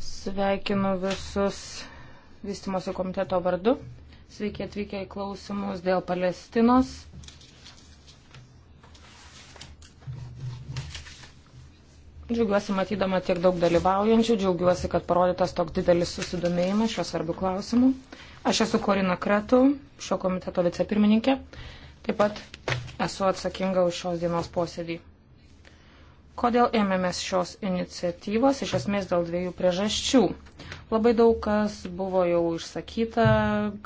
Sveikinu visus vystimosi komiteto vardu. Sveiki atvykę į klausimus dėl Palestinos. Džiaugiuosi matydama tiek daug dalyvaujančių, džiaugiuosi, kad parodytas toks didelis susidomėjimas šiuo svarbiu klausimu. Aš esu Korina Kretų, šio komiteto vicepirmininkė. Taip pat esu atsakinga už šios dienos posėdį. Kodėl ėmėmės šios iniciatyvos? Iš esmės dėl dviejų priežasčių. Labai daug kas buvo jau išsakyta,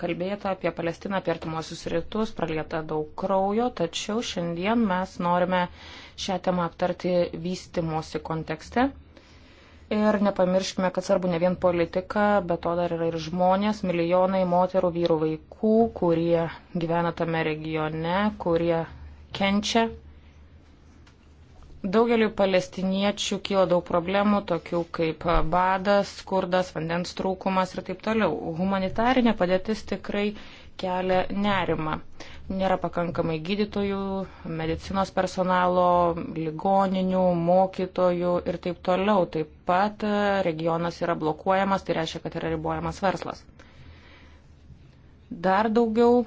kalbėta apie Palestiną, apie artimuosius rytus, pralieta daug kraujo, tačiau šiandien mes norime šią temą aptarti vystimosi kontekste. Ir nepamirškime, kad svarbu ne vien politika, bet to dar yra ir žmonės, milijonai moterų, vyrų, vaikų, kurie gyvena tame regione, kurie kenčia Daugeliu palestiniečių kyla daug problemų, tokių kaip badas, skurdas, vandens trūkumas ir taip toliau. Humanitarinė padėtis tikrai kelia nerimą. Nėra pakankamai gydytojų, medicinos personalo, ligoninių, mokytojų ir taip toliau. Taip pat regionas yra blokuojamas, tai reiškia, kad yra ribojamas verslas. Dar daugiau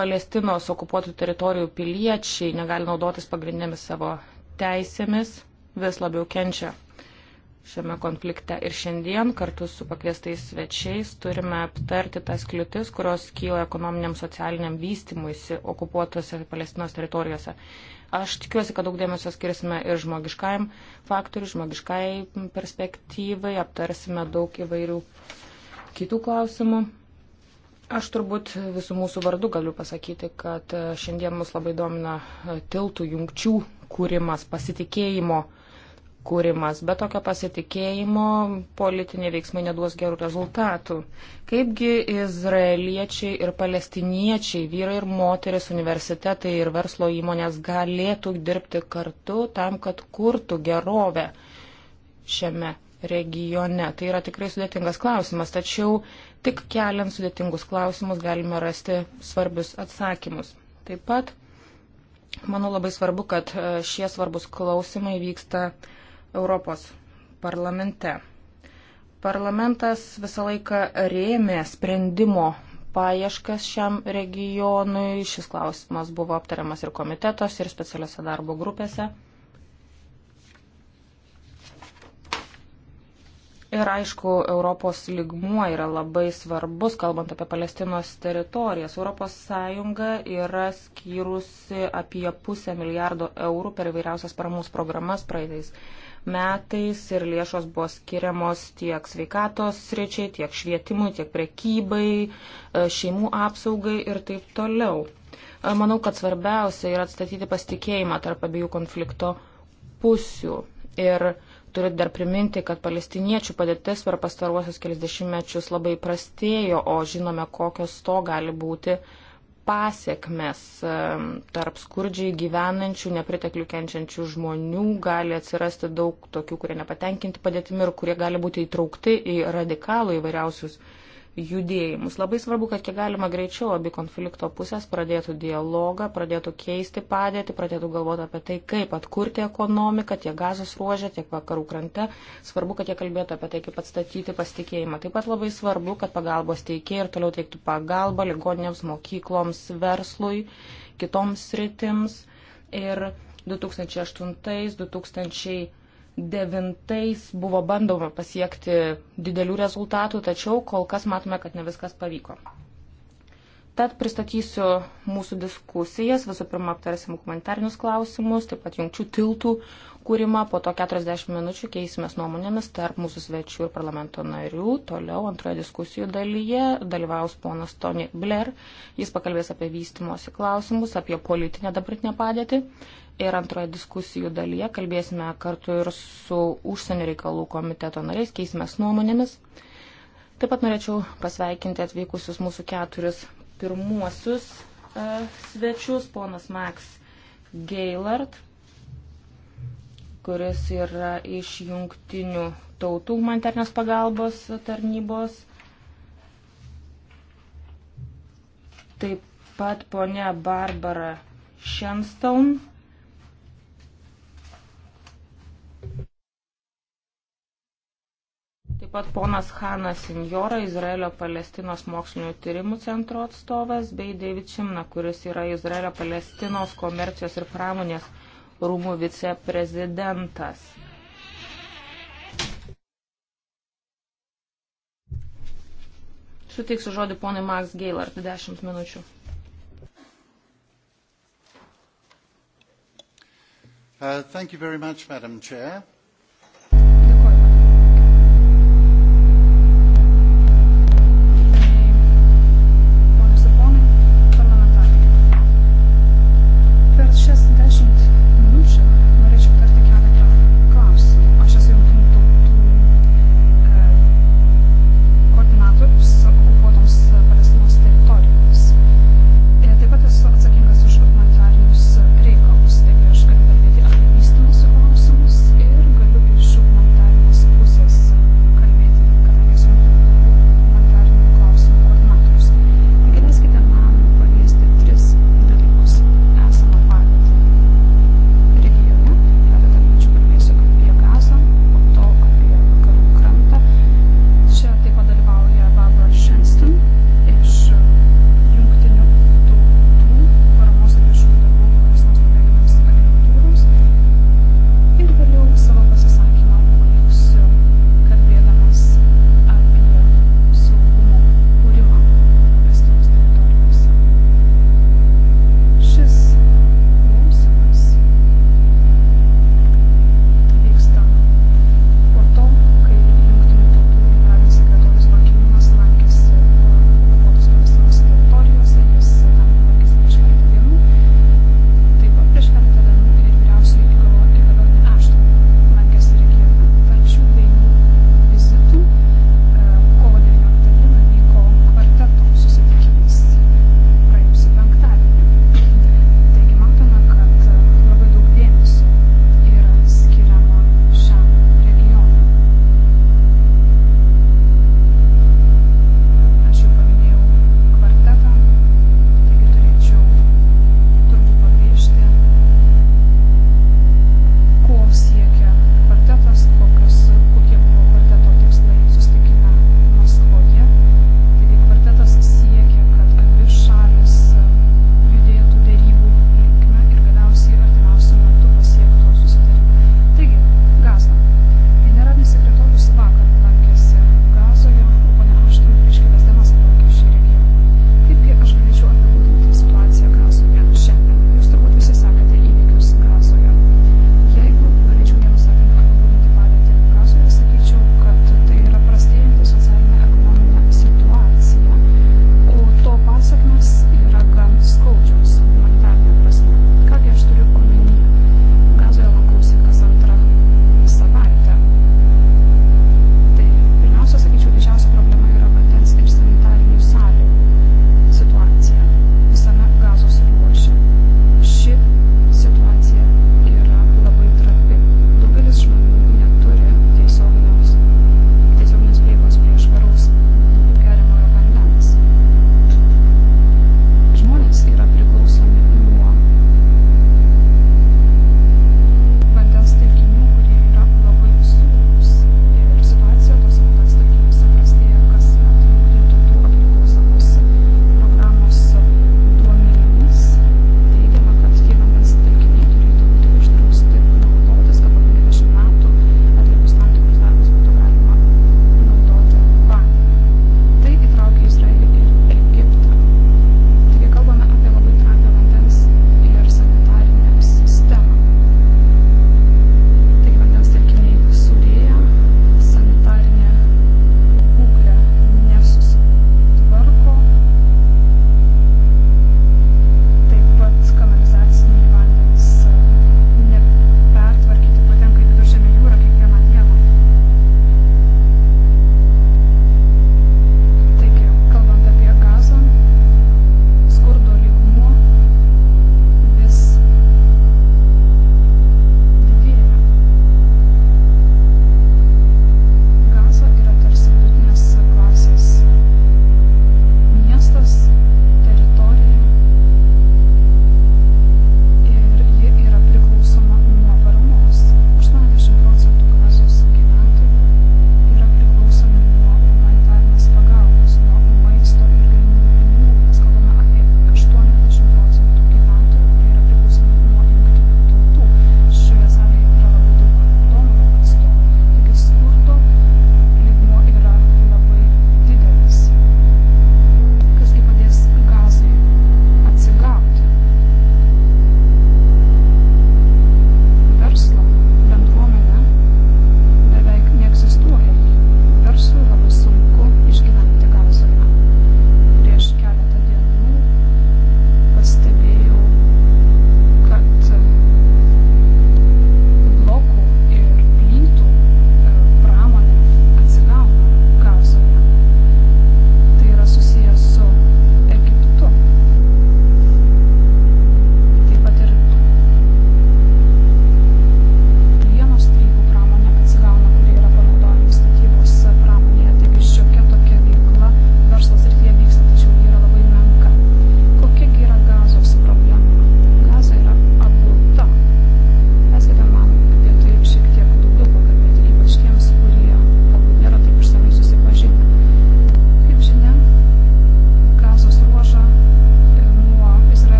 Palestinos okupuotų teritorijų piliečiai negali naudotis pagrindinėmis savo teisėmis vis labiau kenčia šiame konflikte. Ir šiandien kartu su pakviestais svečiais turime aptarti tas kliūtis, kurios kyla ekonominiam socialiniam vystimuisi okupuotose Palestinos teritorijose. Aš tikiuosi, kad daug dėmesio skirsime ir žmogiškajam faktoriui, žmogiškai perspektyvai, aptarsime daug įvairių kitų klausimų. Aš turbūt visų mūsų vardų galiu pasakyti, kad šiandien mus labai domina tiltų jungčių kūrimas, pasitikėjimo kūrimas. Be tokio pasitikėjimo politiniai veiksmai neduos gerų rezultatų. Kaipgi izraeliečiai ir palestiniečiai, vyrai ir moteris, universitetai ir verslo įmonės galėtų dirbti kartu tam, kad kurtų gerovę šiame regione. Tai yra tikrai sudėtingas klausimas, tačiau tik keliant sudėtingus klausimus galime rasti svarbius atsakymus. Taip pat Manau labai svarbu, kad e, šie svarbus klausimai vyksta Europos parlamente. Parlamentas visą laiką rėmė sprendimo paieškas šiam regionui. Šis klausimas buvo aptariamas ir komitetos, ir specialiose darbo grupėse. Ir aišku, Europos ligmuo yra labai svarbus, kalbant apie Palestinos teritorijas. Europos Sąjunga yra skyrusi apie pusę milijardo eurų per įvairiausias paramos programas praeitais metais ir lėšos buvo skiriamos tiek sveikatos sričiai, tiek švietimui, tiek prekybai, e, šeimų apsaugai ir taip toliau. E, manau, kad svarbiausia yra atstatyti pasitikėjimą tarp abiejų konflikto pusių. Ir uh, Turiu dar priminti, kad palestiniečių padėtis per pastaruosius kelias dešimtmečius labai prastėjo, o žinome, kokios to gali būti pasiekmes tarp skurdžiai gyvenančių, nepriteklių kenčiančių žmonių gali atsirasti daug tokių, kurie nepatenkinti padėtimi ir kurie gali būti įtraukti į radikalų įvairiausius judėjimus. Labai svarbu, kad kiek galima greičiau abi konflikto pusės pradėtų dialogą, pradėtų keisti padėtį, pradėtų galvoti apie tai, kaip atkurti ekonomiką tiek gazos ruožę, tiek vakarų krante. Svarbu, kad jie kalbėtų apie tai, kaip atstatyti pasitikėjimą. Taip pat labai svarbu, kad pagalbos teikėjai ir toliau teiktų pagalbą ligoninėms, mokykloms, verslui, kitoms sritims. Ir 2008, 2000. 2009 buvo bandoma pasiekti didelių rezultatų, tačiau kol kas matome, kad ne viskas pavyko. Tad pristatysiu mūsų diskusijas. Visų pirma, aptarsim humanitarinius klausimus, taip pat jungčių tiltų kūrimą. Po to 40 minučių keisimės nuomonėmis tarp mūsų svečių ir parlamento narių. Toliau antroje diskusijų dalyje dalyvaus ponas Tony Blair. Jis pakalbės apie vystimosi klausimus, apie politinę dabartinę padėtį ir antroje diskusijų dalyje kalbėsime kartu ir su užsienio reikalų komiteto nariais, keisimės nuomonėmis. Taip pat norėčiau pasveikinti atvykusius mūsų keturis pirmuosius e, svečius, ponas Max Gaylard, kuris yra iš jungtinių tautų humanitarnės pagalbos tarnybos. Taip pat ponia Barbara Shenstone, Taip pat ponas Hanas Senjora, Izraelio Palestinos mokslinių tyrimų centro atstovas, bei David Šimna, kuris yra Izraelio Palestinos komercijos ir pramonės rūmų viceprezidentas. Suteiksiu žodį ponai Max Gailart, 10 minučių. Uh, thank you very much, Madam Chair.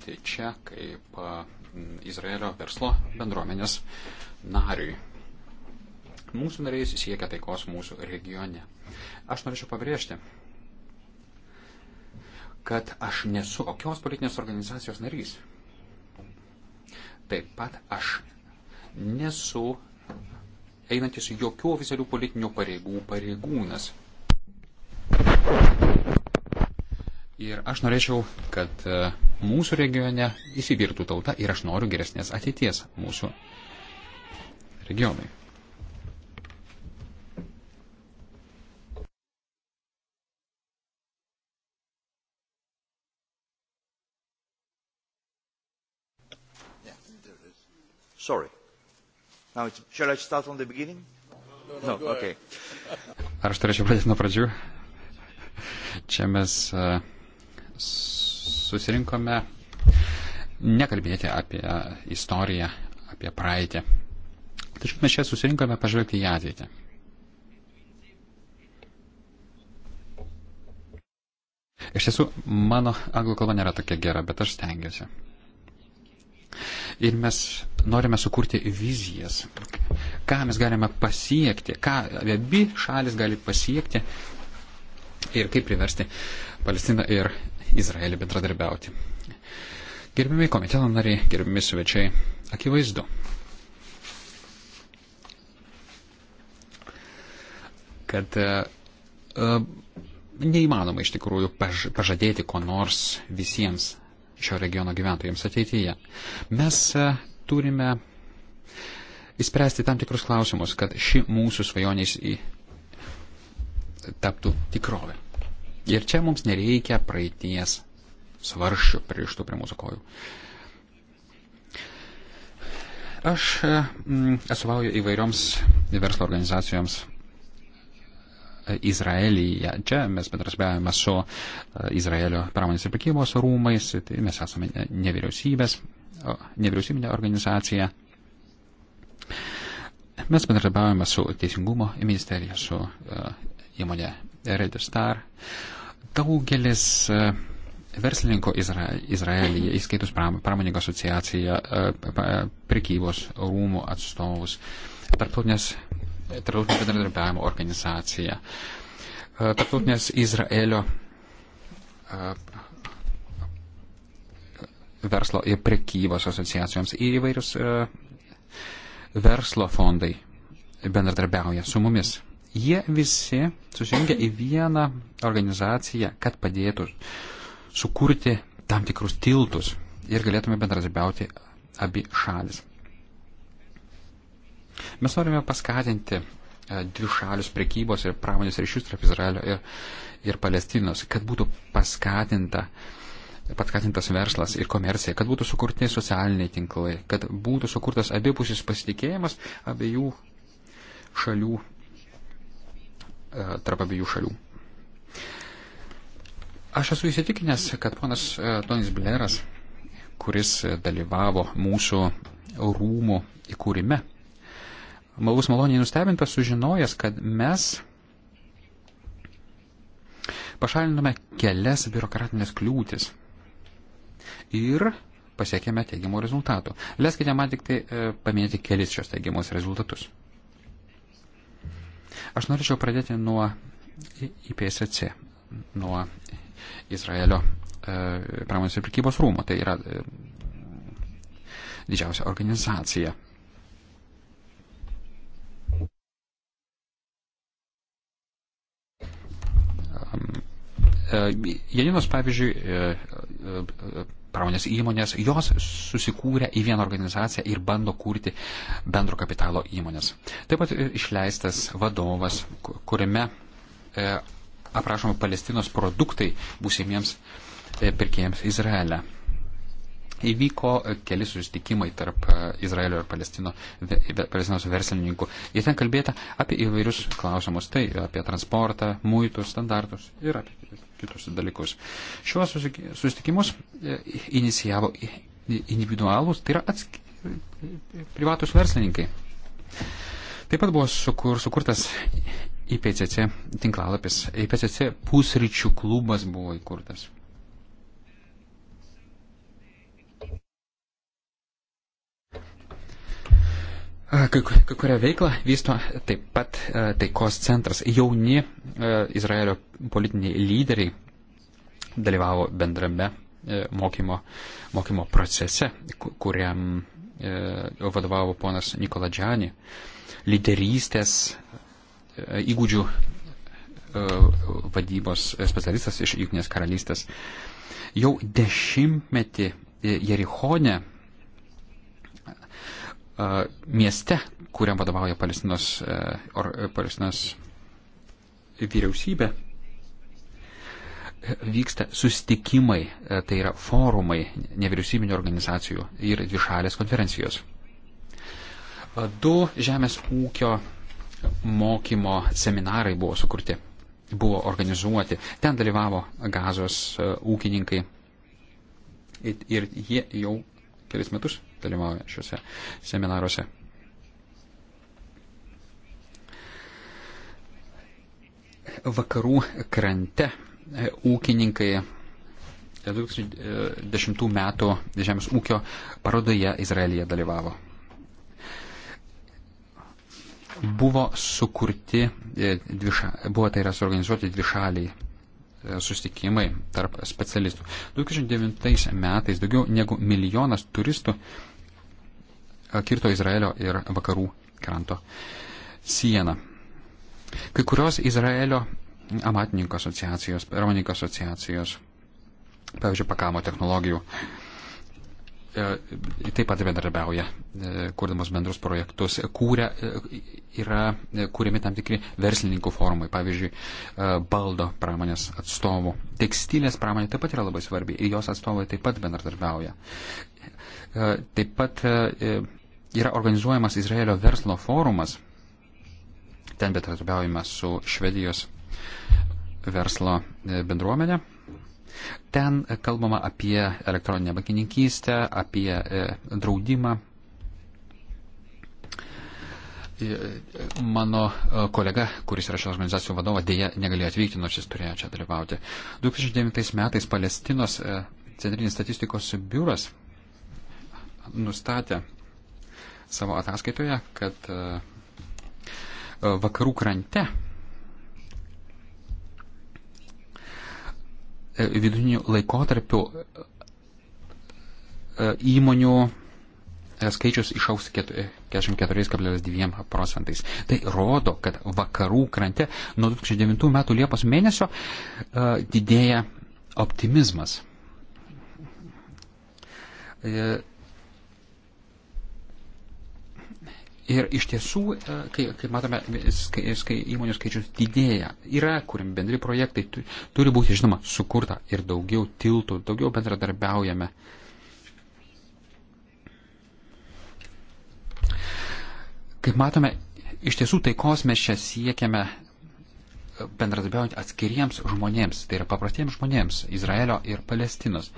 dalyvauti čia kaip Izraelio verslo bendruomenės nariui. Mūsų nariai siekia taikos mūsų regione. Aš norėčiau pabrėžti, kad aš nesu jokios politinės organizacijos narys. Taip pat aš nesu einantis jokių oficialių politinių pareigų pareigūnas. Ir aš norėčiau, kad e, mūsų regione įsivirtų tauta ir aš noriu geresnės ateities mūsų regionai. Sorry. Now, shall I start from the beginning? No, okay. Ar aš turėčiau pradėti nuo pradžių? Čia mes uh, susirinkome nekalbėti apie istoriją, apie praeitį. Tačiau mes čia susirinkome pažvelgti į ateitį. Iš tiesų, mano anglų kalba nėra tokia gera, bet aš stengiuosi. Ir mes norime sukurti vizijas, ką mes galime pasiekti, ką abi šalis gali pasiekti ir kaip priversti Palestiną ir Izraelį bendradarbiauti. Gerbimi komiteto nariai, gerbimi svečiai, akivaizdu. kad uh, neįmanoma iš tikrųjų paž pažadėti ko nors visiems šio regiono gyventojams ateityje. Mes uh, turime įspręsti tam tikrus klausimus, kad ši mūsų svajonės į taptų tikrovę. Ir čia mums nereikia praeities svaršių pririštų prie mūsų kojų. Aš e, atstovauju įvairioms verslo organizacijoms e, Izraelyje. Čia mes bendrasbiavame su e, Izraelio pramonės ir prekybos rūmais, tai mes esame nevyriausybės, nevyriausybinė organizacija. Mes bendradarbiavame su Teisingumo ministerija, su įmonė Red Star. Uh, Daugelis e, verslininko Izra Izraelyje, įskaitus pramoninko asociaciją, e, prekybos rūmų atstovus, tarptautinės, tarptautinės bendradarbiavimo organizaciją, e, tarptautinės Izraelio verslo ir prekybos asociacijoms ir įvairius verslo fondai bendradarbiauja su mumis jie visi susijungia į vieną organizaciją, kad padėtų sukurti tam tikrus tiltus ir galėtume bendradarbiauti abi šalis. Mes norime paskatinti e, dvi šalius prekybos ir pramonės ryšius tarp Izraelio ir, ir Palestinos, kad būtų paskatinta paskatintas verslas ir komercija, kad būtų sukurti socialiniai tinklai, kad būtų sukurtas abipusis pasitikėjimas abiejų šalių E, tarp abiejų šalių. Aš esu įsitikinęs, kad ponas e, Tonis Bleras, kuris dalyvavo mūsų rūmų įkūrime, bus maloniai nustebintas sužinojęs, kad mes pašalinome kelias biurokratinės kliūtis ir pasiekėme teigiamų rezultatų. Leiskite man tik tai e, paminėti kelis šios teigiamus rezultatus. Aš norėčiau pradėti nuo IPSC, nuo Izraelio e, pramonės ir prekybos rūmų. Tai yra e, didžiausia organizacija. E, Janinos, pavyzdžiui, e, e pramonės įmonės, jos susikūrė į vieną organizaciją ir bando kurti bendro kapitalo įmonės. Taip pat e, išleistas vadovas, kuriame e, aprašoma Palestinos produktai būsimiems e, pirkėjams Izraelę įvyko keli susitikimai tarp e, Izraelio ir Palestino, Palestinos verslininkų. Ir ten kalbėta apie įvairius klausimus, tai apie transportą, muitus, standartus ir apie kitus dalykus. Šiuos susitikimus e, inicijavo individualus, tai yra atsk... privatus verslininkai. Taip pat buvo sukur, sukurtas IPCC tinklalapis, IPCC pusryčių klubas buvo įkurtas. Kai, kai kurią veiklą vysto taip pat e, taikos centras. Jauni e, Izraelio politiniai lyderiai dalyvavo bendrame e, mokymo, mokymo procese, kuriam vadovavo ponas Nikola Džani. Lyderystės įgūdžių vadybos specialistas iš Junktinės karalystės. Jau dešimtmetį Jerichone mieste, kuriam vadovauja Palestinos, e, or, e, Palestinos vyriausybė, e, vyksta sustikimai, tai yra forumai nevyriausybinio organizacijų ir dvišalės konferencijos. Du žemės ūkio mokymo seminarai buvo sukurti, buvo organizuoti. Ten dalyvavo gazos ūkininkai ir jie jau kelis metus dalyvauja šiuose seminaruose. Vakarų krante e, ūkininkai 2010 e, metų Žemės ūkio parodoje Izraelyje dalyvavo. Buvo sukurti, e, dviša, buvo tai yra suorganizuoti dvišaliai susitikimai tarp specialistų. 2009 metais daugiau negu milijonas turistų kirto Izraelio ir vakarų kranto sieną. Kai kurios Izraelio amatininkų asociacijos, ramoninkų asociacijos, pavyzdžiui, pakamo technologijų, e, taip pat bendradarbiauja, e, kurdamos bendrus projektus, kūrė, e, yra kūrėmi tam tikri verslininkų forumai, pavyzdžiui, baldo pramonės atstovų. Tekstilės pramonė taip pat yra labai svarbi ir jos atstovai taip pat bendradarbiauja. Taip pat yra organizuojamas Izraelio verslo forumas. Ten betratarbiaujame su Švedijos verslo e, bendruomenė. Ten kalbama apie elektroninę bankininkystę, apie e, draudimą. E, mano kolega, kuris yra šios organizacijų vadovas, dėja negalėjo atvykti, nors jis turėjo čia dalyvauti. 2009 metais Palestinos centrinis statistikos biuras nustatė, savo ataskaitoje, kad e, vakarų krante e, vidutiniu laikotarpiu e, įmonių skaičius išauks 44,2 procentais. Tai rodo, kad vakarų krante nuo 2009 metų Liepos mėnesio didėja optimizmas. Ir iš tiesų, e, kai, kai matome, skai, skai, įmonių skaičius didėja, yra kuriam bendri projektai, turi būti, žinoma, sukurta ir daugiau tiltų, daugiau bendradarbiaujame. Kaip matome, iš tiesų taikos mes čia siekiame bendradarbiaujant atskiriems žmonėms, tai yra paprastiems žmonėms, Izraelio ir Palestinos.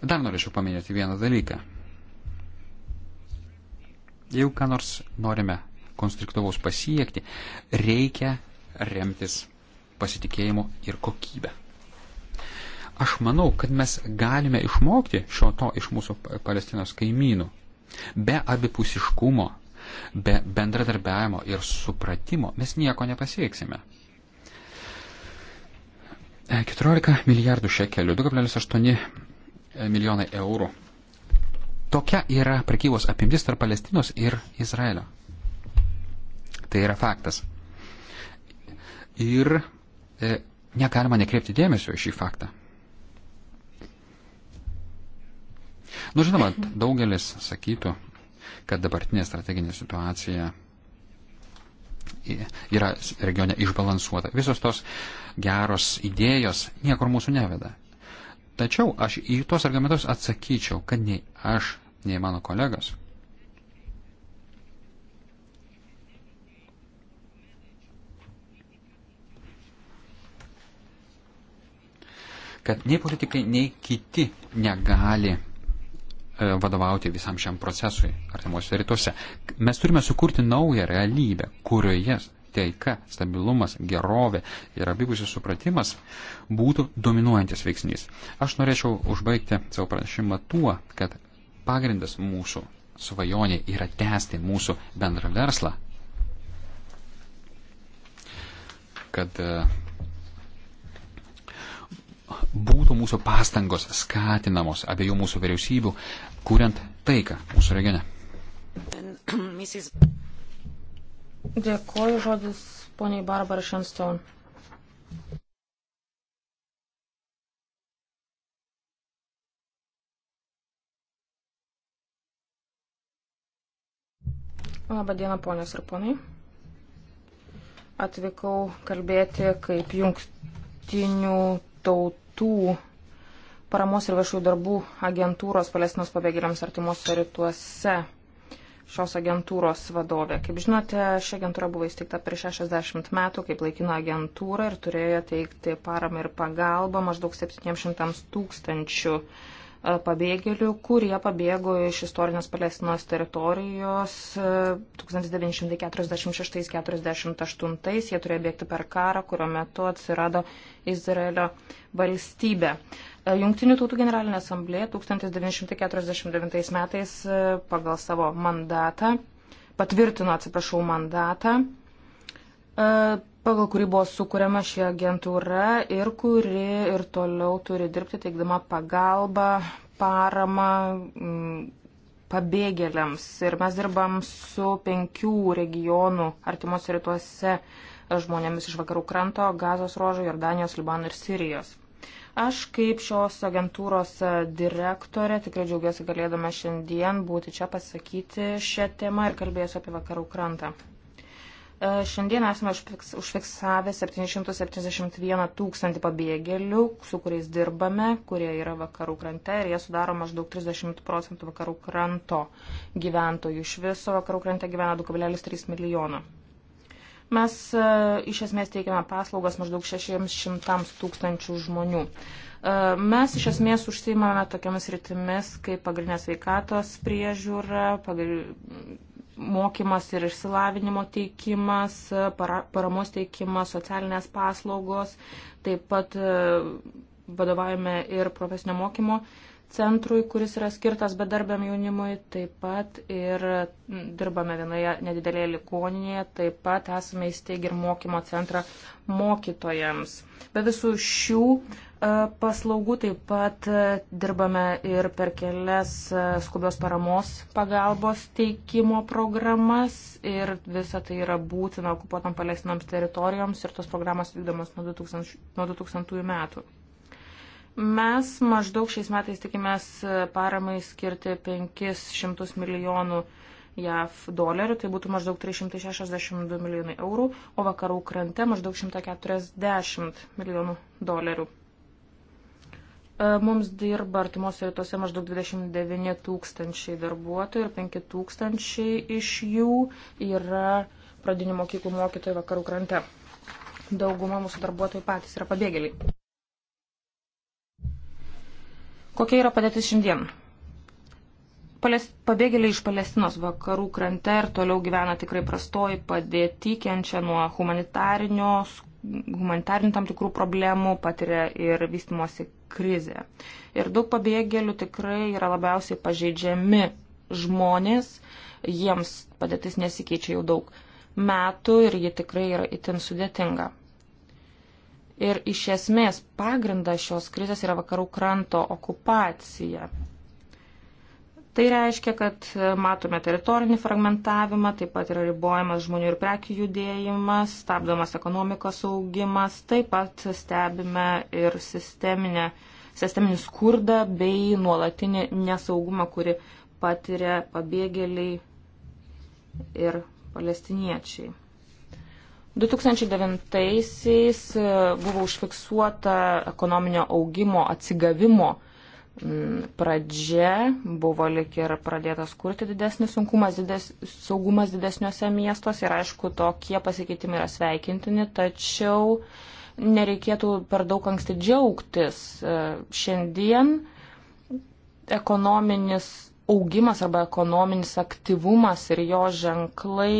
Dar norėčiau paminėti vieną dalyką. Jeigu ką nors norime konstruktyvaus pasiekti, reikia remtis pasitikėjimu ir kokybę. Aš manau, kad mes galime išmokti šio to iš mūsų Palestinos kaimynų. Be abipusiškumo, be bendradarbiavimo ir supratimo mes nieko nepasieksime. 14 e, milijardų šekelių, 2,8 milijonai eurų Tokia yra prekybos apimtis tarp Palestinos ir Izraelio. Tai yra faktas. Ir e, negalima nekreipti dėmesio į šį faktą. Nu, žinoma, daugelis sakytų, kad dabartinė strateginė situacija yra regione išbalansuota. Visos tos geros idėjos niekur mūsų neveda. Tačiau aš į tuos argumentus atsakyčiau, kad nei aš, nei mano kolegos kad nei politikai, nei kiti negali e, vadovauti visam šiam procesui artimuose rytuose. Mes turime sukurti naują realybę, kurioje taika, stabilumas, gerovė ir abipusis supratimas būtų dominuojantis veiksnys. Aš norėčiau užbaigti savo pranešimą tuo, kad pagrindas mūsų svajonė yra tęsti mūsų bendrą verslą, kad e, būtų mūsų pastangos skatinamos abiejų mūsų vyriausybių, kuriant taiką mūsų regione. Dėkuoju žodis poniai Barbara Shenstone. Labadiena, ponios ir ponai. Atvykau kalbėti kaip jungtinių tautų paramos ir viešųjų darbų agentūros Palestinos pabėgėliams artimuose rytuose šios agentūros vadovė. Kaip žinote, ši agentūra buvo įsteigta prieš 60 metų kaip laikino agentūra ir turėjo teikti paramą ir pagalbą maždaug 700 tūkstančių e, pabėgėlių, kurie pabėgo iš istorinės Palestinos teritorijos 1946-48. E, Jie turėjo bėgti per karą, kurio metu atsirado Izraelio valstybė. Jungtinių tautų generalinė asamblėje 1949 metais e, pagal savo mandatą patvirtino, atsiprašau, mandatą, e, pagal kurį buvo sukūriama ši agentūra ir kuri ir toliau turi dirbti teikdama pagalbą, paramą pabėgėliams. Ir mes dirbam su penkių regionų artimuose rytuose žmonėmis iš vakarų kranto, Gazos rožo, Jordanijos, Libano ir Sirijos. Aš kaip šios agentūros direktorė tikrai džiaugiuosi galėdama šiandien būti čia pasakyti šią temą ir kalbėsiu apie vakarų krantą. E, šiandien esame užfiksavę 771 tūkstantį pabėgėlių, su kuriais dirbame, kurie yra vakarų krante ir jie sudaro maždaug 30 procentų vakarų kranto gyventojų. Iš viso vakarų krante gyvena 2,3 milijono. Mes e, iš esmės teikiame paslaugas maždaug 600 tūkstančių žmonių. E, mes iš esmės užsimame tokiamis rytimis kaip pagrindinės veikatos priežiūra, pagri... mokymas ir išsilavinimo teikimas, e, para... paramos teikimas, socialinės paslaugos, taip pat vadovaujame ir profesinio mokymo uh, centrui, kuris yra skirtas bedarbiam jaunimui, taip pat ir dirbame vienoje nedidelėje ligoninėje, taip pat esame įsteigę ir mokymo centrą mokytojams. Be visų šių e, paslaugų taip pat e, dirbame ir per kelias e, skubios paramos pagalbos teikimo programas ir visa tai yra būtina okupuotam palestinams teritorijoms ir tos programos vykdomos nuo 2000, nuo 2000 metų. Mes maždaug šiais metais tikimės paramai skirti 500 milijonų JAV dolerių, tai būtų maždaug 362 milijonai eurų, o vakarų krante maždaug 140 milijonų dolerių. E, mums dirba artimuose rytuose maždaug 29 tūkstančiai darbuotojų ir 5 tūkstančiai iš jų yra pradinių mokyklų mokytojai vakarų krante. Dauguma mūsų darbuotojų patys yra pabėgėliai. Kokia yra padėtis šiandien? Pabėgėliai iš Palestinos vakarų krante ir toliau gyvena tikrai prastoj padėti, kenčia nuo humanitarinių tam tikrų problemų, patiria ir vystimosi krizę. Ir daug pabėgėlių tikrai yra labiausiai pažeidžiami žmonės, jiems padėtis nesikeičia jau daug metų ir ji tikrai yra itin sudėtinga. Ir iš esmės pagrindas šios krizės yra vakarų kranto okupacija. Tai reiškia, kad matome teritorinį fragmentavimą, taip pat yra ribojamas žmonių ir prekių judėjimas, stabdomas ekonomikos augimas, taip pat stebime ir sisteminę, sisteminį skurdą bei nuolatinį nesaugumą, kuri patiria pabėgėliai ir palestiniečiai. 2009-aisiais e, buvo užfiksuota ekonominio augimo atsigavimo pradžia, buvo lik ir pradėtas kurti didesnis sunkumas, dides, saugumas didesniuose miestuose ir aišku, tokie pasikeitimai yra sveikintini, tačiau nereikėtų per daug anksti džiaugtis. E, šiandien ekonominis augimas arba ekonominis aktyvumas ir jo ženklai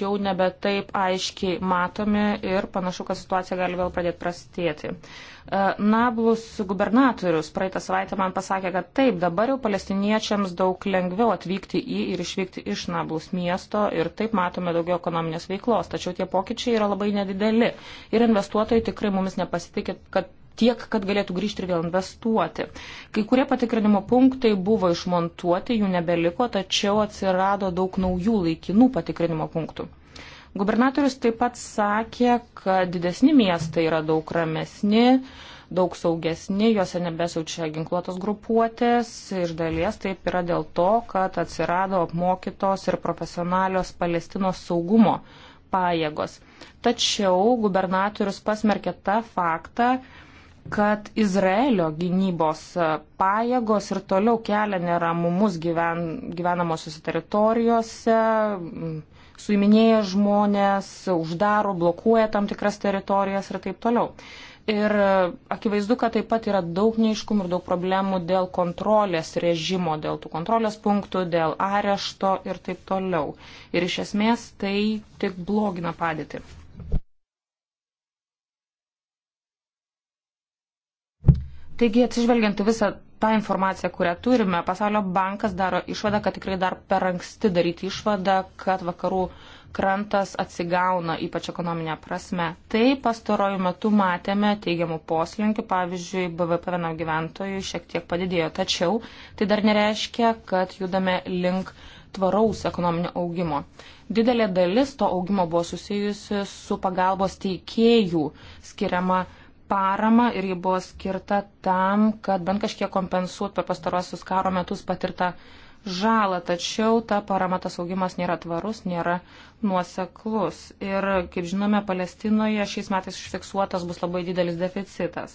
jau nebe taip aiškiai matomi ir panašu, kad situacija gali vėl pradėti prastėti. E, Nablus gubernatorius praeitą savaitę man pasakė, kad taip, dabar jau palestiniečiams daug lengviau atvykti į ir išvykti iš Nablus miesto ir taip matome daugiau ekonominės veiklos, tačiau tie pokyčiai yra labai nedideli ir investuotojai tikrai mumis nepasitikė, kad tiek, kad galėtų grįžti ir vėl investuoti. Kai kurie patikrinimo punktai buvo išmontuoti, jų nebeliko, tačiau atsirado daug naujų laikinų patikrinimo punktų. Gubernatorius taip pat sakė, kad didesni miestai yra daug ramesni, daug saugesni, juose nebesiaučia ginkluotos grupuotės. Iš dalies taip yra dėl to, kad atsirado apmokytos ir profesionalios Palestinos saugumo pajėgos. Tačiau gubernatorius pasmerkė tą faktą, kad Izraelio gynybos e, pajėgos ir toliau kelia neramumus gyven, gyvenamosiose teritorijose, suiminėja žmonės, uždaro, blokuoja tam tikras teritorijas ir taip toliau. Ir e, akivaizdu, kad taip pat yra daug neiškumų ir daug problemų dėl kontrolės režimo, dėl tų kontrolės punktų, dėl arešto ir taip toliau. Ir iš esmės tai tik blogina padėtį. Taigi, atsižvelgiant į visą tą informaciją, kurią turime, Pasaulio bankas daro išvadą, kad tikrai dar per anksti daryti išvadą, kad vakarų krantas atsigauna, ypač ekonominė prasme. Tai pastarojų metų matėme teigiamų poslinkių, pavyzdžiui, BVP vienam gyventojui šiek tiek padidėjo, tačiau tai dar nereiškia, kad judame link tvaraus ekonominio augimo. Didelė dalis to augimo buvo susijusi su pagalbos teikėjų skiriama paramą ir ji buvo skirta tam, kad bent kažkiek kompensuot per pastarosius karo metus patirtą žalą, tačiau ta parama, tas augimas nėra tvarus, nėra nuoseklus. Ir, kaip žinome, Palestinoje šiais metais užfiksuotas bus labai didelis deficitas.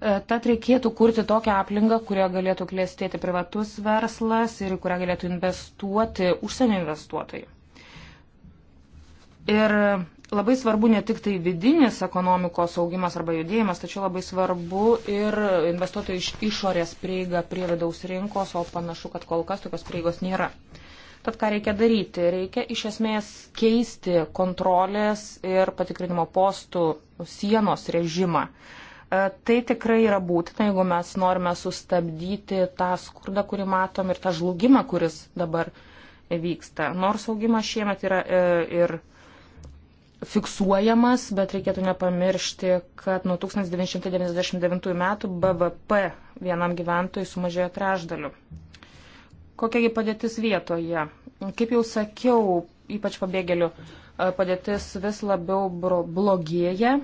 E, tad reikėtų kurti tokią aplinką, kurioje galėtų klėstėti privatus verslas ir kurią galėtų investuoti užsienio investuotojai. Ir labai svarbu ne tik tai vidinis ekonomikos augimas arba judėjimas, tačiau labai svarbu ir investuotojų iš išorės prieiga prie vidaus rinkos, o panašu, kad kol kas tokios prieigos nėra. Tad ką reikia daryti? Reikia iš esmės keisti kontrolės ir patikrinimo postų sienos režimą. E, tai tikrai yra būtina, jeigu mes norime sustabdyti tą skurdą, kurį matom ir tą žlugimą, kuris dabar vyksta. Nors augimas šiemet yra e, ir. ir fiksuojamas, bet reikėtų nepamiršti, kad nuo 1999 metų BVP vienam gyventojui sumažėjo trešdaliu. Kokiagi padėtis vietoje? Kaip jau sakiau, ypač pabėgėlių e, padėtis vis labiau blogėja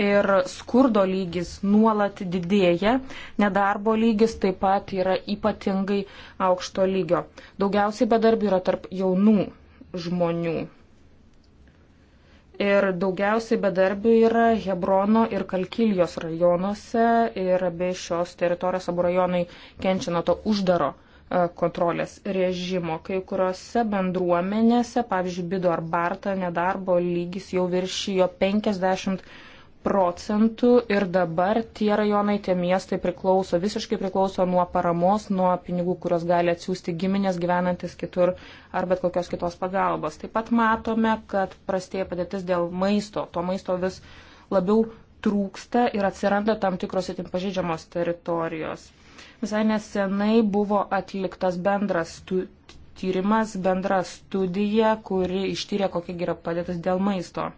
ir skurdo lygis nuolat didėja, nedarbo lygis taip pat yra ypatingai aukšto lygio. Daugiausiai bedarbių yra tarp jaunų žmonių. Ir daugiausiai bedarbių yra Hebrono ir Kalkilijos rajonuose ir abi šios teritorijos abu rajonai kenčia nuo to uždaro e, kontrolės režimo. Kai kuriuose bendruomenėse, pavyzdžiui, Bido ar Barta, nedarbo lygis jau viršijo 50 procentų ir dabar tie rajonai, tie miestai priklauso, visiškai priklauso nuo paramos, nuo pinigų, kurios gali atsiųsti giminės gyvenantis kitur ar bet kokios kitos pagalbos. Taip pat matome, kad prastėja padėtis dėl maisto, to maisto vis labiau trūksta ir atsiranda tam tikros itin pažydžiamos teritorijos. Visai nesenai buvo atliktas bendras tyrimas, bendra studija, kuri ištyrė, kokia yra padėtis dėl maisto.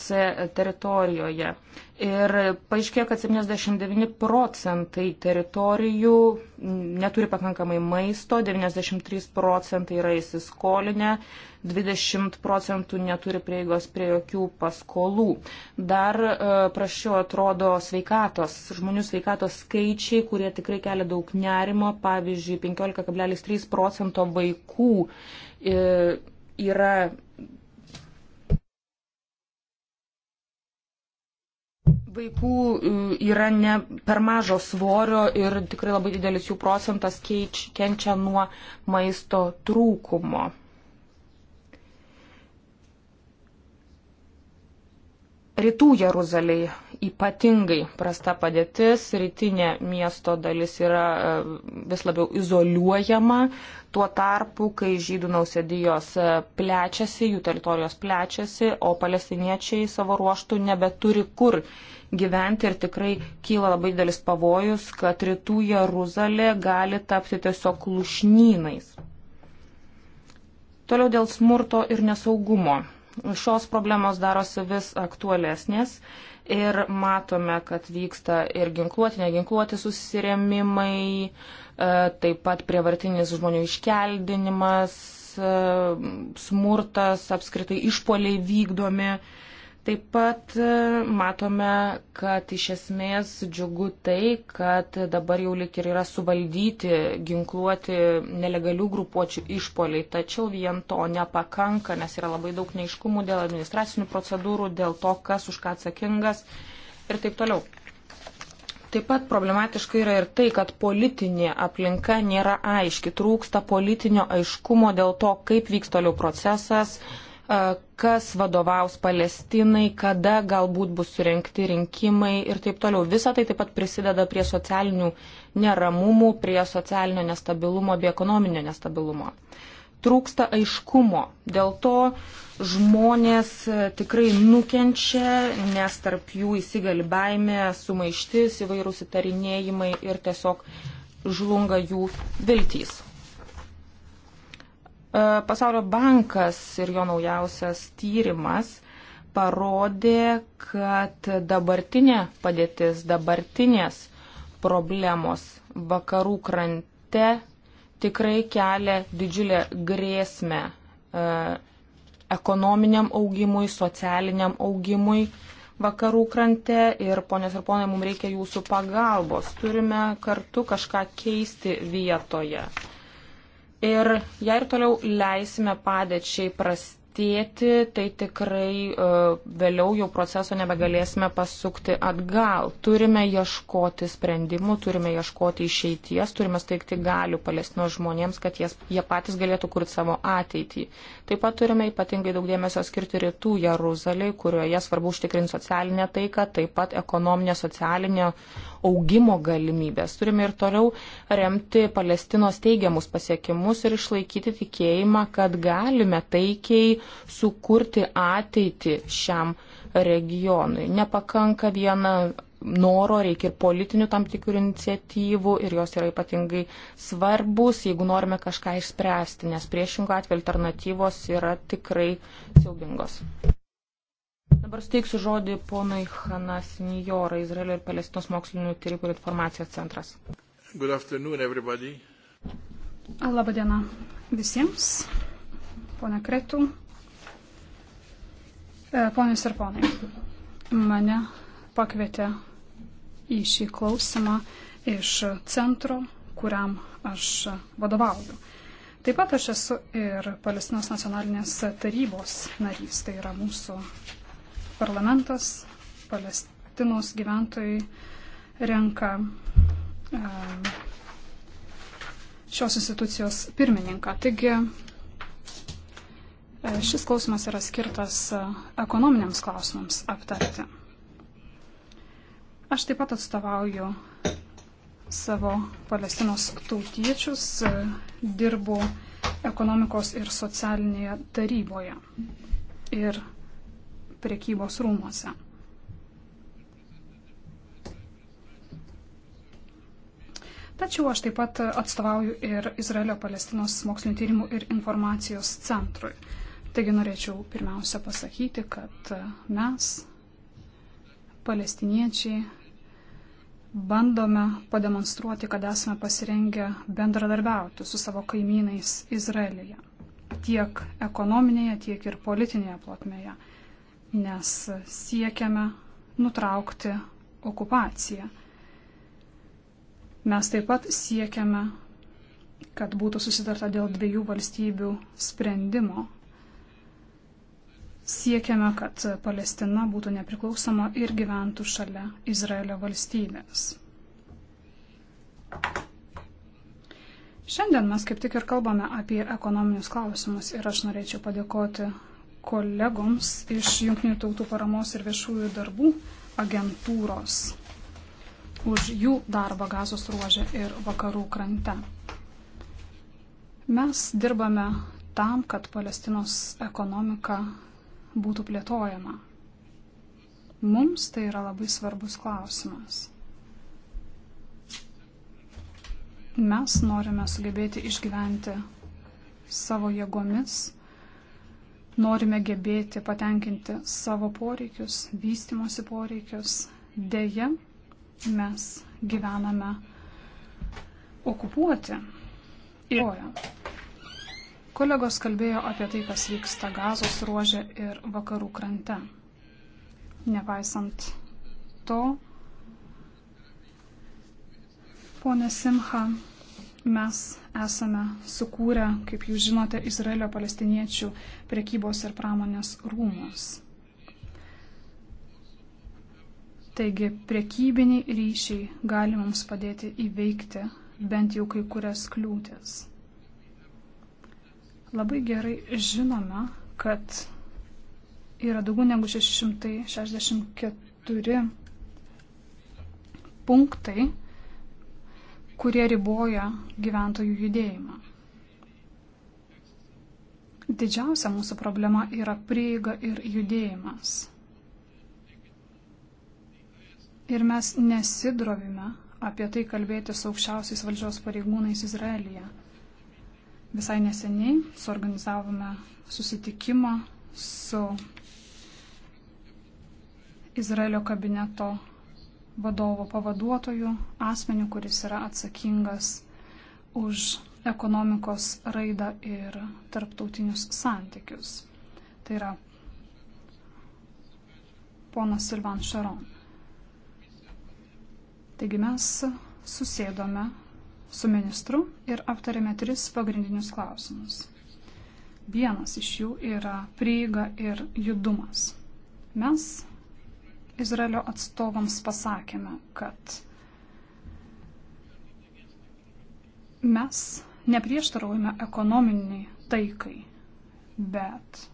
C teritorijoje. Ir paaiškėjo, kad 79 procentai teritorijų neturi pakankamai maisto, 93 procentai yra įsiskolinę, 20 procentų neturi prieigos prie jokių paskolų. Dar e, prašiau atrodo sveikatos, žmonių sveikatos skaičiai, kurie tikrai kelia daug nerimo, pavyzdžiui, 15,3 procento vaikų e, yra Vaikų e, yra ne per mažo svorio ir tikrai labai didelis jų procentas keič, kenčia nuo maisto trūkumo. Rytų Jeruzaliai ypatingai prasta padėtis, rytinė miesto dalis yra e, vis labiau izoliuojama, tuo tarpu, kai žydų nausėdijos e, plečiasi, jų teritorijos plečiasi, o palestiniečiai savo ruoštų nebeturi kur gyventi ir tikrai kyla labai didelis pavojus, kad rytų Jeruzalė gali tapti tiesiog lušnynais. Toliau dėl smurto ir nesaugumo. Šios problemos darosi vis aktualesnės ir matome, kad vyksta ir ginkluoti, neginkluoti susirėmimai, e, taip pat prievartinis žmonių iškeldinimas, e, smurtas, apskritai išpoliai vykdomi. Taip pat e, matome, kad iš esmės džiugu tai, kad dabar jau lik ir yra suvaldyti, ginkluoti nelegalių grupuočių išpoliai, tačiau vien to nepakanka, nes yra labai daug neiškumų dėl administracinių procedūrų, dėl to, kas už ką atsakingas ir taip toliau. Taip pat problematiška yra ir tai, kad politinė aplinka nėra aiški, trūksta politinio aiškumo dėl to, kaip vyks toliau procesas, kas vadovaus Palestinai, kada galbūt bus surinkti rinkimai ir taip toliau. Visa tai taip pat prisideda prie socialinių neramumų, prie socialinio nestabilumo bei ekonominio nestabilumo. Trūksta aiškumo. Dėl to žmonės e, tikrai nukenčia, nes tarp jų įsigali baimė, sumaištis, įvairūs įtarinėjimai ir tiesiog žlunga jų viltys. Pasaulio bankas ir jo naujausias tyrimas parodė, kad dabartinė padėtis, dabartinės problemos vakarų krante tikrai kelia didžiulę grėsmę e, ekonominiam augimui, socialiniam augimui vakarų krante ir ponės ir ponai, mums reikia jūsų pagalbos. Turime kartu kažką keisti vietoje ir jei ir toliau leisime padėčiai prastėti, tėti, tai tikrai e, vėliau jau proceso nebegalėsime pasukti atgal. Turime ieškoti sprendimų, turime ieškoti išeities, turime steigti galių palestino žmonėms, kad jas, jie patys galėtų kurti savo ateitį. Taip pat turime ypatingai daug dėmesio skirti rytų Jeruzaliai, kurioje svarbu užtikrinti socialinę taiką, taip pat ekonominę, socialinę augimo galimybės. Turime ir toliau remti Palestinos teigiamus pasiekimus ir išlaikyti tikėjimą, kad galime taikiai sukurti ateitį šiam regionui. Nepakanka viena noro, reikia ir politinių tam tikrų iniciatyvų ir jos yra ypatingai svarbus, jeigu norime kažką išspręsti, nes priešingų atveju alternatyvos yra tikrai siaubingos. Dabar steiksiu žodį ponui Hanas Nijora, Izraelio ir Palestinos mokslinių tyrimų ir informacijos centras. Good afternoon, everybody. Labadiena visiems, ponia Kretų, E, ponios ir ponai, mane pakvietė į šį klausimą iš centro, kuriam aš vadovauju. Taip pat aš esu ir Palestinos nacionalinės tarybos narys, tai yra mūsų parlamentas, Palestinos gyventojai renka e, šios institucijos pirmininką. Taigi Šis klausimas yra skirtas e, ekonominiams klausimams aptarti. Aš taip pat atstovauju savo palestinos tautiečius, e, dirbu ekonomikos ir socialinėje taryboje ir priekybos rūmose. Tačiau aš taip pat atstovauju ir Izraelio Palestinos mokslinio tyrimų ir informacijos centrui. Taigi norėčiau pirmiausia pasakyti, kad mes, palestiniečiai, bandome pademonstruoti, kad esame pasirengę bendradarbiauti su savo kaimynais Izraelyje tiek ekonominėje, tiek ir politinėje plotmėje, nes siekiame nutraukti okupaciją. Mes taip pat siekiame, kad būtų susitarta dėl dviejų valstybių sprendimo Siekiame, kad Palestina būtų nepriklausoma ir gyventų šalia Izraelio valstybės. Šiandien mes kaip tik ir kalbame apie ekonominius klausimus ir aš norėčiau padėkoti kolegoms iš Junktinių tautų paramos ir viešųjų darbų agentūros už jų darbą gazos ruožė ir vakarų krante. Mes dirbame tam, kad Palestinos ekonomika būtų plėtojama. Mums tai yra labai svarbus klausimas. Mes norime sugebėti išgyventi savo jėgomis, norime gebėti patenkinti savo poreikius, vystimosi poreikius. Deja, mes gyvename okupuoti. Ir Kolegos kalbėjo apie tai, kas vyksta gazos ruožė ir vakarų krante. Nepaisant to, ponė Simha, mes esame sukūrę, kaip jūs žinote, Izraelio palestiniečių prekybos ir pramonės rūmus. Taigi prekybiniai ryšiai gali mums padėti įveikti bent jau kai kurias kliūtis. Labai gerai žinome, kad yra daugiau negu 664 punktai, kurie riboja gyventojų judėjimą. Didžiausia mūsų problema yra prieiga ir judėjimas. Ir mes nesidrovime apie tai kalbėti su aukščiausiais valdžios pareigūnais Izraelyje. Visai neseniai suorganizavome susitikimą su Izraelio kabineto vadovo pavaduotoju, asmeniu, kuris yra atsakingas už ekonomikos raidą ir tarptautinius santykius. Tai yra ponas Silvan Šaron. Taigi mes susėdome su ministru ir aptarėme tris pagrindinius klausimus. Vienas iš jų yra prieiga ir judumas. Mes Izraelio atstovams pasakėme, kad mes neprieštaraujame ekonominiai taikai, bet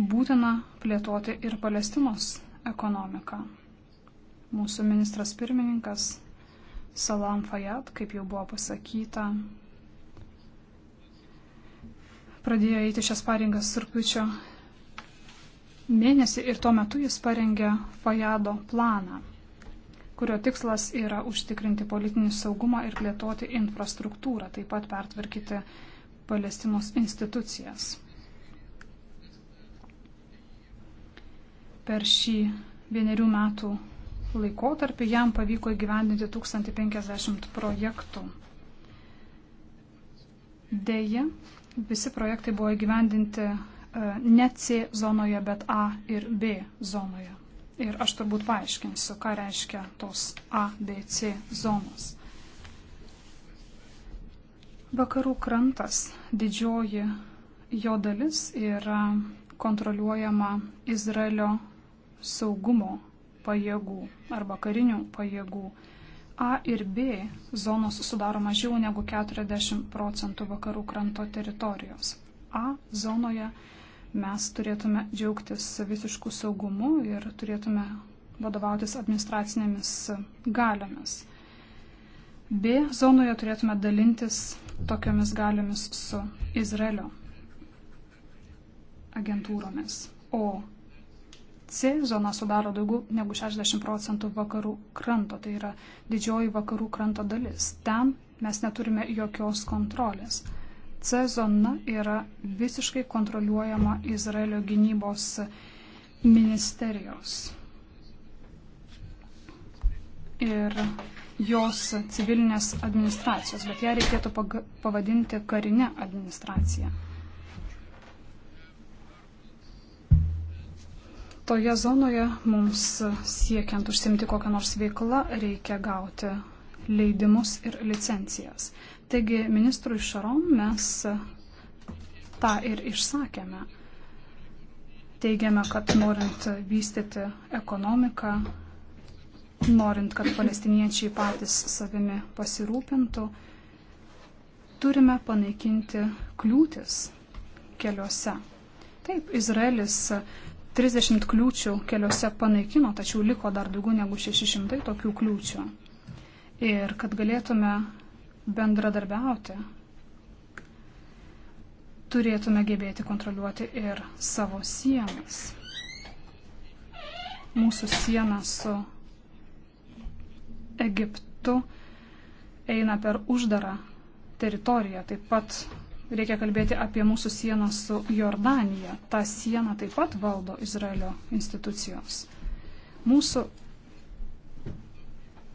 būtina plėtoti ir Palestinos ekonomiką. Mūsų ministras pirmininkas Salam Fayat, kaip jau buvo pasakyta, pradėjo eiti šias pareigas surpiučio mėnesį ir tuo metu jis parengė Fayado planą, kurio tikslas yra užtikrinti politinį saugumą ir plėtoti infrastruktūrą, taip pat pertvarkyti Palestinos institucijas. Per šį vienerių metų laikotarpiu jam pavyko įgyvendinti 1050 projektų. Deja, visi projektai buvo įgyvendinti e, ne C zonoje, bet A ir B zonoje. Ir aš turbūt paaiškinsiu, ką reiškia tos A, B, C zonos. Vakarų krantas, didžioji jo dalis yra kontroliuojama Izraelio saugumo pajėgų arba karinių pajėgų. A ir B zonos sudaro mažiau negu 40 procentų vakarų kranto teritorijos. A zonoje mes turėtume džiaugtis visiškų saugumu ir turėtume vadovautis administracinėmis galiomis. B zonoje turėtume dalintis tokiamis galiomis su Izraelio agentūromis. O C zona sudaro daugiau negu 60 procentų vakarų kranto, tai yra didžioji vakarų kranto dalis. Ten mes neturime jokios kontrolės. C zona yra visiškai kontroliuojama Izraelio gynybos ministerijos. Ir jos civilinės administracijos, bet ją reikėtų pavadinti karinę administraciją. toje zonoje mums siekiant užsimti kokią nors veiklą reikia gauti leidimus ir licencijas. Taigi ministrui Šaron mes tą ir išsakėme. Teigiame, kad norint vystyti ekonomiką, norint, kad palestiniečiai patys savimi pasirūpintų, turime panaikinti kliūtis keliuose. Taip, Izraelis 30 kliūčių keliuose panaikino, tačiau liko dar daugiau negu 600 tokių kliūčių. Ir kad galėtume bendradarbiauti, turėtume gebėti kontroliuoti ir savo sienas. Mūsų siena su Egiptu eina per uždarą teritoriją, taip pat Reikia kalbėti apie mūsų sieną su Jordanija. Ta siena taip pat valdo Izraelio institucijos. Mūsų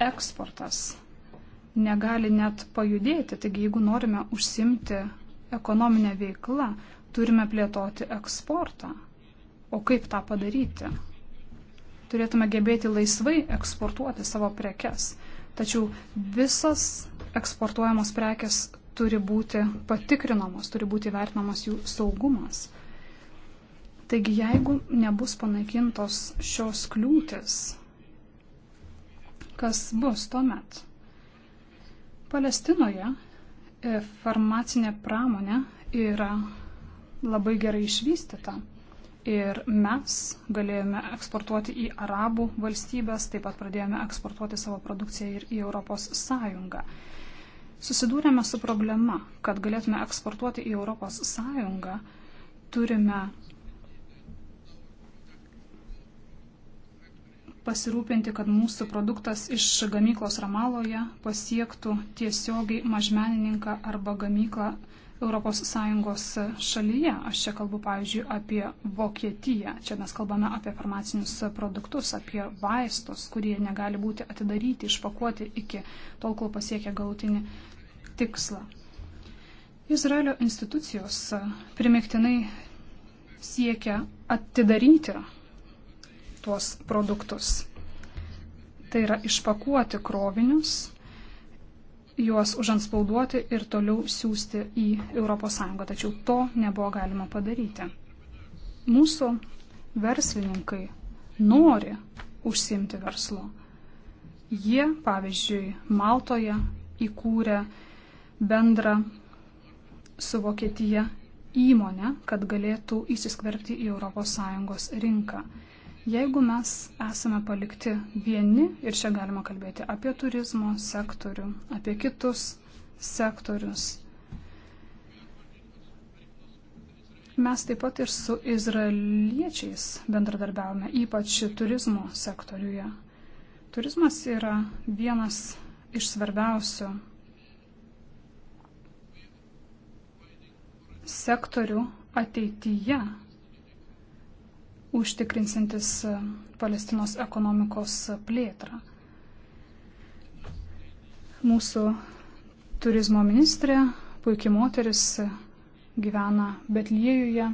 eksportas negali net pajudėti. Taigi, jeigu norime užsimti ekonominę veiklą, turime plėtoti eksportą. O kaip tą padaryti? Turėtume gebėti laisvai eksportuoti savo prekes. Tačiau visas eksportuojamos prekes turi būti patikrinamos, turi būti vertinamas jų saugumas. Taigi, jeigu nebus panaikintos šios kliūtis, kas bus tuomet? Palestinoje e, farmacinė pramonė yra labai gerai išvystyta. Ir mes galėjome eksportuoti į arabų valstybės, taip pat pradėjome eksportuoti savo produkciją ir į Europos Sąjungą. Susidūrėme su problema, kad galėtume eksportuoti į ES, turime pasirūpinti, kad mūsų produktas iš gamyklos Ramaloje pasiektų tiesiogiai mažmenininką arba gamyklą ES šalyje. Aš čia kalbu, pavyzdžiui, apie Vokietiją. Čia mes kalbame apie farmacinius produktus, apie vaistus, kurie negali būti atidaryti, išpakuoti iki tol, kol pasiekia galutinį tikslą. Izraelio institucijos primiktinai siekia atidaryti tuos produktus. Tai yra išpakuoti krovinius, juos užanspauduoti ir toliau siūsti į ES. Tačiau to nebuvo galima padaryti. Mūsų verslininkai nori užsimti verslo. Jie, pavyzdžiui, Maltoje įkūrė bendrą su Vokietija įmonę, kad galėtų įsiskverbti į ES rinką. Jeigu mes esame palikti vieni, ir čia galima kalbėti apie turizmo sektorių, apie kitus sektorius, mes taip pat ir su izraeliečiais bendradarbiavome, ypač turizmo sektoriuje. Turizmas yra vienas iš svarbiausių sektorių ateityje užtikrinsintis e, Palestinos ekonomikos plėtrą. Mūsų turizmo ministrė, puikiai moteris, gyvena Betliejuje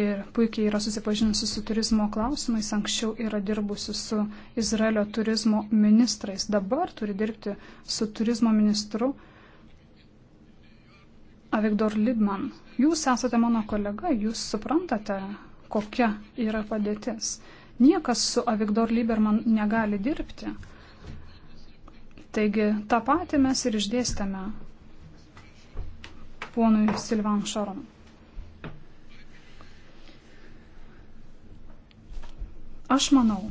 ir puikiai yra susipažinusi su turizmo klausimais, anksčiau yra dirbusi su Izraelio turizmo ministrais, dabar turi dirbti su turizmo ministru Avigdor Libman, jūs esate mano kolega, jūs suprantate, kokia yra padėtis. Niekas su Avigdor Liberman negali dirbti. Taigi tą patį mes ir išdėstėme ponui Silvan Šarom. Aš manau,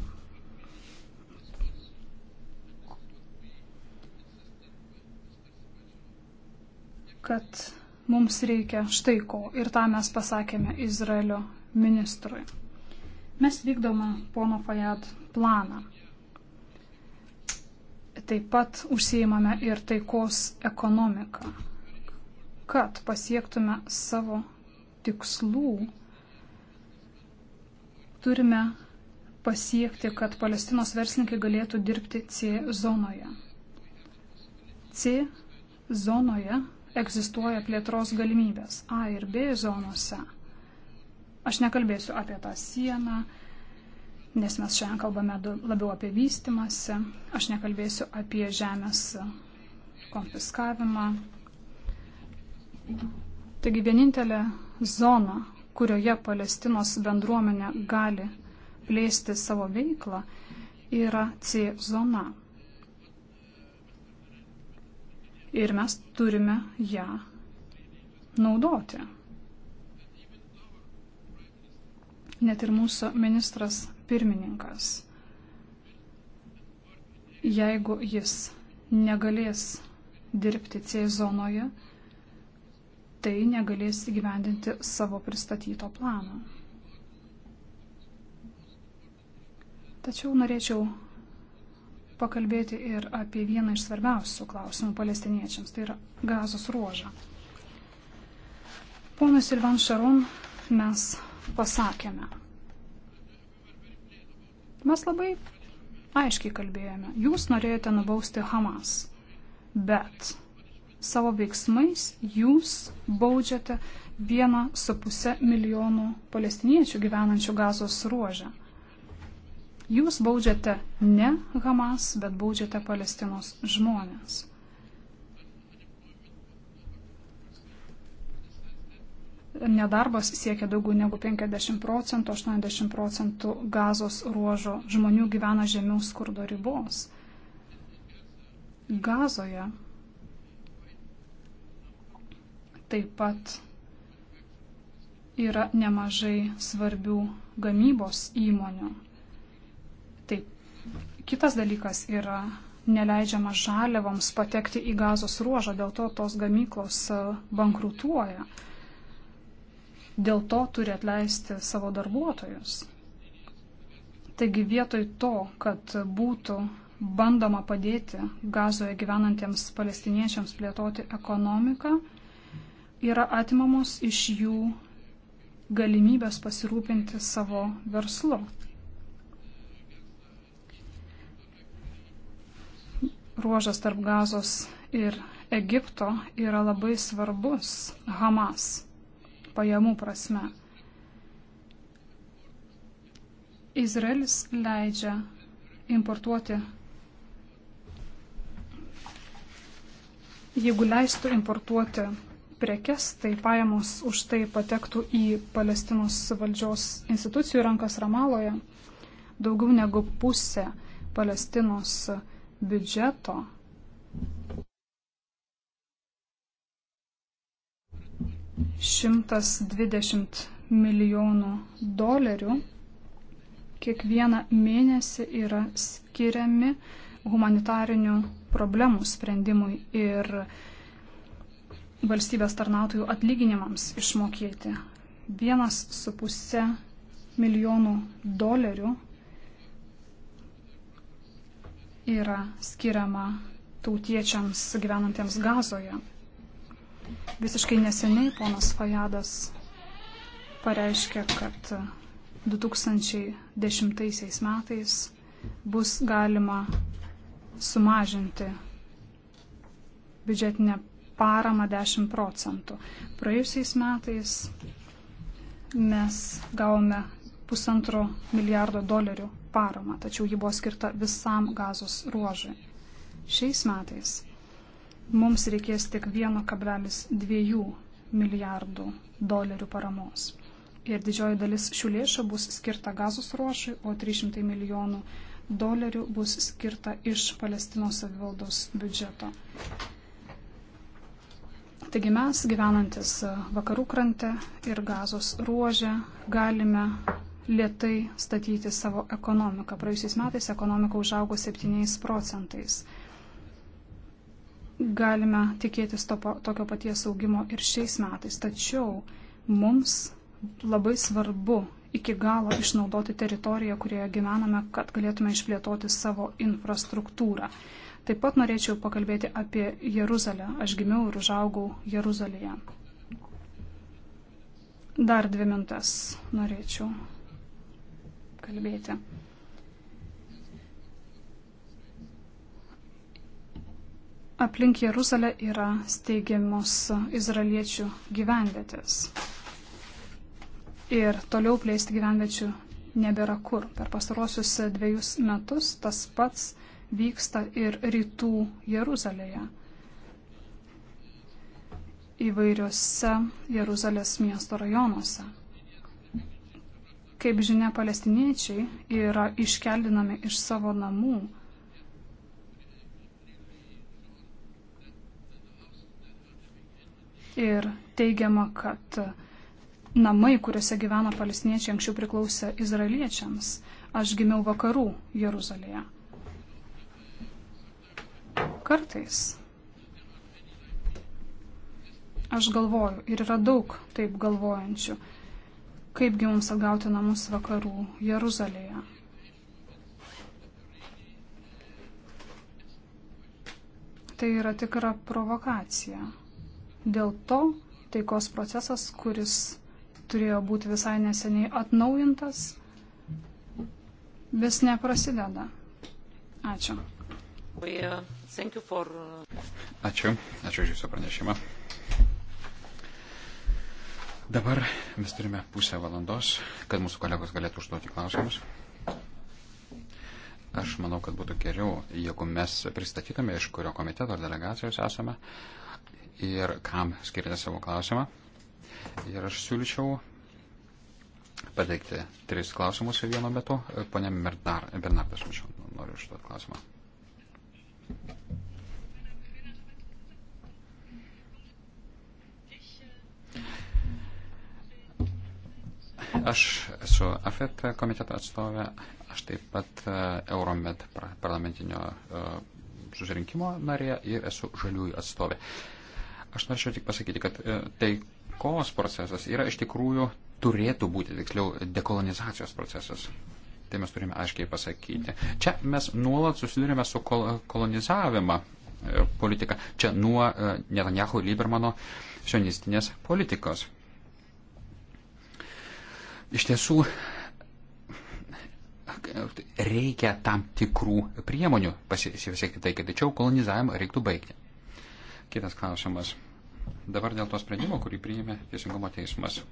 kad mums reikia štai ko ir tą mes pasakėme Izraelio ministrui. Mes vykdome pono Fajat planą. Taip pat užsijimame ir taikos ekonomiką, kad pasiektume savo tikslų. Turime pasiekti, kad Palestinos verslininkai galėtų dirbti C zonoje. C zonoje egzistuoja plėtros galimybės A ir B zonose. Aš nekalbėsiu apie tą sieną, nes mes šiandien kalbame labiau apie vystimąsi. Aš nekalbėsiu apie žemės konfiskavimą. Taigi vienintelė zona, kurioje Palestinos bendruomenė gali plėsti savo veiklą, yra C zona. ir mes turime ją naudoti. Net ir mūsų ministras pirmininkas, jeigu jis negalės dirbti C zonoje, tai negalės įgyvendinti savo pristatyto plano. Tačiau norėčiau pakalbėti ir apie vieną iš svarbiausių klausimų palestiniečiams, tai yra gazos ruožą. Ponas Silvan Šarun mes pasakėme. Mes labai aiškiai kalbėjome, jūs norėjote nubausti Hamas, bet savo veiksmais jūs baudžiate 1,5 milijono palestiniečių gyvenančių gazos ruožę. Jūs baudžiate ne Hamas, bet baudžiate Palestinos žmonės. Nedarbas siekia daugiau negu 50 procentų, 80 procentų gazos ruožo žmonių gyvena žemiau skurdo ribos. Gazoje taip pat yra nemažai svarbių gamybos įmonių. Kitas dalykas yra neleidžiama žaliavoms patekti į gazos ruožą, dėl to tos gamyklos e, bankrutuoja. Dėl to turi atleisti savo darbuotojus. Taigi vietoj to, kad būtų bandoma padėti gazoje gyvenantiems palestiniečiams plėtoti ekonomiką, yra atimamos iš jų galimybės pasirūpinti savo verslu. ruožas tarp Gazos ir Egipto yra labai svarbus Hamas pajamų prasme. Izraelis leidžia importuoti, jeigu leistų importuoti prekes, tai pajamos už tai patektų į Palestinos valdžios institucijų rankas Ramaloje. Daugiau negu pusė Palestinos valdžios biudžeto. Šimtas dvidešimt milijonų dolerių kiekvieną mėnesį yra skiriami humanitarinių problemų sprendimui ir valstybės tarnautojų atlyginimams išmokėti. Vienas su pusė milijonų dolerių yra skiriama tautiečiams gyvenantiems gazoje. Visiškai neseniai ponas Fajadas pareiškė, kad 2010 metais bus galima sumažinti biudžetinę paramą 10 procentų. Praėjusiais metais mes gavome pusantro milijardo dolerių paramą, tačiau ji buvo skirta visam gazos ruožui. Šiais metais mums reikės tik 1,2 milijardų dolerių paramos. Ir didžioji dalis šių lėšų bus skirta gazos ruošui, o 300 milijonų dolerių bus skirta iš Palestinos savivaldos biudžeto. Taigi mes, gyvenantis vakarų krante ir gazos ruožė, galime lietai statyti savo ekonomiką. Praėjusiais metais ekonomika užaugo 7 procentais. Galime tikėtis to, tokio paties augimo ir šiais metais. Tačiau mums labai svarbu iki galo išnaudoti teritoriją, kurioje gyvename, kad galėtume išplėtoti savo infrastruktūrą. Taip pat norėčiau pakalbėti apie Jeruzalę. Aš gimiau ir užaugau Jeruzalėje. Dar dvi mintas norėčiau kalbėti. Aplink Jeruzalę yra steigiamos izraeliečių gyvenvietės. Ir toliau plėsti gyvenviečių nebėra kur. Per pastarosius dviejus metus tas pats vyksta ir rytų Jeruzalėje. Įvairiuose Jeruzalės miesto rajonuose. Kaip žinia, palestiniečiai yra iškeldinami iš savo namų. Ir teigiama, kad namai, kuriuose gyvena palestiniečiai, anksčiau priklausė izraeliečiams. Aš gimiau vakarų Jeruzalėje. Kartais aš galvoju ir yra daug taip galvojančių Kaipgi mums atgauti namus vakarų Jeruzalėje? Tai yra tikra provokacija. Dėl to taikos procesas, kuris turėjo būti visai neseniai atnaujintas, vis neprasideda. Ačiū. Uh, uh, Ačiū. Ačiū už Jūsų pranešimą. Dabar mes turime pusę valandos, kad mūsų kolegos galėtų užduoti klausimus. Aš manau, kad būtų geriau, jeigu mes pristatytume, iš kurio komiteto ar delegacijos esame ir kam skirti savo klausimą. Ir aš siūlyčiau pateikti tris klausimus vienu metu. Pone Bernardas, aš noriu užduoti klausimą. Aš esu AFET komiteto atstovė, aš taip pat e, Euromed parlamentinio e, susirinkimo narė ir esu žaliųjų atstovė. Aš norėčiau tik pasakyti, kad e, taikos procesas yra iš tikrųjų turėtų būti, tiksliau, dekolonizacijos procesas. Tai mes turime aiškiai pasakyti. Čia mes nuolat susidurime su kol kolonizavimą politiką. Čia nuo Netanjahu Libermano sionistinės politikos. Iš tiesų, reikia tam tikrų priemonių pasisiekti taikai, tačiau kolonizavimą reiktų baigti. Kitas klausimas. Dabar dėl to sprendimo, kurį priėmė Teisingumo teismas e,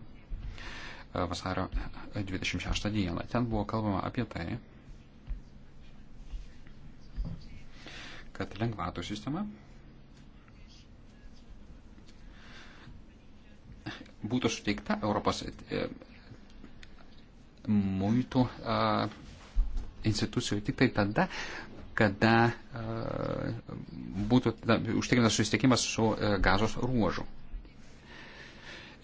vasario 26 dieną. Ten buvo kalbama apie tai, kad lengvatų sistema būtų suteikta Europos e, muitų institucijų tik tai tada, kada būtų užtikrintas susitikimas su gazos ruožu.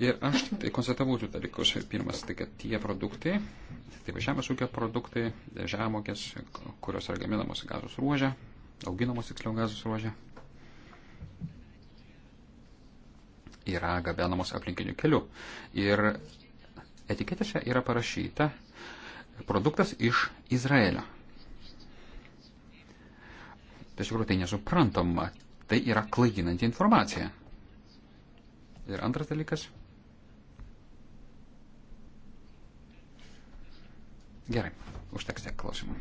Ir aš tai konstatavau tų dalykus. Pirmas, tai kad tie produktai, tai žemės ūkio produktai, žemokės, kurios yra gaminamos gazos ruožė, auginamos tiksliau gazos ruožė, yra gabenamos aplinkiniu keliu. Ir etiketėse yra parašyta produktas iš Izraelio. Tačiau tikrųjų tai nesuprantama, tai yra klaidinanti informacija. Ir antras dalykas. Gerai, užteks tiek klausimų.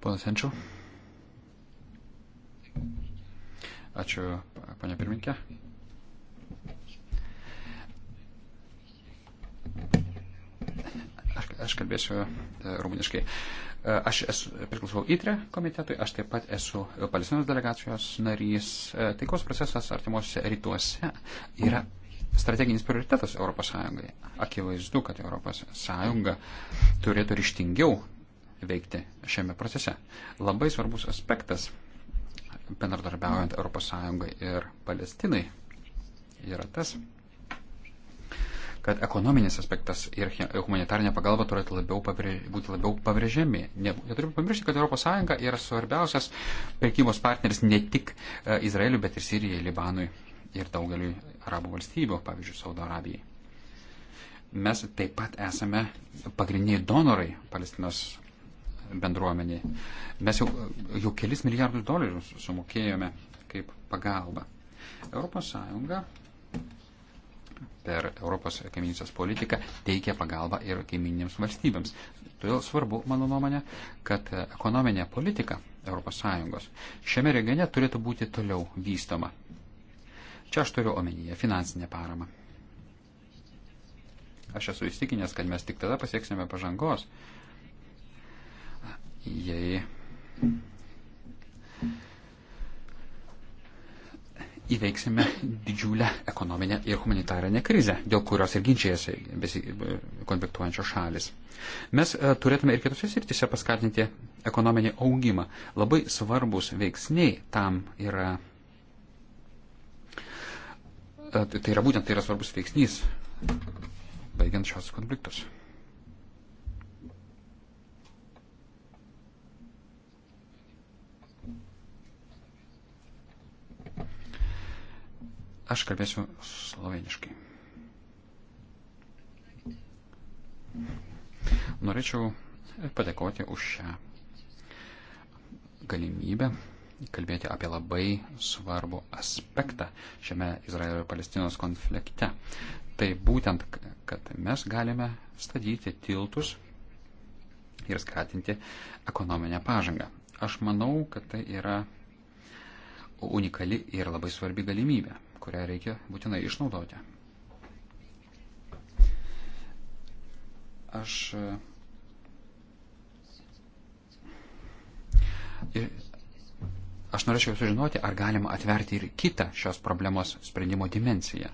Ponas Enčiau. Ačiū, panė pirminkė. Aš, aš kalbėsiu e, rumuniškai. E, aš esu, priklausau ITRE komitetui, aš taip pat esu Palestinos delegacijos narys. E, taikos procesas artimuose rytuose yra strateginis prioritetas ES. Akivaizdu, kad ES turėtų ryštingiau veikti šiame procese. Labai svarbus aspektas, bendradarbiaujant ES ir Palestinai, yra tas, kad ekonominis aspektas ir humanitarinė pagalba turėtų labiau pabrė, būti labiau pabrėžiami. Neturime pamiršti, kad ES yra svarbiausias prekybos partneris ne tik e, Izraeliui, bet ir Sirijai, Libanui ir daugeliui arabų valstybių, pavyzdžiui, Saudo Arabijai. Mes taip pat esame pagrindiniai donorai Palestinos bendruomeniai. Mes jau, e, jau kelis milijardus dolerių sumokėjome kaip pagalba. Europos Sąjunga per Europos kaiminysės politiką teikia pagalbą ir kaiminėms valstybėms. Todėl svarbu, mano nuomonė, kad ekonominė politika ES šiame regione turėtų būti toliau vystoma. Čia aš turiu omenyje finansinę paramą. Aš esu įstikinęs, kad mes tik tada pasieksime pažangos, jei įveiksime didžiulę ekonominę ir humanitarinę krizę, dėl kurios ir ginčiasi konfliktuojančios šalis. Mes e, turėtume ir kitose srityse paskatinti ekonominį augimą. Labai svarbus veiksniai tam yra. E, tai, tai yra būtent tai yra svarbus veiksnys, baigiant šios konfliktus. Aš kalbėsiu sloveniškai. Norėčiau padėkoti už šią galimybę kalbėti apie labai svarbų aspektą šiame Izraelio ir Palestinos konflikte. Tai būtent, kad mes galime statyti tiltus ir skatinti ekonominę pažangą. Aš manau, kad tai yra unikali ir labai svarbi galimybė kurią reikia būtinai išnaudoti. Aš Ir e, aš norėčiau sužinoti, ar galima atverti ir kitą šios problemos sprendimo dimenciją.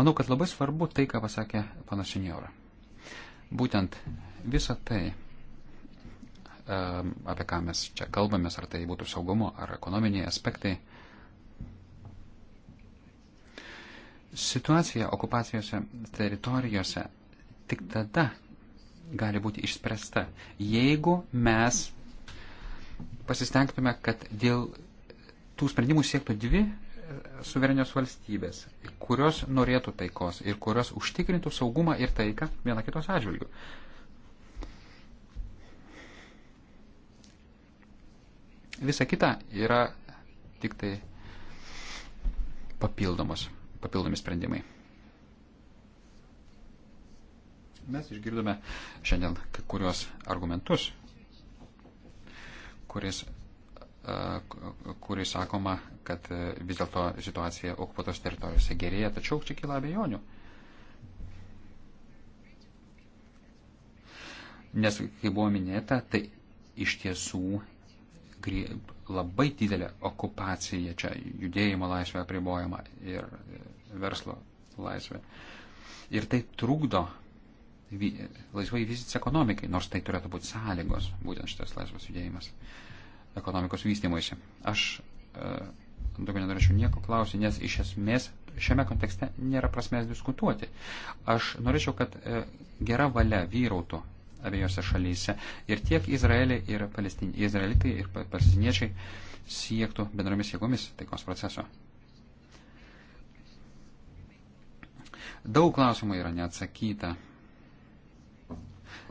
Manau, kad labai svarbu tai, ką pasakė panas Senjora. Būtent visa tai apie ką mes čia kalbamės, ar tai būtų saugumo ar ekonominiai aspektai. Situacija okupacijose teritorijose tik tada gali būti išspręsta, jeigu mes pasistengtume, kad dėl tų sprendimų siektų dvi e, suverenios valstybės, kurios norėtų taikos ir kurios užtikrintų saugumą ir taiką viena kitos atžvilgių. Visa kita yra tik tai papildomos, papildomi sprendimai. Mes išgirdome šiandien kai kurios argumentus, kuris, kuris sakoma, kad vis dėlto situacija okupuotos teritorijose gerėja, tačiau čia kyla abejonių. Nes, kaip buvo minėta, tai iš tiesų kri, labai didelė okupacija čia, judėjimo laisvė apribojama ir e, verslo laisvė. Ir tai trukdo vy, laisvai vystytis ekonomikai, nors tai turėtų būti sąlygos, būtent šitas laisvas judėjimas ekonomikos vystymuisi. Aš e, daugiau nenorėčiau nieko klausyti, nes iš esmės šiame kontekste nėra prasmės diskutuoti. Aš norėčiau, kad e, gera valia vyrautų abiejose šalyse. Ir tiek Izraelį ir palestin... izraelitai ir palestiniečiai siektų bendromis jėgomis taikos proceso. Daug klausimų yra neatsakyta.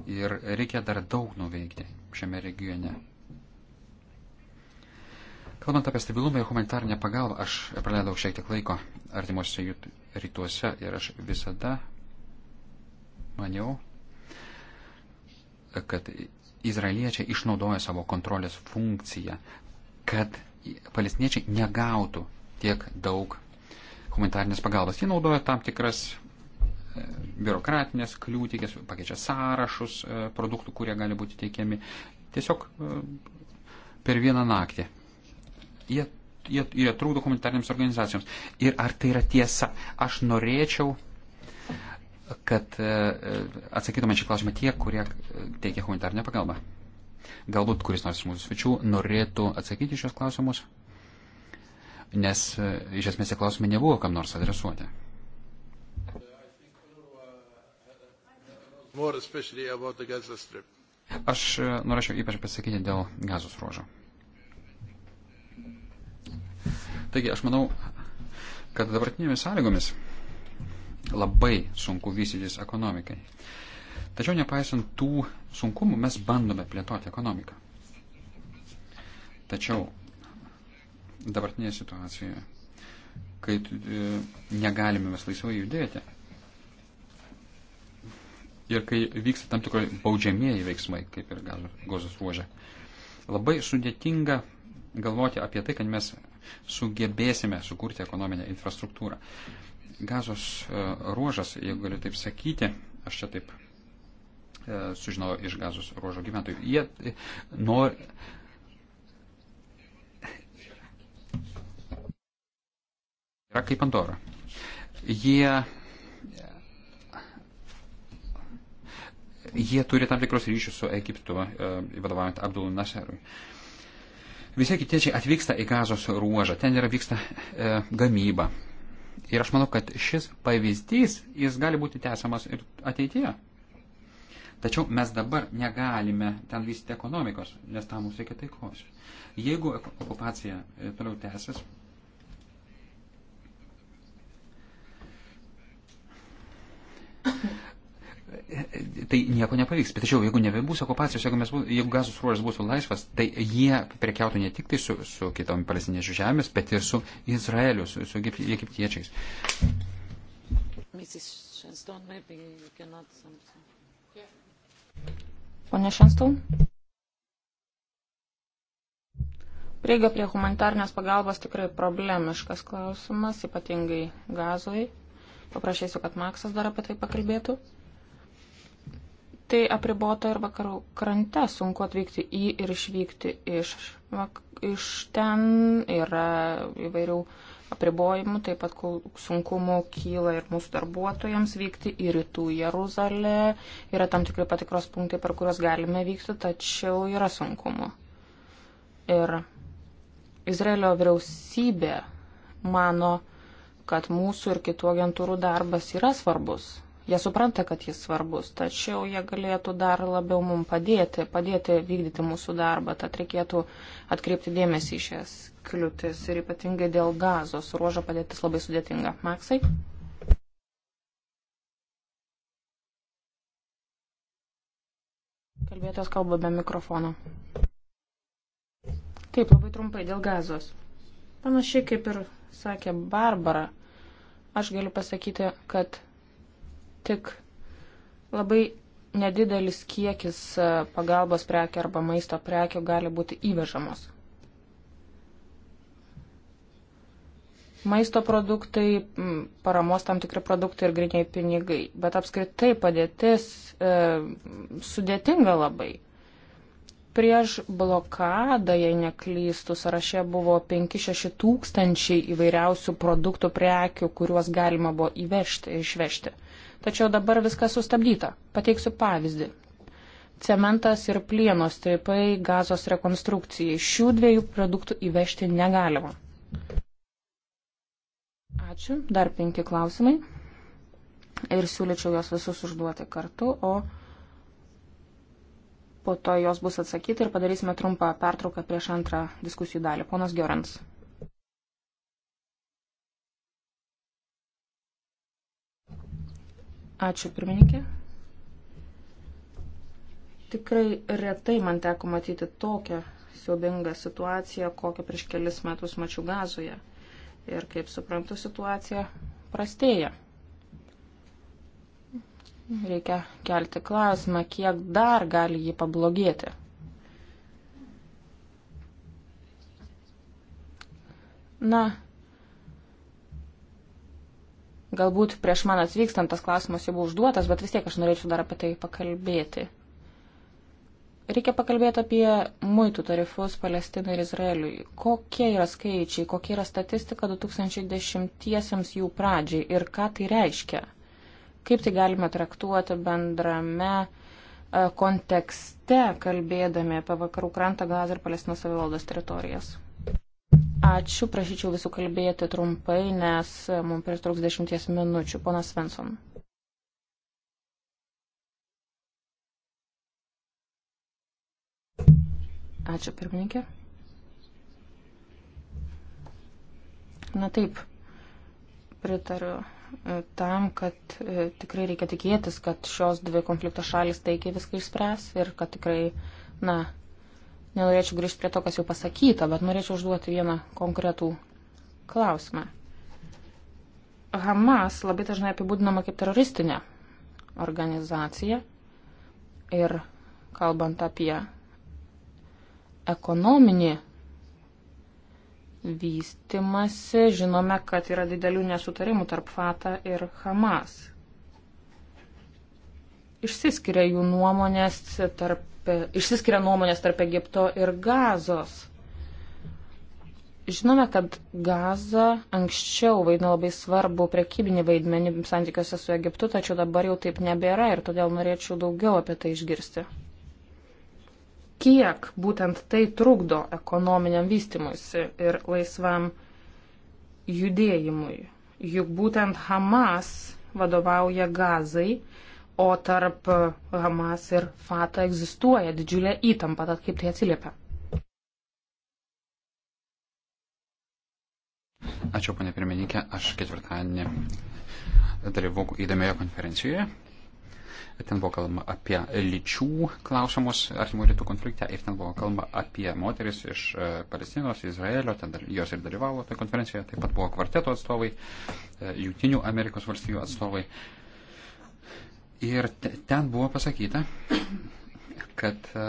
Ir reikia dar daug nuveikti šiame regione. Kalbant apie stabilumą ir humanitarinę pagalbą, aš praleidau šiek tiek laiko artimuose rytuose ir aš visada maniau, kad izraeliečiai išnaudoja savo kontrolės funkciją, kad palestiniečiai negautų tiek daug humanitarnės pagalbos. Jie naudoja tam tikras e, biurokratinės kliūtikės, pakeičia sąrašus e, produktų, kurie gali būti teikiami tiesiog e, per vieną naktį. Jie, jie, jie trūkdo humanitarniams organizacijoms. Ir ar tai yra tiesa? Aš norėčiau kad e, e, atsakytume šį klausimą tie, kurie e, teikia humanitarnę pagalbą. Galbūt kuris nors iš mūsų svečių norėtų atsakyti šios klausimus, nes iš esmės tie klausimai nebuvo kam nors adresuoti. Aš norėčiau ypač pasakyti dėl gazos ruožo. Taigi, aš manau, kad dabartinėmis sąlygomis labai sunku vystytis ekonomikai. Tačiau nepaisant tų sunkumų mes bandome plėtoti ekonomiką. Tačiau dabartinėje situacijoje, kai e, negalime mes laisvai judėti ir kai vyksta tam tikrai baudžiamieji veiksmai, kaip ir gazos ruožė, labai sudėtinga galvoti apie tai, kad mes sugebėsime sukurti ekonominę infrastruktūrą gazos e, ruožas, jeigu galiu taip sakyti, aš čia taip e, sužinojau iš gazos ruožo gyventojų. Jie e, nori. Yra kaip Pandora. Jie. Jie turi tam tikrus ryšius su Egiptu, vadovaujant Abdul Nasserui. Visi egiptiečiai atvyksta į gazos ruožą, ten yra vyksta e, gamyba, Ir aš manau, kad šis pavyzdys, jis gali būti tęsiamas ir ateityje. Tačiau mes dabar negalime ten vystyti ekonomikos, nes tam mums reikia taikos. Jeigu okupacija e, toliau tęsis, tai nieko nepavyks. Bet tačiau, jeigu nebebūs okupacijos, jeigu, mes, jeigu gazos ruožas būtų laisvas, tai jie prekiautų ne tik tai su, su kitom palestiniečių žemės, bet ir su Izraeliu, su, su egiptiečiais. Pone Šenstau. Prieiga prie humanitarnės pagalbos tikrai problemiškas klausimas, ypatingai gazui. Paprašysiu, kad Maksas dar apie tai pakalbėtų tai apribota ir vakarų krante, sunku atvykti į ir išvykti iš, iš ten, yra įvairių apribojimų, taip pat sunkumų kyla ir mūsų darbuotojams vykti į rytų Jeruzalę, yra tam tikri patikros punktai, per kuriuos galime vykti, tačiau yra sunkumų. Ir Izraelio vyriausybė mano, kad mūsų ir kitų agentūrų darbas yra svarbus, Jie supranta, kad jis svarbus, tačiau jie galėtų dar labiau mums padėti, padėti vykdyti mūsų darbą. Tad reikėtų atkreipti dėmesį į šias kliūtis ir ypatingai dėl gazos ruožo padėtis labai sudėtinga. Maksai? Kalbėtos kalba be mikrofono. Taip, labai trumpai dėl gazos. Panašiai kaip ir sakė Barbara, aš galiu pasakyti, kad tik labai nedidelis kiekis e, pagalbos prekių arba maisto prekių gali būti įvežamos. Maisto produktai, paramos tam tikri produktai ir griniai pinigai, bet apskritai padėtis e, sudėtinga labai. Prieš blokadą, jei neklystų, sąraše buvo 5-6 tūkstančiai įvairiausių produktų prekių, kuriuos galima buvo įvežti, išvežti tačiau dabar viskas sustabdyta. Pateiksiu pavyzdį. Cementas ir plieno strypai gazos rekonstrukcijai. Šių dviejų produktų įvežti negalima. Ačiū. Dar penki klausimai. Ir siūlyčiau juos visus užduoti kartu, o po to jos bus atsakyti ir padarysime trumpą pertrauką prieš antrą diskusijų dalį. Ponas Gerans. Ačiū, pirmininkė. Tikrai retai man teko matyti tokią siaubingą situaciją, kokią prieš kelis metus mačiau gazoje. Ir kaip suprantu, situacija prastėja. Reikia kelti klausimą, kiek dar gali jį pablogėti. Na, Galbūt prieš man atvykstant tas klausimas jau buvo užduotas, bet vis tiek aš norėčiau dar apie tai pakalbėti. Reikia pakalbėti apie muitų tarifus Palestinai ir Izraeliui. Kokie yra skaičiai, kokia yra statistika 2010-iesiams jų pradžiai ir ką tai reiškia? Kaip tai galime traktuoti bendrame e, kontekste, kalbėdami apie vakarų krantą, gazą ir Palestinos savivaldos teritorijas? Ačiū, prašyčiau visų kalbėti trumpai, nes mums pritrūks dešimties minučių. Ponas Svensson. Ačiū, pirmininkė. Na taip, pritariu e, tam, kad e, tikrai reikia tikėtis, kad šios dvi konflikto šalis taikiai viską išspręs ir kad tikrai, na, Nenorėčiau grįžti prie to, kas jau pasakyta, bet norėčiau užduoti vieną konkretų klausimą. Hamas labai dažnai apibūdinama kaip teroristinė organizacija ir kalbant apie ekonominį vystimasi, žinome, kad yra didelių nesutarimų tarp Fata ir Hamas. Išsiskiria jų nuomonės tarp išsiskiria nuomonės tarp Egipto ir Gazos. Žinome, kad Gaza anksčiau vaidino labai svarbu prekybinį vaidmenį santykiuose su Egiptu, tačiau dabar jau taip nebėra ir todėl norėčiau daugiau apie tai išgirsti. Kiek būtent tai trukdo ekonominiam vystimuisi ir laisvam judėjimui? Juk būtent Hamas vadovauja Gazai o tarp Hamas ir Fata egzistuoja didžiulė įtampa, tad kaip tai atsiliepia? Ačiū, ponė pirmininkė. Aš ketvirtadienį dalyvau įdomioje konferencijoje. Ten buvo kalbama apie lyčių klausimus artimų rytų konflikte ir ten buvo kalbama apie moteris iš e, Palestinos, Izraelio, ten jos ir dalyvavo toje konferencijoje, taip pat buvo kvarteto atstovai, e, Junktinių Amerikos valstybių atstovai. Mm. Ir ten buvo pasakyta, kad e,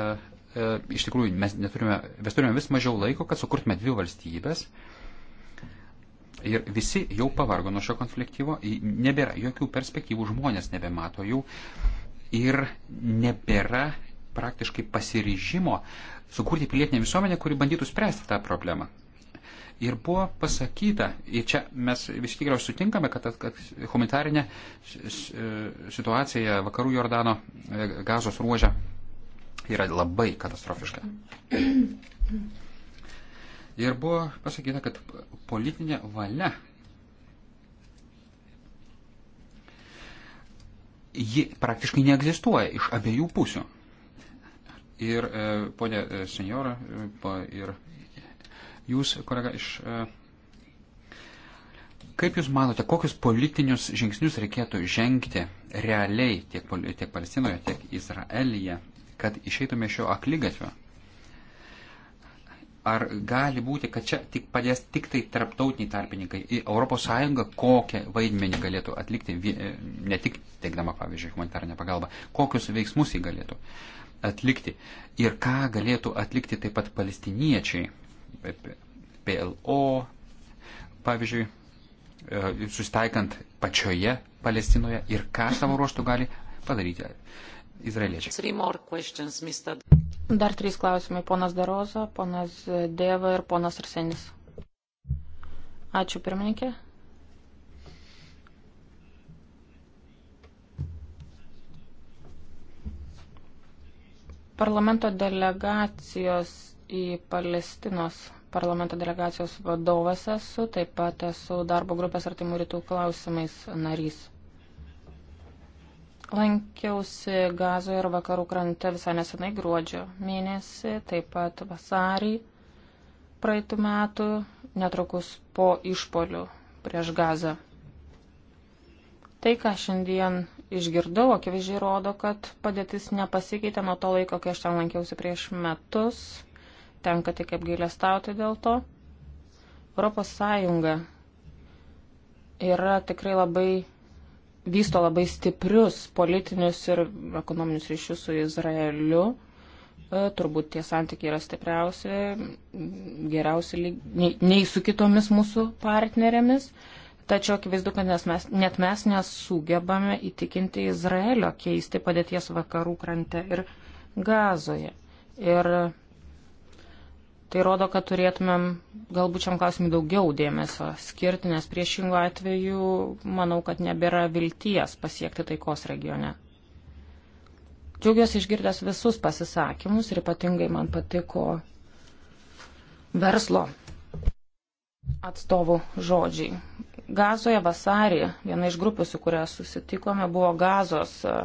e, iš tikrųjų mes, neturime, mes turime vis mažiau laiko, kad sukurtume dvi valstybės. Ir visi jau pavargo nuo šio konfliktyvo, nebėra jokių perspektyvų, žmonės nebemato jų ir nebėra praktiškai pasiryžimo sukurti pilietinę visuomenę, kuri bandytų spręsti tą problemą. Ir buvo pasakyta, ir čia mes vis tikriausiai sutinkame, kad, kad humanitarinė situacija vakarų Jordano e, gazos ruožė yra labai katastrofiška. Ir buvo pasakyta, kad politinė valia ji praktiškai neegzistuoja iš abiejų pusių. Ir e, ponė e, senjora e, ir Jūs, kolega, iš. E, kaip Jūs manote, kokius politinius žingsnius reikėtų žengti realiai tiek, tiek Palestinoje, tiek Izraelyje, kad išeitume šio aklygatvio? Ar gali būti, kad čia tik padės tik tai tarptautiniai tarpininkai? ES kokią vaidmenį galėtų atlikti, e, ne tik teikdama, pavyzdžiui, humanitarinę pagalbą, kokius veiksmus jį galėtų atlikti ir ką galėtų atlikti taip pat palestiniečiai PLO, pavyzdžiui, e, susitaikant pačioje Palestinoje ir ką savo ruoštų gali padaryti izraeliečiai. Dar trys klausimai. Ponas Daroza, ponas Deva ir ponas Arsenis. Ačiū pirmininkė. Parlamento delegacijos į Palestinos parlamento delegacijos vadovas esu, taip pat esu darbo grupės artimų rytų klausimais narys. Lankiausi Gazoje ir vakarų krante visai nesenai gruodžio mėnesį, taip pat vasarį praeitų metų, netrukus po išpolių prieš Gazą. Tai, ką šiandien išgirdau, akivaizdžiai rodo, kad padėtis nepasikeitė nuo to laiko, kai aš ten lankiausi prieš metus tenka tik apgailestauti dėl to. Europos Sąjunga yra tikrai labai vysto labai stiprius politinius ir ekonominius ryšius su Izraeliu. E, turbūt tie santykiai yra stipriausi, geriausi nei, nei su kitomis mūsų partnerėmis. Tačiau akivaizdu, kad mes, net mes nesugebame įtikinti Izraelio keisti padėties vakarų krante ir gazoje. Ir Tai rodo, kad turėtumėm galbūt šiam klausimui daugiau dėmesio skirti, nes priešingų atveju manau, kad nebėra vilties pasiekti taikos regione. Džiaugiuosi išgirdęs visus pasisakymus ir ypatingai man patiko verslo atstovų žodžiai. Gazoje vasarį viena iš grupių, su kuria susitikome, buvo gazos uh,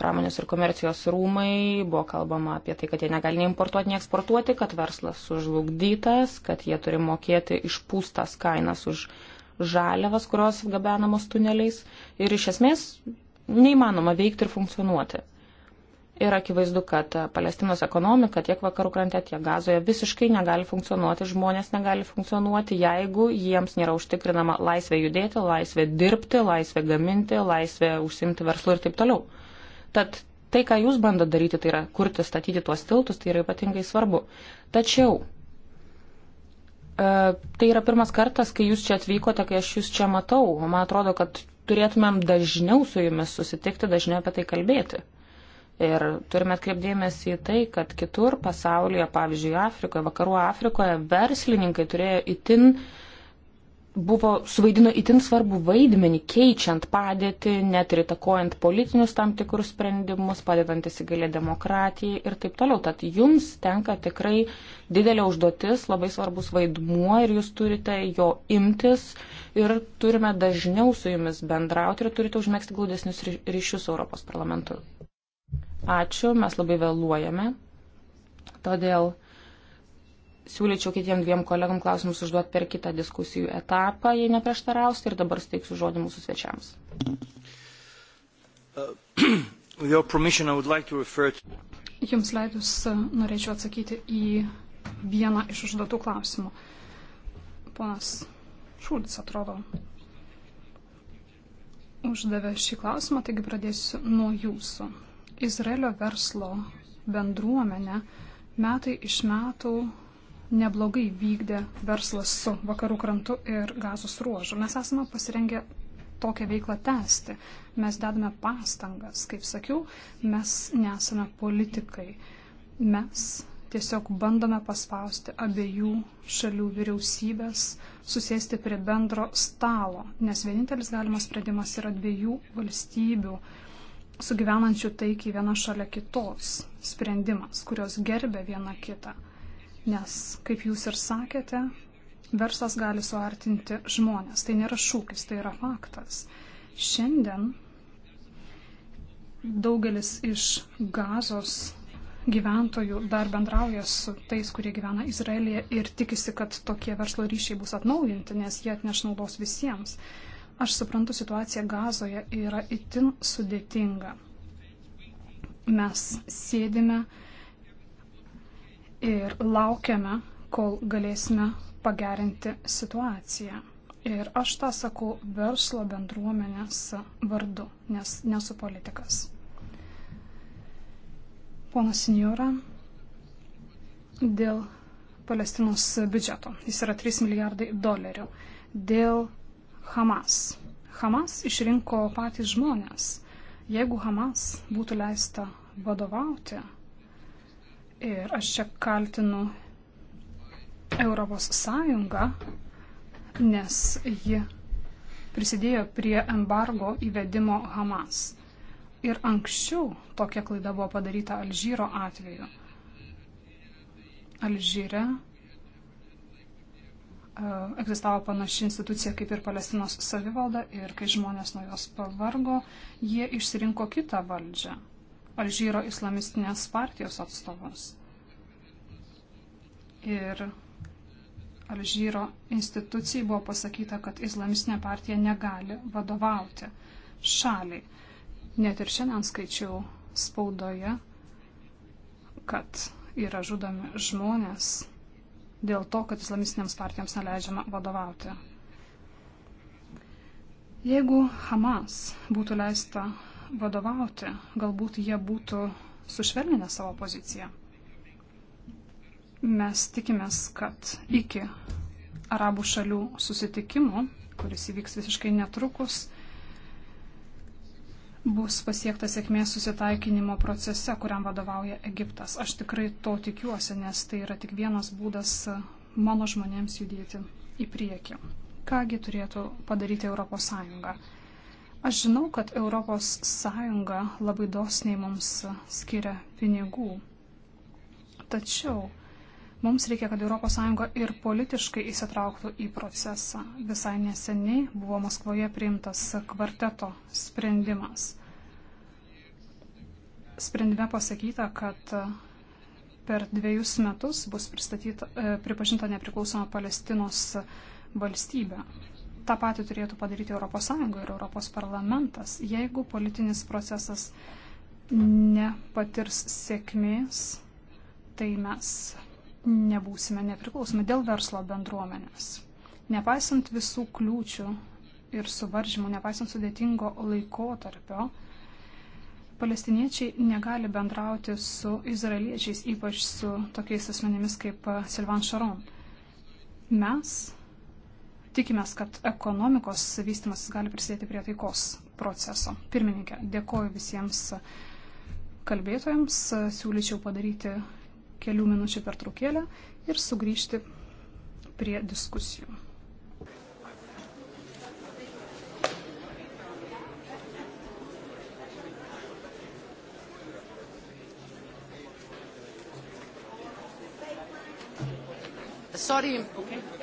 pramonės ir komercijos rūmai, buvo kalbama apie tai, kad jie negali nei importuoti, nei eksportuoti, kad verslas sužlugdytas, kad jie turi mokėti išpūstas kainas už žaliavas, kurios gabenamos tuneliais ir iš esmės neįmanoma veikti ir funkcionuoti. Ir akivaizdu, kad Palestinos ekonomika tiek vakarų krante, tiek gazoje visiškai negali funkcionuoti, žmonės negali funkcionuoti, jeigu jiems nėra užtikrinama laisvė judėti, laisvė dirbti, laisvė gaminti, laisvė užsimti verslu ir taip toliau. Tad tai, ką jūs bandote daryti, tai yra kurti, statyti tuos tiltus, tai yra ypatingai svarbu. Tačiau e, tai yra pirmas kartas, kai jūs čia atvykote, kai aš jūs čia matau. Man atrodo, kad turėtumėm dažniau su jumis susitikti, dažniau apie tai kalbėti. Ir turime atkreipdėmėsi į tai, kad kitur pasaulyje, pavyzdžiui, Afrikoje, vakarų Afrikoje, verslininkai turėjo itin uh, buvo suvaidino itin svarbu vaidmenį, keičiant padėtį, net ir įtakojant politinius tam tikrus sprendimus, padedant įsigalę demokratijai ir taip toliau. Tad jums tenka tikrai didelė užduotis, labai svarbus vaidmuo ir jūs turite jo imtis ir turime dažniau su jumis bendrauti ir turite užmėgsti glaudesnius ryšius su Europos parlamentu. Ačiū, mes labai vėluojame. Todėl siūlyčiau kitiem dviem kolegom klausimus užduoti per kitą diskusijų etapą, jei neprieštarausite, ir dabar steiksiu žodį mūsų svečiams. Uh, like to to... Jums leidus uh, norėčiau atsakyti į vieną iš užduotų klausimų. Ponas Šulcis atrodo uždavė šį klausimą, taigi pradėsiu nuo jūsų. Izraelio verslo bendruomenė metai iš metų neblogai vykdė verslas su vakarų krantu ir gazos ruožu. Mes esame pasirengę tokią veiklą tęsti. Mes dedame pastangas. Kaip sakiau, mes nesame politikai. Mes tiesiog bandome paspausti abiejų šalių vyriausybės, susėsti prie bendro stalo, nes vienintelis galimas sprendimas yra dviejų valstybių sugyvenančių taikiai viena šalia kitos sprendimas, kurios gerbė viena kitą nes, kaip jūs ir sakėte, verslas gali suartinti žmonės. Tai nėra šūkis, tai yra faktas. Šiandien daugelis iš gazos gyventojų dar bendrauja su tais, kurie gyvena Izraelyje ir tikisi, kad tokie verslo ryšiai bus atnaujinti, nes jie atneš naudos visiems. Aš suprantu, situacija gazoje yra itin sudėtinga. Mes sėdime, uh, ir laukiame, kol galėsime pagerinti situaciją. Ir aš tą sakau verslo bendruomenės vardu, nes nesu politikas. Ponas Senjora, dėl Palestinos biudžeto, jis yra 3 milijardai dolerių, dėl Hamas. Hamas išrinko patys žmonės. Jeigu Hamas būtų leista vadovauti, Ir aš čia kaltinu Europos Sąjungą, nes ji prisidėjo prie embargo įvedimo Hamas. Ir anksčiau tokia klaida buvo padaryta Alžyro atveju. Alžyre e, egzistavo panaši institucija kaip ir Palestinos savivalda ir kai žmonės nuo jos pavargo, jie išsirinko kitą valdžią. Alžyro islamistinės partijos atstovus. Ir Alžyro institucijai buvo pasakyta, kad islamistinė partija negali vadovauti šaliai. Net ir šiandien skaičiau spaudoje, kad yra žudomi žmonės dėl to, kad islamistinėms partijoms neleidžiama vadovauti. Jeigu Hamas būtų leista vadovauti. Galbūt jie būtų sušvelninę savo poziciją. Mes tikimės, kad iki arabų šalių susitikimo, kuris įvyks visiškai netrukus, bus pasiektas sėkmės susitaikinimo procese, kuriam vadovauja Egiptas. Aš tikrai to tikiuosi, nes tai yra tik vienas būdas mano žmonėms judėti į priekį. Kągi turėtų padaryti ES? Aš žinau, kad ES labai dosniai mums skiria pinigų. Tačiau mums reikia, kad ES ir politiškai įsitrauktų į procesą. Visai neseniai buvo Maskvoje priimtas kvarteto sprendimas. Sprendime pasakyta, kad per dviejus metus bus pripažinta nepriklausoma Palestinos valstybė tą patį turėtų padaryti ES ir ES parlamentas. Jeigu politinis procesas nepatirs sėkmės, tai mes nebūsime nepriklausomi dėl verslo bendruomenės. Nepaisant visų kliūčių ir suvaržymų, nepaisant sudėtingo laikotarpio, palestiniečiai negali bendrauti su izraeliečiais, ypač su tokiais asmenimis kaip Silvan Šaron. Mes Tikimės, kad ekonomikos vystimas gali prisidėti prie taikos proceso. Pirmininkė, dėkoju visiems kalbėtojams, siūlyčiau padaryti kelių minučių per trukėlę ir sugrįžti prie diskusijų. Sorry. Okay.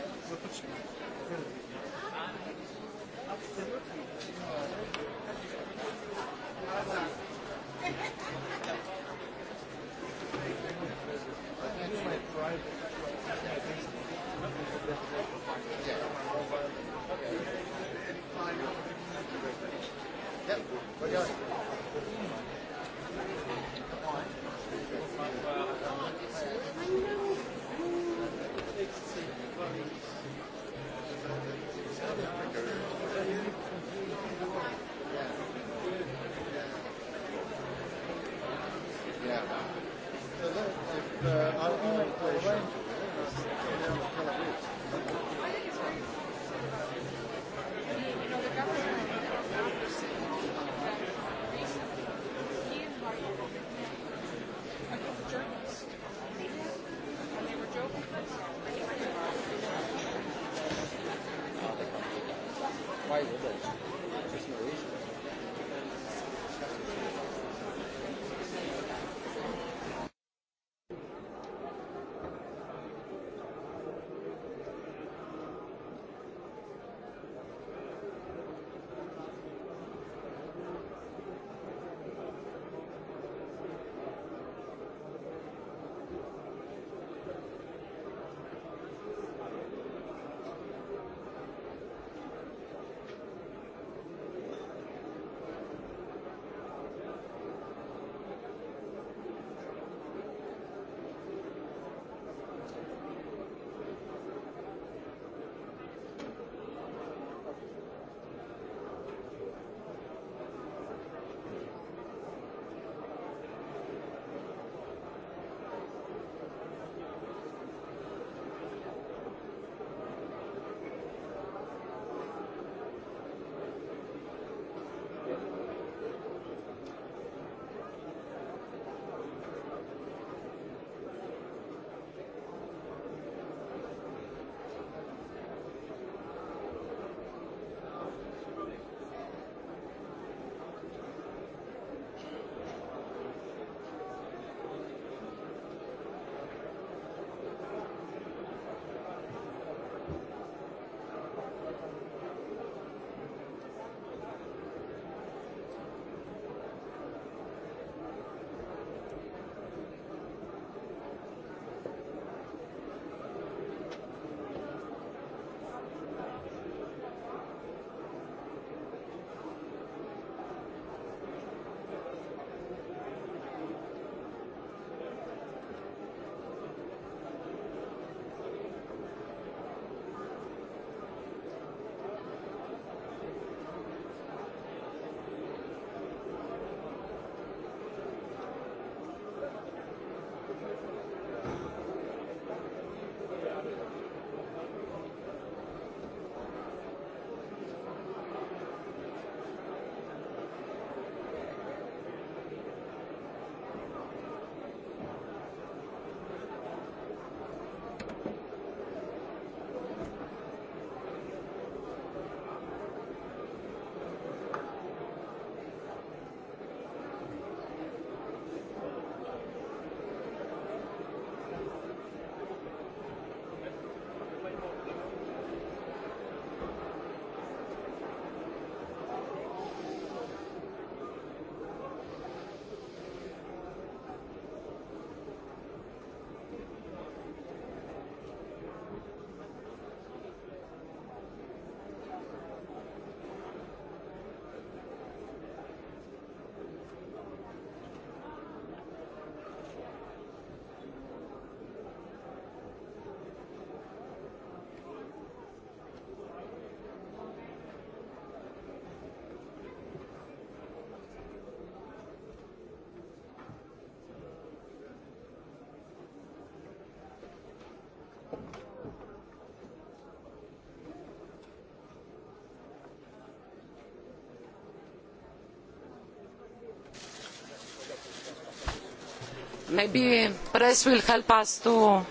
Maybe press will help us to,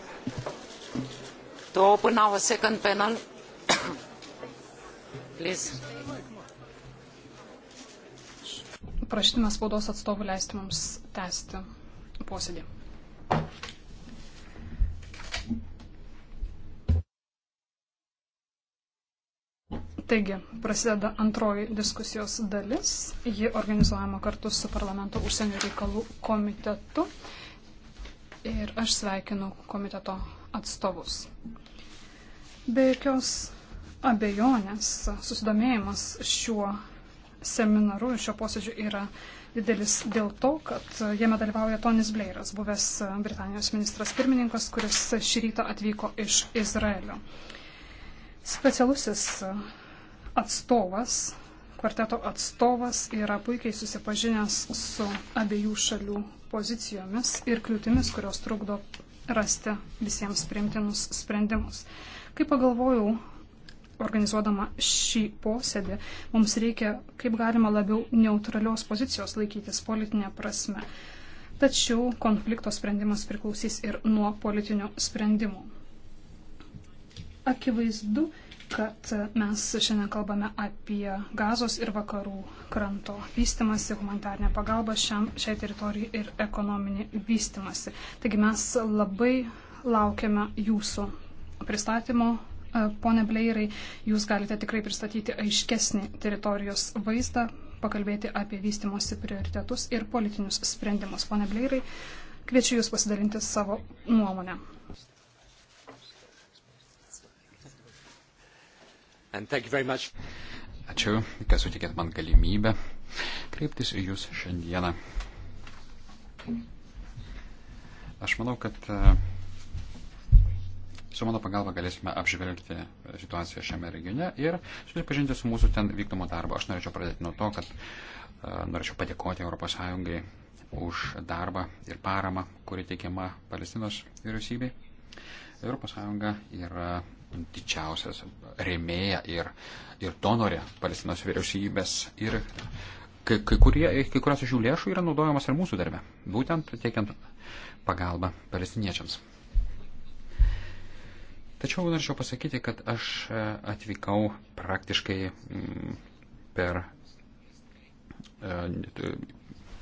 to open our second panel. Please. Prašytume spaudos atstovų leisti mums tęsti posėdį. Taigi, prasideda antroji diskusijos dalis. Ji organizuojama kartu su parlamento užsienio reikalų komitetu. Aš sveikinu komiteto atstovus. Be jokios abejonės susidomėjimas šiuo seminaru ir šio posėdžiu yra didelis dėl to, kad jame dalyvauja Tonis Bleiras, buvęs Britanijos ministras pirmininkas, kuris šį rytą atvyko iš Izraelio. Specialusis atstovas, kvarteto atstovas yra puikiai susipažinęs su abiejų šalių pozicijomis ir kliūtimis, kurios trukdo rasti visiems priimtinus sprendimus. Kai pagalvojau, organizuodama šį posėdį, mums reikia kaip galima labiau neutralios pozicijos laikytis politinė prasme. Tačiau konflikto sprendimas priklausys ir nuo politinių sprendimų. Akivaizdu, kad mes šiandien kalbame apie gazos ir vakarų kranto vystimasi, humanitarnę pagalbą šiam, šiai teritorijai ir ekonominį vystimasi. Taigi mes labai laukiame jūsų pristatymo. E, pone Bleirai, jūs galite tikrai pristatyti aiškesnį teritorijos vaizdą, pakalbėti apie vystimosi prioritetus ir politinius sprendimus. Pone Bleirai, kviečiu Jūs pasidalinti savo nuomonę. Ačiū, kad sutikėt man galimybę kreiptis į Jūs šiandieną. Aš manau, kad e, su mano pagalba galėsime apžvelgti situaciją šiame regione ir susipažinti su mūsų ten vykdomo darbo. Aš norėčiau pradėti nuo to, kad e, norėčiau padėkoti ES už darbą ir paramą, kuri teikiama Palestinos vyriausybei. ES yra didžiausias remėja ir, ir donorė Palestinos vyriausybės. Ir kai, kai, kurie, kai kurios iš jų lėšų yra naudojamas ir mūsų darbe, būtent teikiant pagalbą palestiniečiams. Tačiau norėčiau pasakyti, kad aš e, atvykau praktiškai mm, per e,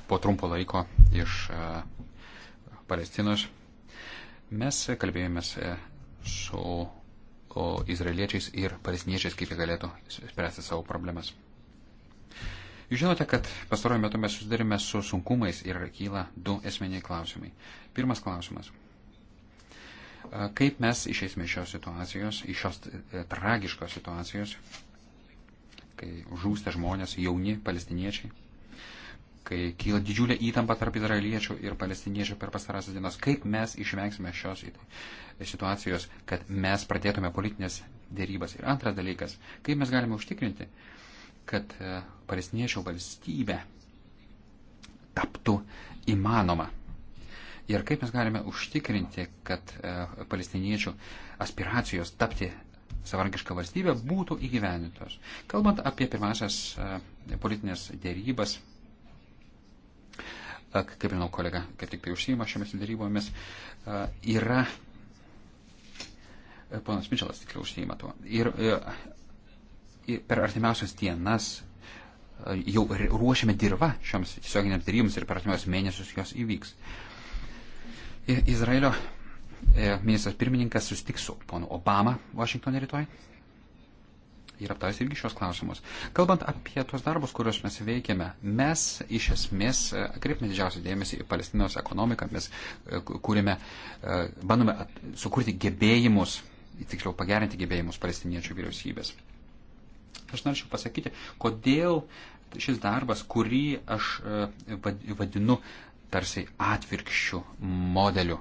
po trumpo laiko iš e, Palestinos. Mes kalbėjomės su izraeliečiais ir palestiniečiais, kaip jie galėtų spręsti savo problemas. Jūs žinote, kad pastaruoju metu mes susidarime su sunkumais ir kyla du esminiai klausimai. Pirmas klausimas. Kaip mes išeisime iš šios situacijos, iš šios e, tragiškos situacijos, kai žūsta žmonės, jauni palestiniečiai, kai kyla didžiulė įtampa tarp izraeliečių ir palestiniečių per pastarąsias dienas. Kaip mes išvengsime šios situacijos, kad mes pradėtume politinės dėrybas. Ir antras dalykas, kaip mes galime užtikrinti, kad e, palestiniečių valstybė taptų įmanoma. Ir kaip mes galime užtikrinti, kad e, palestiniečių aspiracijos tapti savarankišką valstybę būtų įgyvenintos. Kalbant apie pirmasias e, politinės dėrybas kaip žinau, kolega, kaip tik tai užsijima šiomis darybomis, yra, e, ponas Mičelas tikrai užsijima tuo, ir, e, ir per artimiausias dienas e, jau ruošiame dirbą šioms tiesioginiams daryboms ir per artimiausius mėnesius jos įvyks. Izraelio ministras pirmininkas sustiks su ponu Obama Vašingtonė rytoj ir aptarsi irgi šios klausimus. Kalbant apie tuos darbus, kuriuos mes veikiame, mes iš esmės e, atkreipime didžiausią dėmesį į Palestinos ekonomiką, mes e, kūrėme, e, bandome sukurti gebėjimus, tiksliau pagerinti gebėjimus palestiniečių vyriausybės. Aš norėčiau pasakyti, kodėl šis darbas, kurį aš vadinu tarsi atvirkščių modelių,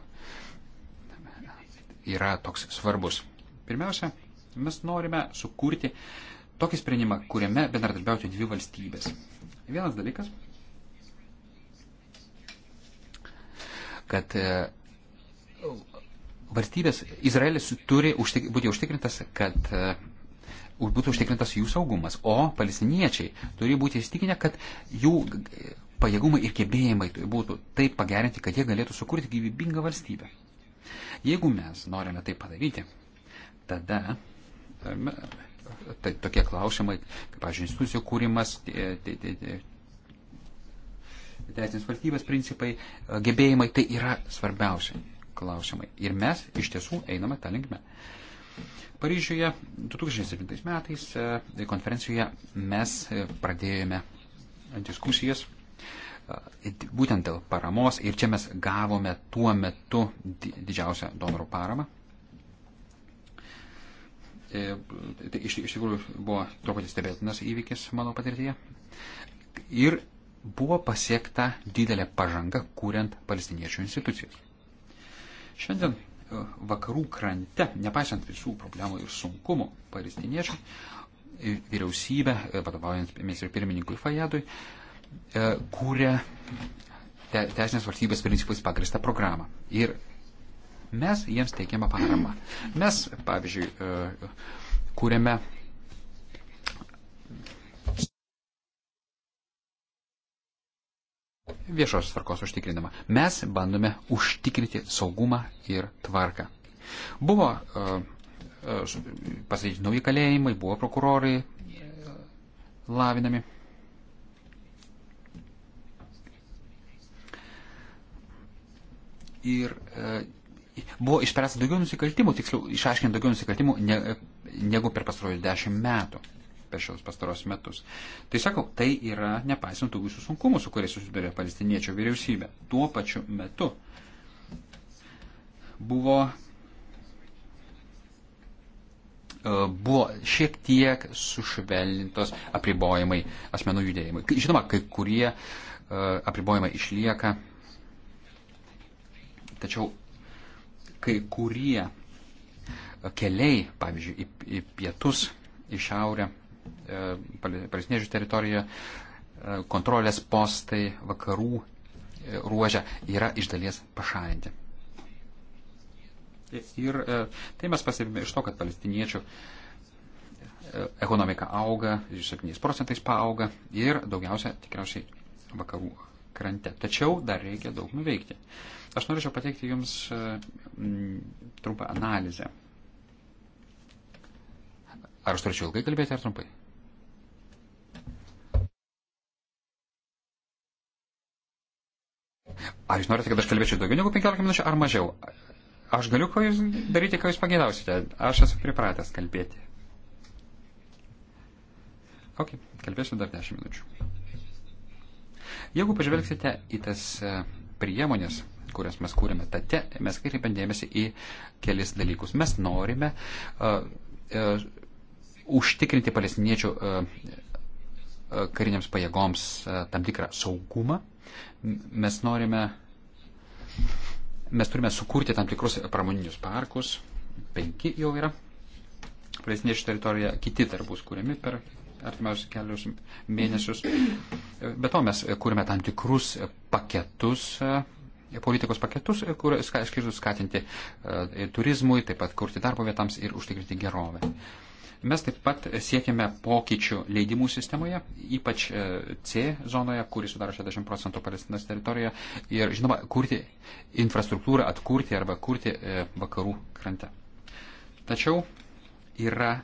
yra toks svarbus. Pirmiausia, Mes norime sukurti tokį sprendimą, kuriame bendradarbiauti dvi valstybės. Vienas dalykas, kad e, valstybės Izraelis turi užtik, būti užtikrintas, kad e, būtų užtikrintas jų saugumas, o palestiniečiai turi būti įstikinę, kad jų pajėgumai ir gebėjimai būtų taip pagerinti, kad jie galėtų sukurti gyvybingą valstybę. Jeigu mes norime tai padaryti, tada tai tokie klausimai, kaip, pavyzdžiui, institucijų kūrimas, teisinės valstybės principai, e, gebėjimai, tai yra svarbiausia klausimai. Ir mes iš tiesų einame tą linkmę. Paryžiuje 2007 metais e, konferencijoje mes e, pradėjome diskusijas būtent dėl paramos ir čia mes gavome tuo metu didžiausią donorų paramą E, tai iš, iš tikrųjų buvo truputį stebėtinas įvykis mano patirtyje. Ir buvo pasiekta didelė pažanga, kuriant palestiniečių institucijas. Šiandien e, vakarų krante, nepaisant visų problemų ir sunkumų, palestiniečiai, e, vyriausybė, vadovaujant ministrui pirmininkui Fajadui, kūrė teisinės valstybės principais pagristą programą. Ir Mes jiems teikiame paramą. Mes, pavyzdžiui, e, kūrėme. Viešos tvarkos užtikrinimą. Mes bandome užtikrinti saugumą ir tvarką. Buvo e, e, pasakyti nauji kalėjimai, buvo prokurorai lavinami. Ir e, buvo išspręsta daugiau nusikaltimų, tiksliau išaiškinti daugiau nusikaltimų ne, negu per pastarojus dešimt metų, per šios pastaros metus. Tai sakau, tai yra nepaisant tų visų sunkumų, su kuriais susidurė palestiniečio vyriausybė. Tuo pačiu metu buvo, e, buvo šiek tiek sušvelnintos apribojimai asmenų judėjimui. Žinoma, kai kurie e, apribojimai išlieka, tačiau kai kurie keliai, pavyzdžiui, į, į pietus, į šiaurę, e, palestiniečių teritorijoje, kontrolės postai vakarų e, ruožę yra iš dalies pašalinti. Ir e, tai mes pastebime iš to, kad palestiniečių ekonomika auga, 7 procentais paauga ir daugiausia tikriausiai vakarų krante. Tačiau dar reikia daug nuveikti. Aš norėčiau pateikti Jums e, trumpą analizę. Ar aš turėčiau ilgai kalbėti ar trumpai? Ar jūs norite, kad aš kalbėčiau daugiau negu 15 minučių ar mažiau? Aš galiu ko jūs daryti, ką jūs pagėdausite. Aš esu pripratęs kalbėti. Ok, kalbėsiu dar 10 minučių. Jeigu pažvelgsite į tas e, priemonės, kurias mes kūrėme tate, mes kreipiam dėmesį į kelis dalykus. Mes norime uh, uh, užtikrinti palestiniečių uh, kariniams pajėgoms uh, tam tikrą saugumą. Mes norime. Mes turime sukurti tam tikrus pramoninius parkus, penki jau yra palestiniečių teritorijoje, kiti dar bus kuriami per artimiausius kelius mėnesius. Be to mes kūrime tam tikrus paketus, politikos paketus, kur skirtus skatinti e, turizmui, taip pat kurti darbo vietams ir užtikrinti gerovę. Mes taip pat siekiame pokyčių leidimų sistemoje, ypač e, C zonoje, kuri sudaro 60 procentų Palestinos teritorijoje, ir žinoma, kurti infrastruktūrą, atkurti arba kurti e, vakarų krante. Tačiau yra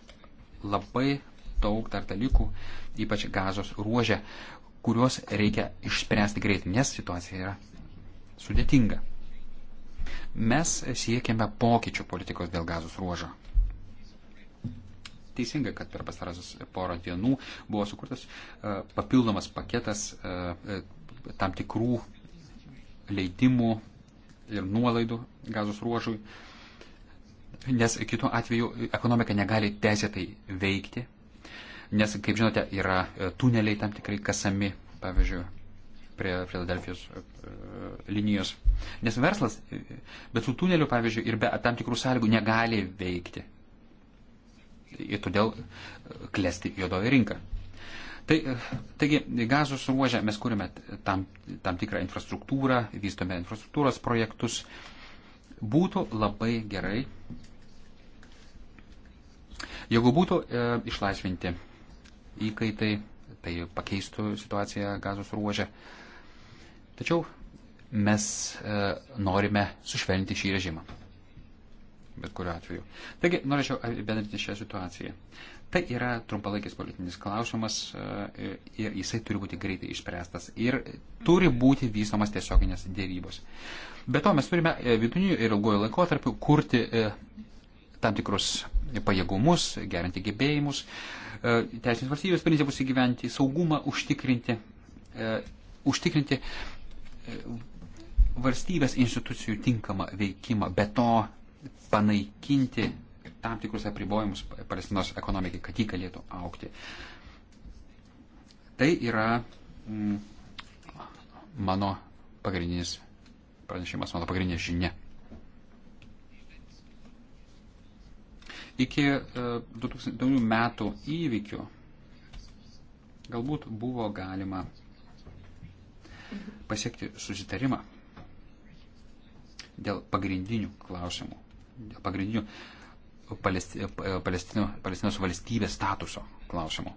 labai daug dar dalykų, ypač gazos ruožė, kuriuos reikia išspręsti greit, nes situacija yra sudėtinga. Mes siekiame pokyčių politikos dėl gazos ruožo. Teisinga, kad per pastarąsias porą dienų buvo sukurtas uh, papildomas paketas uh, tam tikrų leidimų ir nuolaidų gazos ruožui, nes kitu atveju ekonomika negali teisėtai veikti nes, kaip žinote, yra e, tuneliai tam tikrai kasami, pavyzdžiui, prie Filadelfijos e, e, linijos. Nes verslas be tų tunelių, pavyzdžiui, ir be tam tikrų sąlygų negali veikti. Ir todėl klesti juodoji rinka. Tai, taigi, gazos ruožę mes kūrėme tam, tam tikrą infrastruktūrą, vystome infrastruktūros projektus. Būtų labai gerai, jeigu būtų e, išlaisvinti įkaitai, tai pakeistų situaciją gazos ruožę. Tačiau mes e, norime sušvelninti šį režimą. Bet kuriu atveju. Taigi, norėčiau apibendrinti šią situaciją. Tai yra trumpalaikis politinis klausimas e, ir jisai turi būti greitai išspręstas ir turi būti vystomas tiesioginės dėrybos. Be to, mes turime e, vidutiniu ir ilguoju laikotarpiu kurti e, tam tikrus pajėgumus, gerinti gebėjimus. E, E, teisinės valstybės principus įgyventi, saugumą užtikrinti, e, užtikrinti e, valstybės institucijų tinkamą veikimą, be to panaikinti tam tikrus apribojimus Palestinos ekonomikai, kad ji galėtų aukti. Tai yra mm, mano pagrindinis pranešimas, mano pagrindinė žinia. Iki 2000 e, metų įvykių galbūt buvo galima pasiekti susitarimą dėl pagrindinių klausimų, dėl pagrindinių e, e, Palestino, Palestinos valstybės statuso klausimų.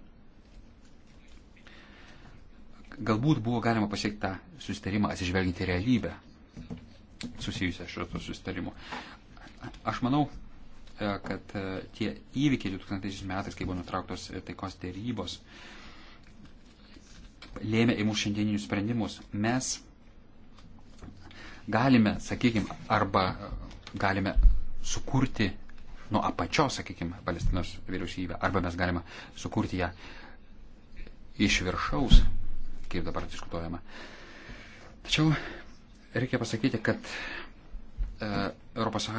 Galbūt buvo galima pasiekti tą susitarimą atsižvelginti realybę susijusią šio susitarimo. Aš manau, E, kad e, tie įvykiai 2000 metais, kai buvo nutrauktos taikos dėrybos, lėmė į mūsų šiandieninius sprendimus. Mes galime, sakykime, arba galime sukurti nuo apačios, sakykime, Palestinos vyriausybę, arba mes galime sukurti ją iš viršaus, kaip dabar diskutuojama. Tačiau reikia pasakyti, kad e, ES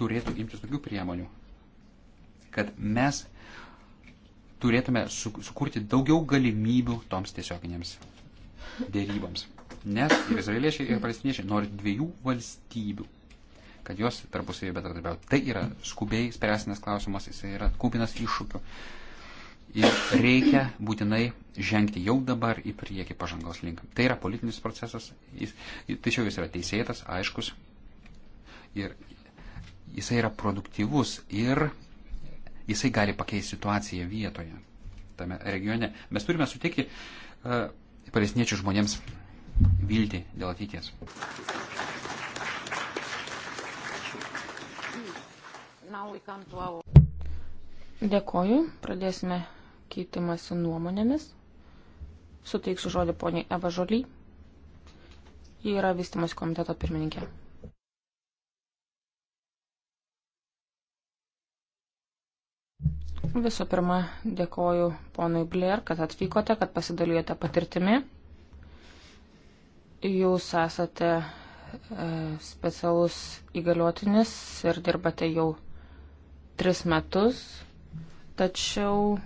turėtų imtis tokių priemonių, kad mes turėtume sukurti daugiau galimybių toms tiesioginėms dėryboms. Nes ir izraeliečiai, ir palestiniečiai nori dviejų valstybių, kad jos tarpusavį bendradarbiautų. Tai yra skubiai spręsinas klausimas, jis yra kupinas iššūkių. Ir reikia būtinai žengti jau dabar į priekį pažangos link. Tai yra politinis procesas, jis, tačiau jis yra teisėtas, aiškus. Ir jisai yra produktyvus ir jisai gali pakeisti situaciją vietoje, tame regione. Mes turime suteikti uh, palestiniečių žmonėms viltį dėl ateities. Dėkoju, pradėsime keitimąsi nuomonėmis. Suteiksiu žodį poniai Eva Žoly. Ji yra vystimos komiteto pirmininkė. Visų pirma, dėkoju ponui Blair, kad atvykote, kad pasidalijote patirtimi. Jūs esate e, specialus įgaliotinis ir dirbate jau tris metus, tačiau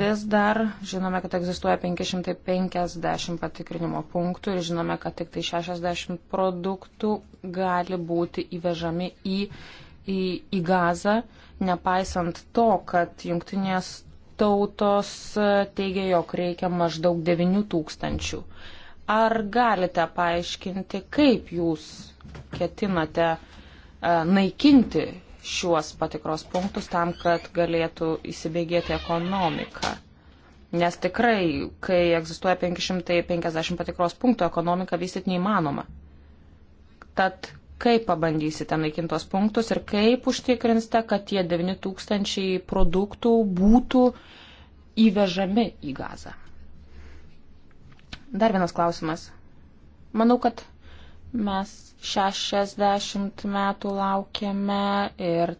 vis dar žinome, kad egzistuoja 550 patikrinimo punktų ir žinome, kad tik tai 60 produktų gali būti įvežami į į, į Gazą, nepaisant to, kad jungtinės tautos e, teigia, jog reikia maždaug 9 tūkstančių. Ar galite paaiškinti, kaip jūs ketinate e, naikinti šiuos patikros punktus tam, kad galėtų įsibėgėti ekonomika? Nes tikrai, kai egzistuoja 550 patikros punktų, ekonomiką vystyti neįmanoma. Tad kaip pabandysite naikintos punktus ir kaip užtikrinsite, kad tie 9000 produktų būtų įvežami į gazą. Dar vienas klausimas. Manau, kad mes 60 metų laukiame ir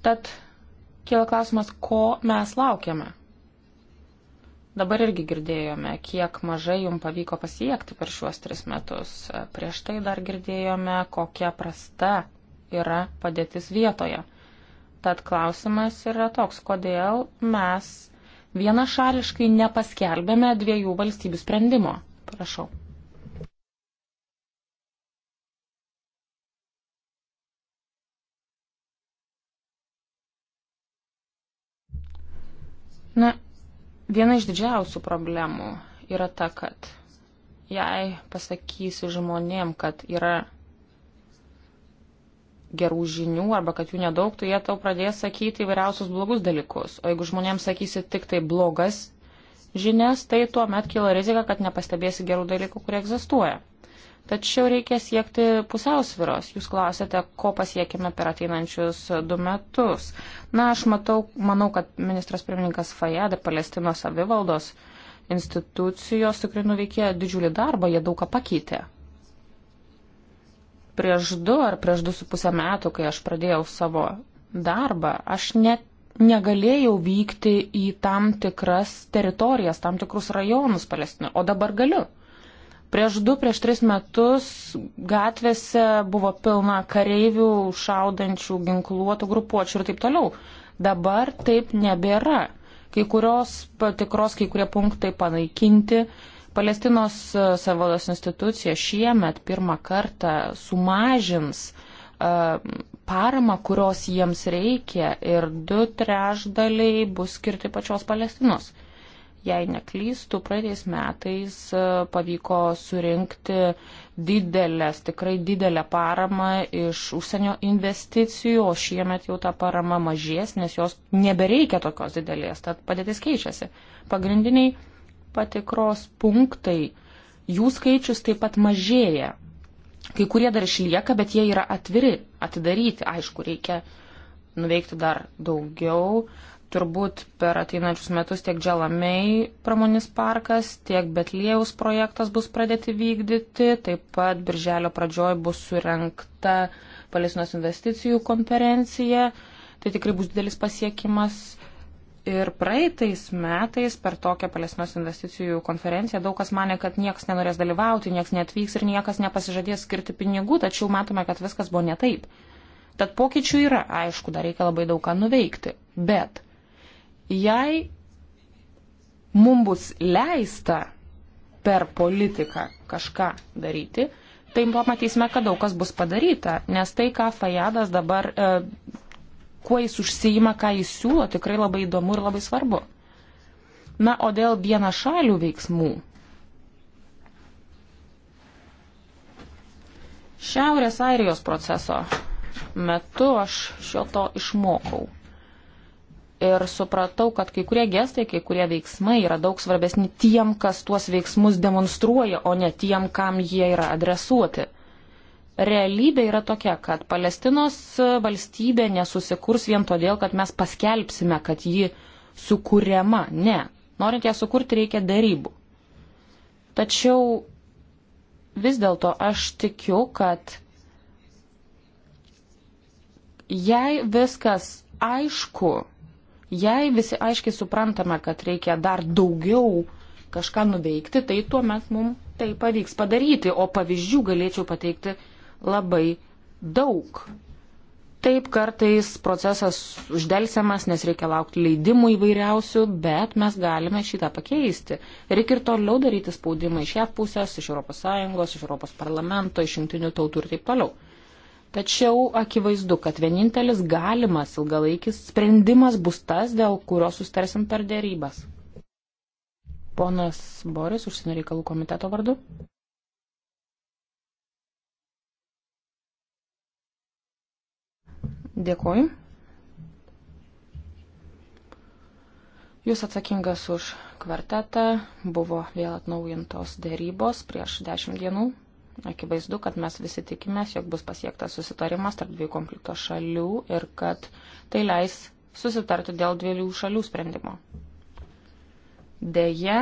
Tad kyla klausimas, ko mes laukiame. Dabar irgi girdėjome, kiek mažai jums pavyko pasiekti per šiuos tris metus. Prieš tai dar girdėjome, kokia prasta yra padėtis vietoje. Tad klausimas yra toks, kodėl mes vienašališkai nepaskelbėme dviejų valstybių sprendimo. Prašau. Na, Viena iš didžiausių problemų yra ta, kad jei pasakysi žmonėm, kad yra gerų žinių arba kad jų nedaug, tai jie tau pradės sakyti įvairiausius blogus dalykus. O jeigu žmonėms sakysi tik tai blogas žinias, tai tuo met kyla rizika, kad nepastebėsi gerų dalykų, kurie egzistuoja. Tačiau reikia siekti pusiausviros. Jūs klausėte, ko pasiekime per ateinančius du metus. Na, aš matau, manau, kad ministras pirmininkas Fajad ir Palestinos savivaldos institucijos tikrai nuveikė didžiulį darbą, jie daug ką pakeitė. Prieš du ar prieš du su pusę metų, kai aš pradėjau savo darbą, aš net negalėjau vykti į tam tikras teritorijas, tam tikrus rajonus Palestinoje, o dabar galiu. Prieš du, prieš tris metus gatvėse buvo pilna kareivių, šaudančių, ginkluotų grupuočių ir taip toliau. Dabar taip nebėra. Kai kurios patikros, kai kurie punktai panaikinti. Palestinos e, savivaldos institucija šiemet pirmą kartą sumažins uh, paramą, kurios jiems reikia ir du trešdaliai bus skirti pačios Palestinos. Uh, jei neklystų, praeitais metais e, pavyko surinkti didelės, tikrai didelę paramą iš užsienio investicijų, o šiemet jau ta parama mažės, nes jos nebereikia tokios didelės, tad padėtis keičiasi. Pagrindiniai patikros punktai, jų skaičius taip pat mažėja. Kai kurie dar išlieka, bet jie yra atviri, atidaryti. Aišku, reikia nuveikti dar daugiau, turbūt per ateinančius metus tiek Dželamei pramonis parkas, tiek Betlėjaus projektas bus pradėti vykdyti, taip pat birželio pradžioj bus surenkta Palestinos investicijų konferencija, tai tikrai bus didelis pasiekimas. Ir praeitais metais per tokią Palestinos investicijų konferenciją daug kas mane, kad niekas nenorės dalyvauti, niekas netvyks ir niekas nepasižadės skirti pinigų, tačiau matome, kad viskas buvo ne taip. Tad pokyčių yra, aišku, dar reikia labai daug ką nuveikti, bet Jei mums bus leista per politiką kažką daryti, tai pamatysime, kad daug kas bus padaryta, nes tai, ką Fajadas dabar, e, kuo jis užsijima, ką jis siūlo, tikrai labai įdomu ir labai svarbu. Na, o dėl vienašalių veiksmų. Šiaurės Airijos proceso metu aš šio to išmokau ir supratau, kad kai kurie gestai, kai kurie veiksmai yra daug svarbesni tiem, kas tuos veiksmus demonstruoja, o ne tiem, kam jie yra adresuoti. Realybė yra tokia, kad Palestinos valstybė nesusikurs vien todėl, kad mes paskelbsime, kad ji sukūriama. Ne. Norint ją sukurti, reikia darybų. Tačiau vis dėlto aš tikiu, kad jei viskas aišku, Jei visi aiškiai suprantame, kad reikia dar daugiau kažką nuveikti, tai tuomet mums tai pavyks padaryti, o pavyzdžių galėčiau pateikti labai daug. Taip kartais procesas uždelsiamas, nes reikia laukti leidimų įvairiausių, bet mes galime šitą pakeisti. Reikia ir toliau daryti spaudimą iš JAV pusės, iš ES, iš ES parlamento, iš jungtinių tautų ir taip toliau. Tačiau akivaizdu, kad vienintelis galimas ilgalaikis sprendimas bus tas, dėl kurio sustarsim per dėrybas. Ponas Boris, užsienio reikalų komiteto vardu. Dėkoju. Jūs atsakingas už kvartetą, buvo vėl atnaujintos dėrybos prieš dešimt dienų Akivaizdu, kad mes visi tikimės, jog bus pasiektas susitarimas tarp dviejų konflikto šalių ir kad tai leis susitarti dėl dviejų šalių sprendimo. Deja,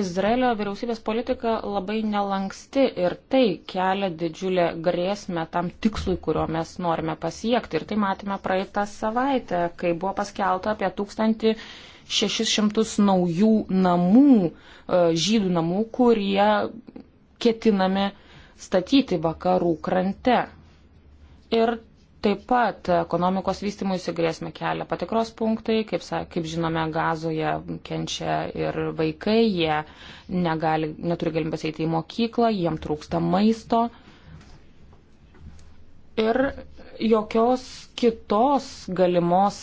Izraelio vyriausybės politika labai nelanksti ir tai kelia didžiulę grėsmę tam tikslui, kurio mes norime pasiekti. Ir tai matėme praeitą savaitę, kai buvo paskelta apie 1000 600 naujų namų, e, žydų namų, kurie ketinami statyti vakarų krante. Ir taip pat ekonomikos vystimui įsigrėsmę kelia patikros punktai, kaip, kaip žinome, gazoje kenčia ir vaikai, jie negali, neturi galimybės eiti į mokyklą, jiem trūksta maisto. Ir jokios kitos galimos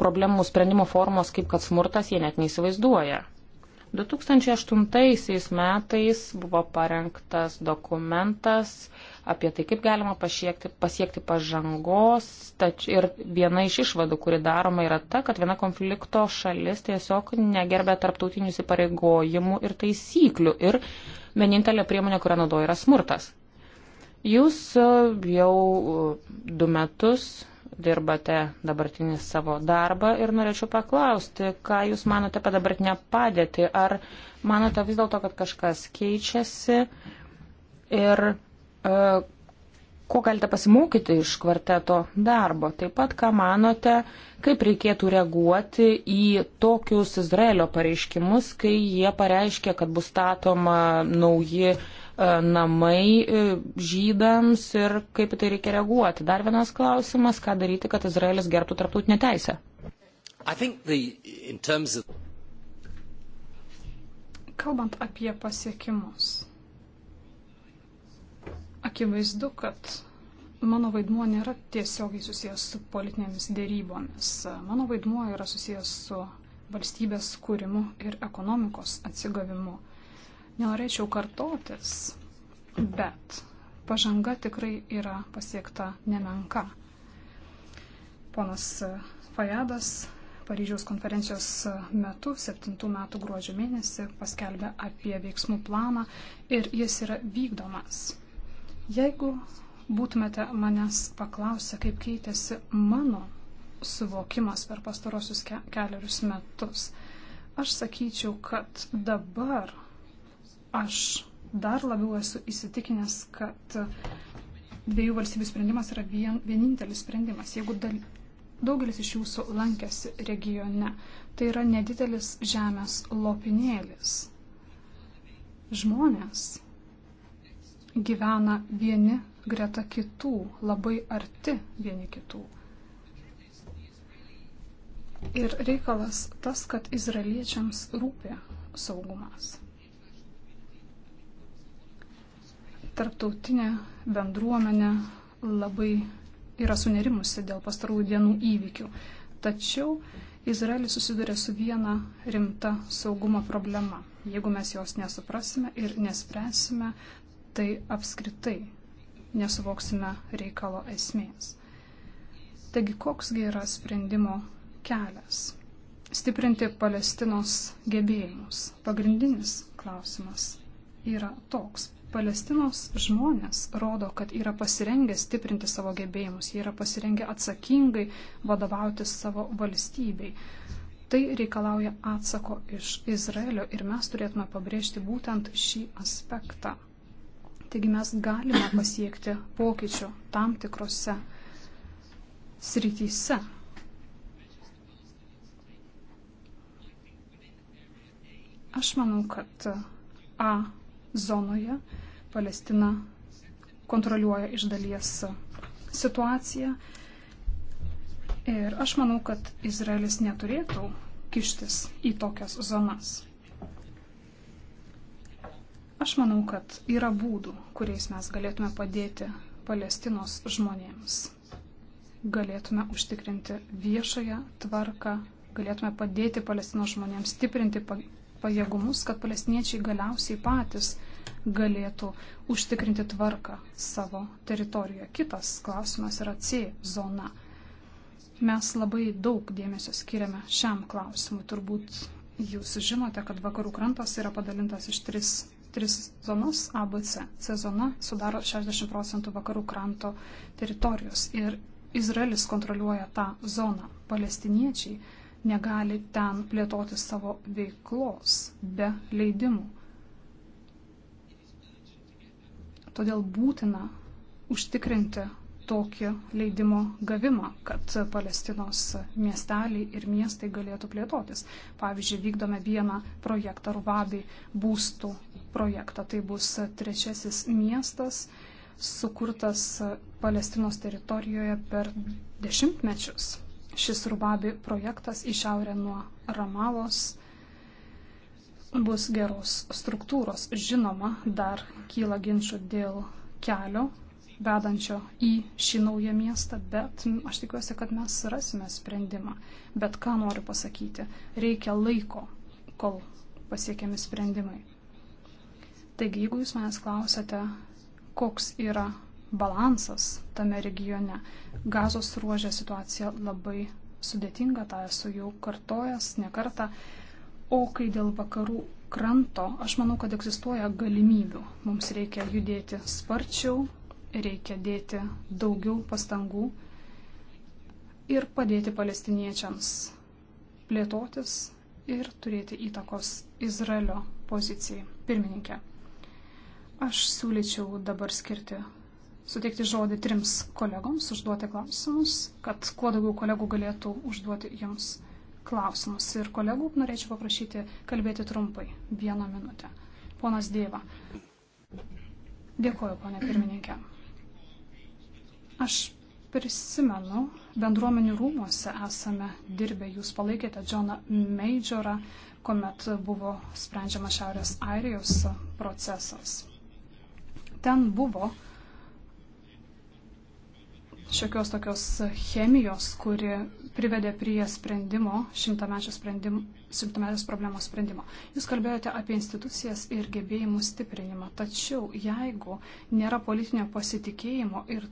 problemų sprendimo formos, kaip kad smurtas, jie net neįsivaizduoja. 2008 metais buvo parengtas dokumentas apie tai, kaip galima pasiekti, pasiekti pažangos. Tač, ir viena iš išvadų, kuri daroma, yra ta, kad viena konflikto šalis tiesiog negerbė tarptautinių įsipareigojimų ir taisyklių. Ir vienintelė priemonė, kurią naudoja, yra smurtas. Jūs jau du metus dirbate dabartinį savo darbą ir norėčiau paklausti, ką Jūs manote apie dabartinę padėtį. Ar manote vis dėlto, kad kažkas keičiasi ir e, ko galite pasimokyti iš kvarteto darbo? Taip pat, ką manote, kaip reikėtų reaguoti į tokius Izraelio pareiškimus, kai jie pareiškia, kad bus statoma nauji E, namai e, žydams ir kaip tai reikia reaguoti. Dar vienas klausimas, ką daryti, kad Izraelis gerbtų tarptautinę teisę. Of... Kalbant apie pasiekimus, akivaizdu, kad mano vaidmuo nėra tiesiogiai susijęs su politinėmis dėrybomis. Mano vaidmuo yra susijęs su valstybės kūrimu ir ekonomikos atsigavimu. Nenorėčiau kartotis, bet pažanga tikrai yra pasiekta nemenka. Ponas Fajadas Paryžiaus konferencijos metu, 7 metų gruodžio mėnesį, paskelbė apie veiksmų planą ir jis yra vykdomas. Jeigu būtumėte manęs paklausę, kaip keitėsi mano suvokimas per pastarosius keliarius metus, aš sakyčiau, kad dabar Aš dar labiau esu įsitikinęs, kad dviejų valstybių sprendimas yra vien, vienintelis sprendimas. Jeigu dal, daugelis iš jūsų lankėsi regione, tai yra nedidelis žemės lopinėlis. Žmonės gyvena vieni greta kitų, labai arti vieni kitų. Ir reikalas tas, kad izraeliečiams rūpė saugumas. Tarptautinė bendruomenė labai yra sunerimusi dėl pastarųjų dienų įvykių. Tačiau Izraelis susiduria su viena rimta saugumo problema. Jeigu mes jos nesuprasime ir nespręsime, tai apskritai nesuvoksime reikalo esmės. Taigi koksgi yra sprendimo kelias? Stiprinti Palestinos gebėjimus. Pagrindinis klausimas yra toks. Palestinos žmonės rodo, kad yra pasirengę stiprinti savo gebėjimus, jie yra pasirengę atsakingai vadovauti savo valstybei. Tai reikalauja atsako iš Izraelio ir mes turėtume pabrėžti būtent šį aspektą. Taigi mes galime pasiekti pokyčių tam tikrose srityse. Aš manau, kad A zonoje. Palestina kontroliuoja iš dalies situaciją. Ir aš manau, kad Izraelis neturėtų kištis į tokias zonas. Aš manau, kad yra būdų, kuriais mes galėtume padėti Palestinos žmonėms. Galėtume užtikrinti viešąją tvarką, galėtume padėti Palestinos žmonėms stiprinti pajėgumus, kad palestiniečiai galiausiai patys galėtų užtikrinti tvarką savo teritorijoje. Kitas klausimas yra C zona. Mes labai daug dėmesio skiriame šiam klausimui. Turbūt jūs žinote, kad vakarų krantas yra padalintas iš tris, tris zonas ABC. C zona sudaro 60 procentų vakarų kranto teritorijos ir Izraelis kontroliuoja tą zoną. Palestiniečiai negali ten plėtoti savo veiklos be leidimų. Todėl būtina užtikrinti tokį leidimo gavimą, kad Palestinos miesteliai ir miestai galėtų plėtotis. Pavyzdžiui, vykdome vieną projektą Ruvabį būstų projektą. Tai bus trečiasis miestas sukurtas Palestinos teritorijoje per dešimtmečius. Šis Rubabi projektas į šiaurę nuo Ramalos bus geros struktūros. Žinoma, dar kyla ginčių dėl kelio vedančio į šį naują miestą, bet aš tikiuosi, kad mes rasime sprendimą. Bet ką noriu pasakyti, reikia laiko, kol pasiekiami sprendimai. Taigi, jeigu jūs manęs klausėte, koks yra balansas tame regione. Gazos ruožė situacija labai sudėtinga, tą esu jau kartojęs ne kartą. O kai dėl vakarų kranto, aš manau, kad egzistuoja galimybių. Mums reikia judėti sparčiau, reikia dėti daugiau pastangų ir padėti palestiniečiams plėtotis ir turėti įtakos Izraelio pozicijai. Pirmininkė, aš siūlyčiau dabar skirti suteikti žodį trims kolegoms, užduoti klausimus, kad kuo daugiau kolegų galėtų užduoti jums klausimus. Ir kolegų norėčiau paprašyti kalbėti trumpai, vieną minutę. Ponas Dėva. Dėkuoju, ponė pirmininkė. Aš prisimenu, bendruomenių rūmose esame dirbę, jūs palaikėte Džoną Majorą, kuomet buvo sprendžiama Šiaurės Airijos procesas. Ten buvo uh, šiokios tokios chemijos, kuri privedė prie sprendimo, šimtamečio sprendimo, šimtamečio problemos sprendimo. Jūs kalbėjote apie institucijas ir gebėjimų stiprinimą, tačiau jeigu nėra politinio pasitikėjimo ir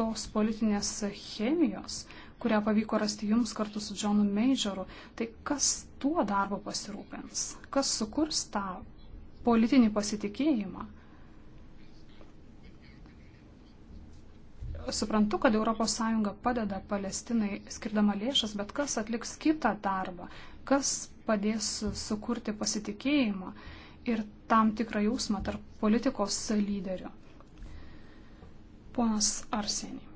tos politinės chemijos, kurią pavyko rasti jums kartu su Johnu Majoru, tai kas tuo darbu pasirūpins? Kas sukurs tą politinį pasitikėjimą? suprantu, kad ES padeda Palestinai skirdama lėšas, bet kas atliks kitą darbą, kas padės sukurti pasitikėjimą ir tam tikrą jausmą tarp politikos lyderių. Ponas Arsenį.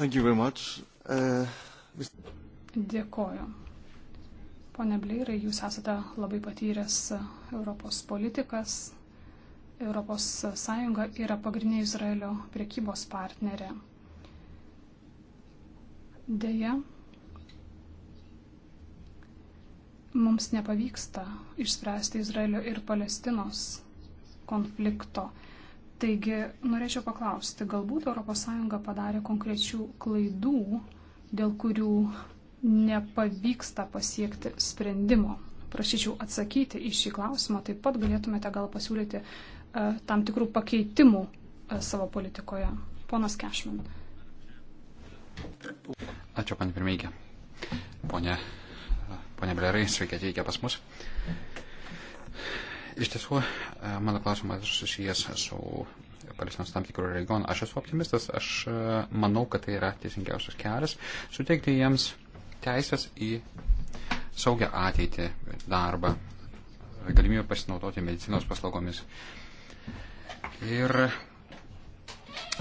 Uh, mis... Dėkoju. Pone Bleirai, jūs esate labai patyręs Europos politikas, ES yra pagrindinė Izraelio priekybos partnerė. Deja, mums nepavyksta išspręsti Izraelio ir Palestinos konflikto. Taigi norėčiau paklausti, galbūt ES padarė konkrečių klaidų, dėl kurių nepavyksta pasiekti sprendimo. Prašyčiau atsakyti į šį klausimą, taip pat galėtumėte gal pasiūlyti E, tam tikrų pakeitimų e, savo politikoje. Ponas Kešman. Ačiū, pan pirmininkė. Pone, pone Blerai, sveiki atvykę pas mus. Iš tiesų, e, mano klausimas susijęs su Palestinos tam tikrų regionų. Aš esu optimistas, aš manau, kad tai yra teisingiausias kelias suteikti jiems teisės į saugią ateitį, darbą, galimybę pasinaudoti medicinos paslaugomis. Uh, Ir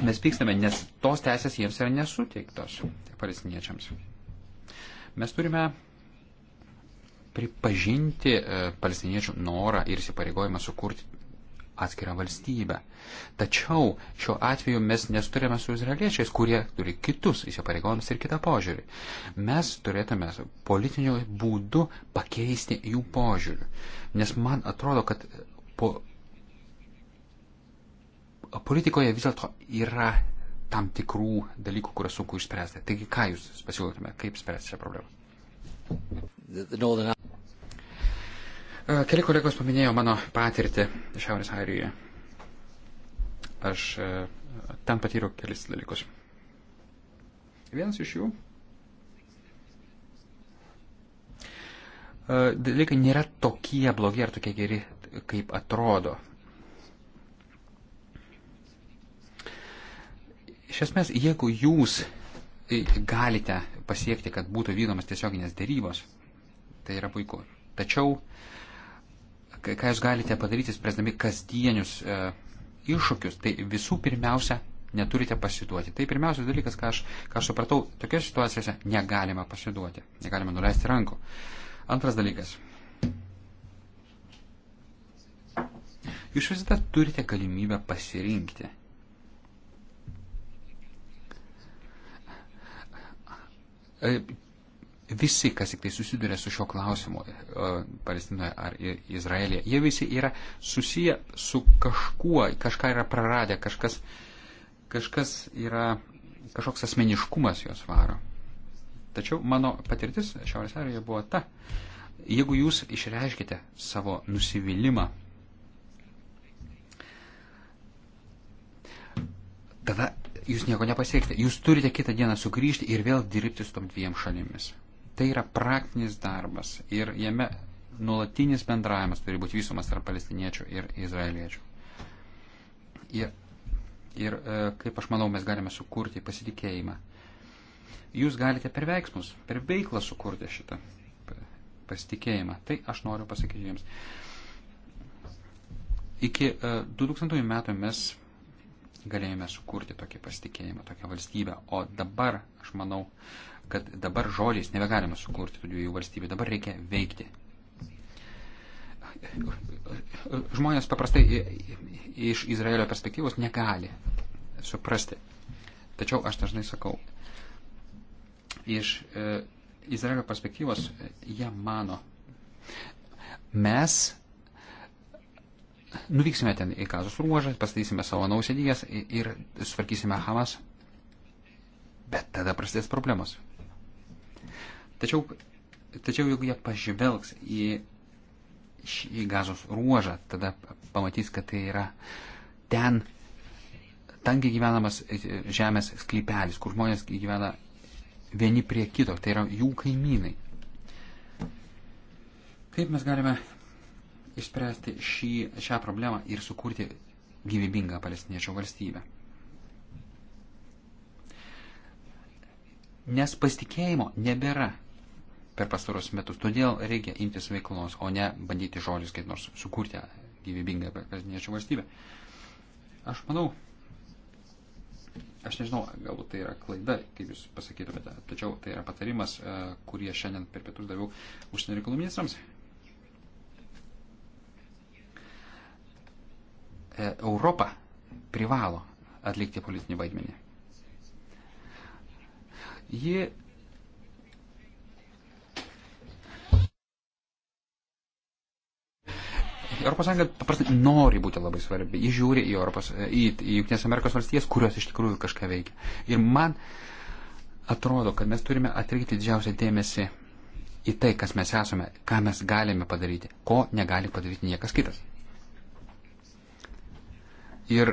mes pykstame, nes tos teisės jiems yra nesuteiktos palestiniečiams. Mes turime pripažinti e, palestiniečių norą ir įsipareigojimą sukurti atskirą valstybę. Tačiau šiuo atveju mes nesuturėme su izraeliečiais, kurie turi kitus įsipareigojimus ir kitą požiūrį. Mes turėtume politiniu būdu pakeisti jų požiūrį. Nes man atrodo, kad po politikoje vis dėlto yra tam tikrų dalykų, kuriuos sunku išspręsti. Taigi, ką jūs pasiūlytume, kaip spręsti šią problemą? Keli kolegos paminėjo mano patirtį Šiaurės Airijoje. Aš ten patyriau kelis dalykus. Vienas iš jų. Dalykai nėra tokie blogi ar tokie geri, kaip atrodo. Iš esmės, jeigu jūs e, galite pasiekti, kad būtų vykdomas tiesioginės dėrybos, tai yra puiku. Tačiau, ką jūs galite padaryti, spręsdami kasdienius e, iššūkius, tai visų pirmiausia, neturite pasiduoti. Tai pirmiausias dalykas, ką aš, ką aš supratau, tokiuose situacijose negalima pasiduoti, negalima nuleisti rankų. Antras dalykas. Jūs visada turite galimybę pasirinkti. E, visi, kas tik tai susiduria su šio klausimu e, Palestinoje ar Izraelėje, jie visi yra susiję su kažkuo, kažką yra praradę, kažkas, kažkas yra, kažkoks asmeniškumas juos varo. Tačiau mano patirtis Šiaurės Arijoje buvo ta, jeigu jūs išreiškite savo nusivylimą, tada jūs nieko nepasieksite. Jūs turite kitą dieną sugrįžti ir vėl dirbti su tom dviem šalimis. Tai yra praktinis darbas ir jame nuolatinis bendravimas turi būti visumas tarp palestiniečių ir izraeliečių. Ir, ir e, kaip aš manau, mes galime sukurti pasitikėjimą. Jūs galite per veiksmus, per veiklą sukurti šitą pasitikėjimą. Tai aš noriu pasakyti jums. Iki 2000 e, metų mes galėjome sukurti tokį pasitikėjimą, tokią valstybę. O dabar, aš manau, kad dabar žodžiais nebegalime sukurti tų dviejų valstybių, dabar reikia veikti. Žmonės paprastai iš Izraelio perspektyvos negali suprasti. Tačiau aš dažnai sakau, iš e, Izraelio perspektyvos e, jie mano, mes nuvyksime ten į Kazos ruožą, pastatysime savo nausėdijas ir sutvarkysime Hamas. Bet tada prasidės problemos. Tačiau, tačiau jeigu jie pažvelgs į šį Gazos ruožą, tada pamatys, kad tai yra ten tankiai gyvenamas e, žemės sklypelis, kur žmonės gyvena vieni prie kito, tai yra jų kaimynai. Kaip mes galime išspręsti šį, šią problemą ir sukurti gyvybingą palestiniečių valstybę. Nes pasitikėjimo nebėra per pastarus metus, todėl reikia imtis veiklos, o ne bandyti žodžius kaip nors sukurti gyvybingą palestiniečių valstybę. Aš manau, aš nežinau, galbūt tai yra klaida, kaip jūs pasakytumėte, tačiau tai yra patarimas, e, kurį aš šiandien per pietus daviau užsienio reikalų ministrams. E, Europa privalo atlikti politinį vaidmenį. Ji Europos Sąjunga paprastai nori būti labai svarbi. Ji žiūri į, Europos, į, į Junktinės Amerikos valstijas, kurios iš tikrųjų kažką veikia. Ir man atrodo, kad mes turime atrikti didžiausią dėmesį į tai, kas mes esame, ką mes galime padaryti, ko negali padaryti niekas kitas. Ir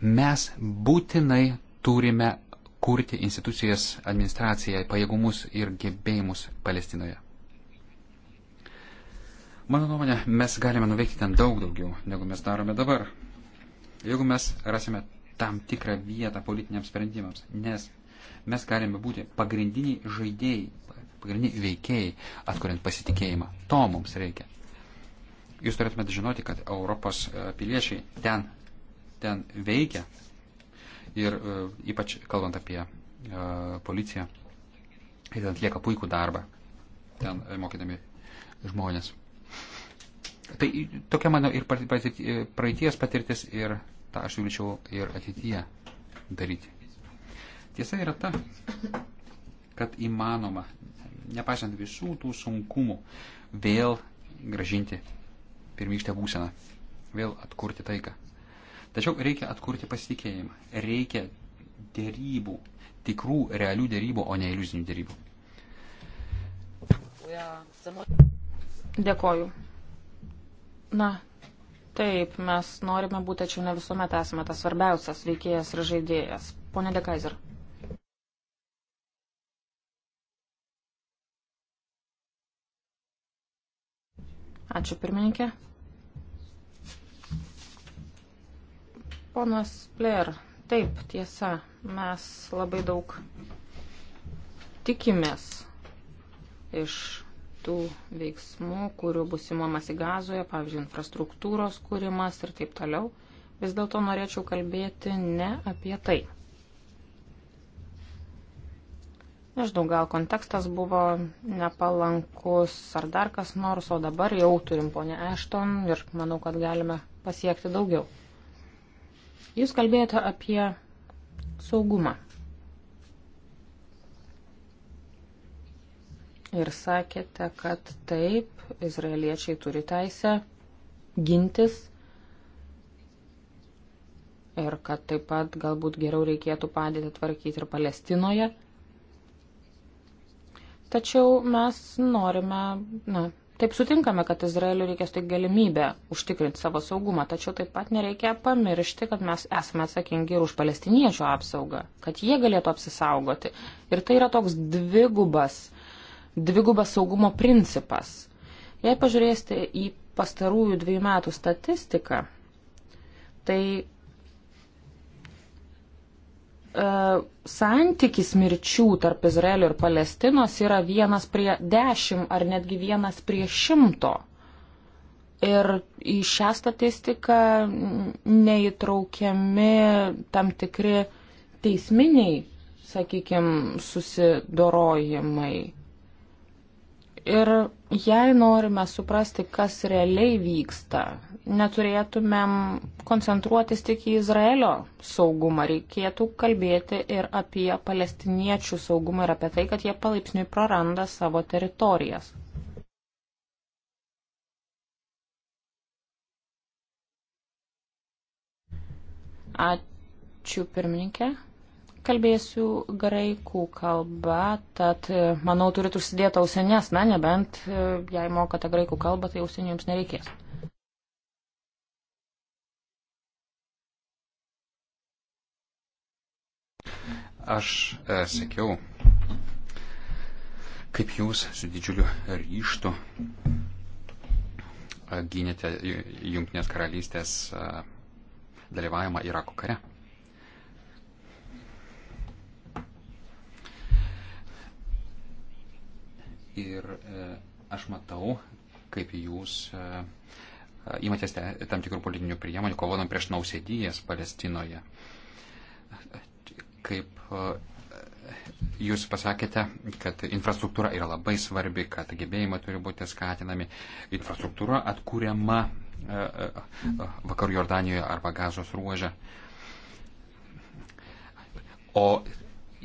mes būtinai turime kurti institucijas, administraciją, pajėgumus ir gebėjimus Palestinoje. Mano nuomonė, mes galime nuveikti ten daug daugiau, negu mes darome dabar. Jeigu mes rasime tam tikrą vietą politiniams sprendimams, nes mes galime būti pagrindiniai žaidėjai, pagrindiniai veikėjai, atkuriant pasitikėjimą. To mums reikia jūs turėtumėte žinoti, kad Europos e, piliečiai ten, ten veikia. Ir e, ypač kalbant apie e, policiją, jie ten atlieka puikų darbą, ten mokydami žmonės. Tai tokia mano ir praeities patirtis ir tą aš siūlyčiau ir ateityje daryti. Tiesa yra ta, kad įmanoma, nepaisant visų tų sunkumų, vėl gražinti pirmykštę būseną, vėl atkurti taiką. Tačiau reikia atkurti pasitikėjimą, reikia dėrybų, tikrų, realių dėrybų, o ne iliuzinių dėrybų. Dėkoju. Na, taip, mes norime būti, tačiau ne visuomet esame tas svarbiausias veikėjas ir žaidėjas. Pone Dekaiser. Ačiū pirmininkė. Ponas Blair, taip, tiesa, mes labai daug tikimės iš tų veiksmų, kurių bus įmamas į gazoje, pavyzdžiui, infrastruktūros kūrimas ir taip toliau. Vis dėlto norėčiau kalbėti ne apie tai. Nežinau, gal kontekstas buvo nepalankus ar dar kas nors, o dabar jau turim ponę Ešton ir manau, kad galime pasiekti daugiau. Jūs kalbėjote apie saugumą. Ir sakėte, kad taip, izraeliečiai turi teisę gintis ir kad taip pat galbūt geriau reikėtų padėti tvarkyti ir Palestinoje. Tačiau mes norime na, Taip sutinkame, kad Izraeliu reikės tik galimybę užtikrinti savo saugumą, tačiau taip pat nereikia pamiršti, kad mes esame atsakingi ir už palestiniečių apsaugą, kad jie galėtų apsisaugoti. Ir tai yra toks dvigubas, dvigubas saugumo principas. Jei pažiūrėsite į pastarųjų dviejų metų statistiką, tai E, santykis mirčių tarp Izraelio ir Palestinos yra vienas prie dešimt ar netgi vienas prie šimto. Ir į šią statistiką neįtraukiami tam tikri teisminiai, sakykime, susidorojimai. Ir Jei norime suprasti, kas realiai vyksta, neturėtumėm koncentruotis tik į Izraelio saugumą, reikėtų kalbėti ir apie palestiniečių saugumą ir apie tai, kad jie palaipsniui praranda savo teritorijas. Ačiū pirmininkė kalbėsiu graikų kalba, tad e, manau turit užsidėti ausinės, na nebent e, jei mokate graikų kalbą, tai ausinių jums nereikės. Aš e, sekiau, kaip jūs su didžiuliu ryštu e, gynėte Junktinės karalystės dalyvavimą Irako kare. ir e, aš matau, kaip jūs įmatės e, e, tam tikrų politinių priemonių, kovodam prieš nausėdijas Palestinoje. Kaip jūs pasakėte, kad infrastruktūra yra labai svarbi, kad gebėjimai turi būti skatinami. Infrastruktūra atkūriama vakarų Jordanijoje arba gazos ruožė. O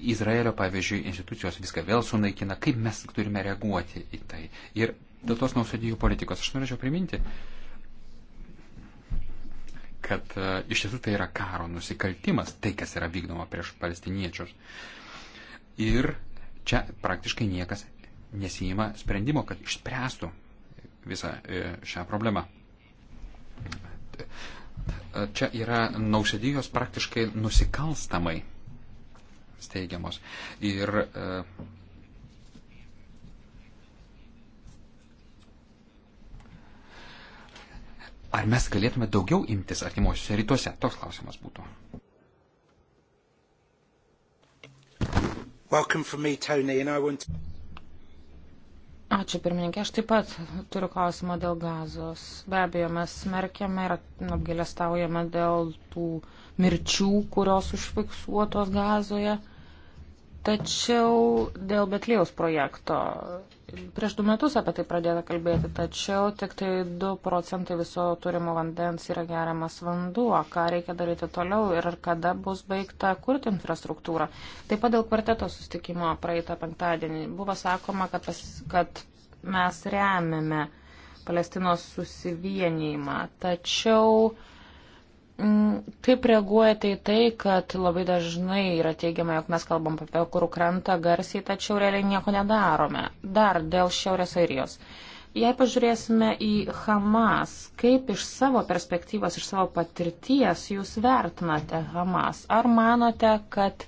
Izraelio, pavyzdžiui, institucijos viską vėl sunaikina, kaip mes turime reaguoti į tai. Ir dėl tos nausėdijų politikos aš norėčiau priminti, kad uh, iš tiesų tai yra karo nusikaltimas, tai kas yra vykdoma prieš palestiniečius. Ir čia praktiškai niekas nesijima sprendimo, kad išspręstų visą e, šią problemą. E, čia yra nausėdijos praktiškai nusikalstamai steigiamos. Ir e, ar mes galėtume daugiau imtis artimuosiuose rytuose? Toks klausimas būtų. Me, Tony, want... Ačiū pirmininkė, aš taip pat turiu klausimą dėl gazos. Be abejo, mes smerkėme ir apgėlestaujame dėl tų uh, mirčių, kurios užfiksuotos gazoje. Tačiau dėl Betlėjaus projekto prieš du metus apie tai pradėta kalbėti, tačiau tik tai 2 procentai viso turimo vandens yra geriamas vanduo. Ką reikia daryti toliau ir kada bus baigta kurti infrastruktūrą. Taip pat dėl kvarteto sustikimo praeitą penktadienį buvo sakoma, kad, pas, kad mes remiame Palestinos susivienijimą. Tačiau Mm, kaip reaguojate į tai, kad labai dažnai yra teigiama, jog mes kalbam apie kurų krantą garsiai, tačiau realiai nieko nedarome. Dar dėl Šiaurės Airijos. Jei pažiūrėsime į Hamas, kaip iš savo perspektyvos, iš savo patirties jūs vertinate Hamas? Ar manote, kad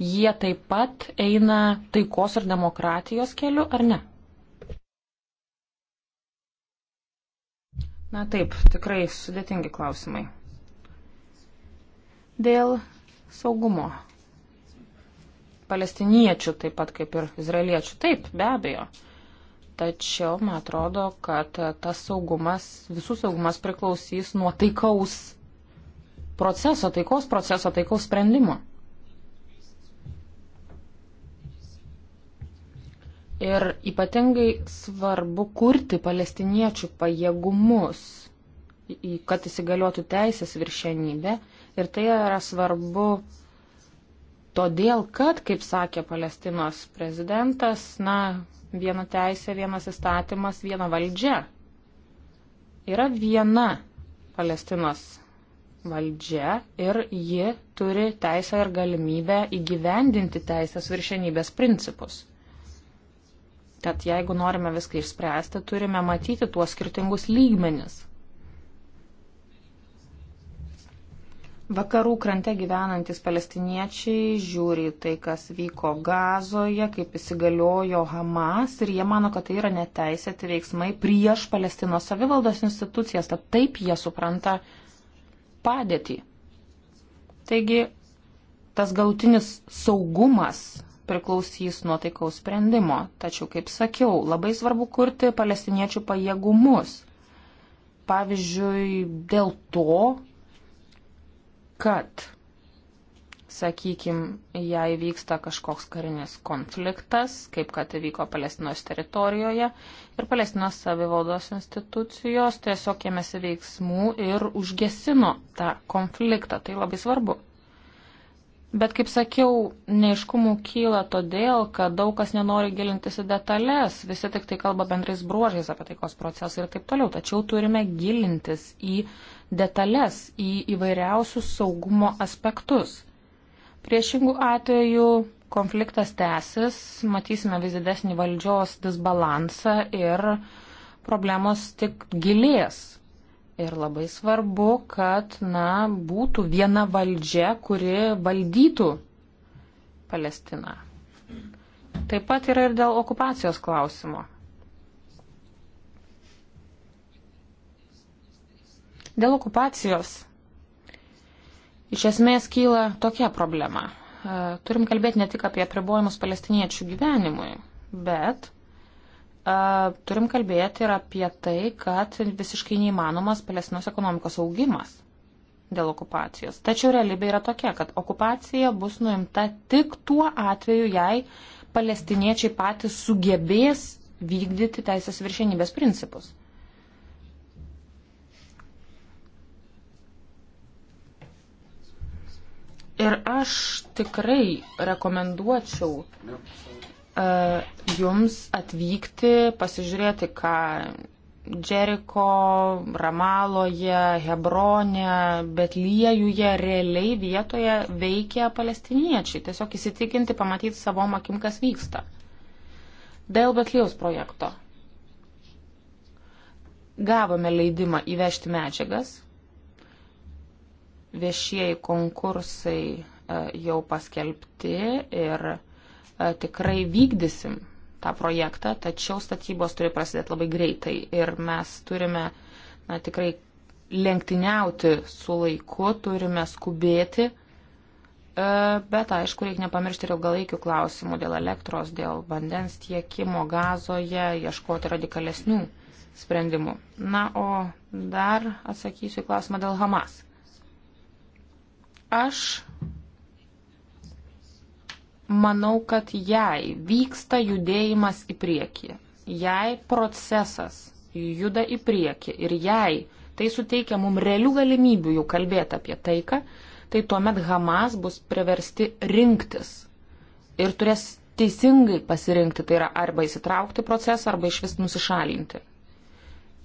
jie taip pat eina taikos ir demokratijos keliu, ar ne? Na taip, tikrai sudėtingi klausimai dėl saugumo. Palestiniečių taip pat kaip ir izraeliečių. Taip, be abejo. Tačiau man atrodo, kad tas saugumas, visų saugumas priklausys nuo taikaus proceso, taikos proceso, taikaus sprendimo. Ir ypatingai svarbu kurti palestiniečių pajėgumus, kad įsigaliotų teisės viršenybė Ir tai yra svarbu todėl, kad, kaip sakė Palestinos prezidentas, na, viena teisė, vienas įstatymas, viena valdžia. Yra viena Palestinos valdžia ir ji turi teisę ir galimybę įgyvendinti teisės viršenybės principus. Tad jeigu norime viską išspręsti, turime matyti tuos skirtingus lygmenis. Vakarų krante gyvenantis palestiniečiai žiūri tai, kas vyko gazoje, kaip įsigaliojo Hamas ir jie mano, kad tai yra neteisėti veiksmai prieš Palestinos savivaldos institucijas, tad taip jie supranta padėtį. Taigi tas galutinis saugumas priklausys nuo taikaus sprendimo, tačiau, kaip sakiau, labai svarbu kurti palestiniečių pajėgumus. Pavyzdžiui, dėl to, kad, sakykime, jei vyksta kažkoks karinis konfliktas, kaip kad įvyko Palestinos teritorijoje, ir Palestinos savivaldos institucijos tiesiog ėmėsi veiksmų ir užgesino tą konfliktą. Tai labai svarbu. Bet, kaip sakiau, neiškumų kyla todėl, kad daug kas nenori gilintis į detalės, visi tik tai kalba bendrais bruožais apie taikos procesą ir taip toliau. Tačiau turime gilintis į uh, detalės, į įvairiausius saugumo aspektus. Priešingų atveju konfliktas tęsis, matysime vis didesnį valdžios disbalansą ir problemos tik gilės. Ir labai svarbu, kad na, būtų viena valdžia, kuri valdytų Palestiną. Taip pat yra ir dėl okupacijos klausimo. Dėl okupacijos iš esmės kyla tokia problema. E, turim kalbėti ne tik apie apribojimus palestiniečių gyvenimui, bet e, turim kalbėti ir apie tai, kad visiškai neįmanomas Palestinos ekonomikos augimas dėl okupacijos. Tačiau realybė yra tokia, kad okupacija bus nuimta tik tuo atveju, jei palestiniečiai patys sugebės vykdyti teisės viršenybės principus. Ir aš tikrai rekomenduočiau uh, jums atvykti, pasižiūrėti, ką Džeriko, Ramaloje, Hebronė, Betliejuje realiai vietoje veikia palestiniečiai. Tiesiog įsitikinti, pamatyti savo akim, kas vyksta. Dėl Betlijaus projekto. Gavome leidimą įvežti medžiagas Viešieji konkursai e, jau paskelbti ir e, tikrai vykdysim tą projektą, tačiau statybos turi prasidėti labai greitai ir mes turime na, tikrai lenktyniauti su laiku, turime skubėti, e, bet aišku, reikia nepamiršti ir ilgalaikių klausimų dėl elektros, dėl vandens tiekimo, gazoje, ieškoti radikalesnių sprendimų. Na, o dar atsakysiu į klausimą dėl Hamas. Aš manau, kad jei vyksta judėjimas į priekį, jei procesas juda į priekį ir jei tai suteikia mums realių galimybių jau kalbėti apie taiką, tai tuomet Hamas bus priversti rinktis ir turės teisingai pasirinkti, tai yra arba įsitraukti procesą, arba iš vis nusišalinti.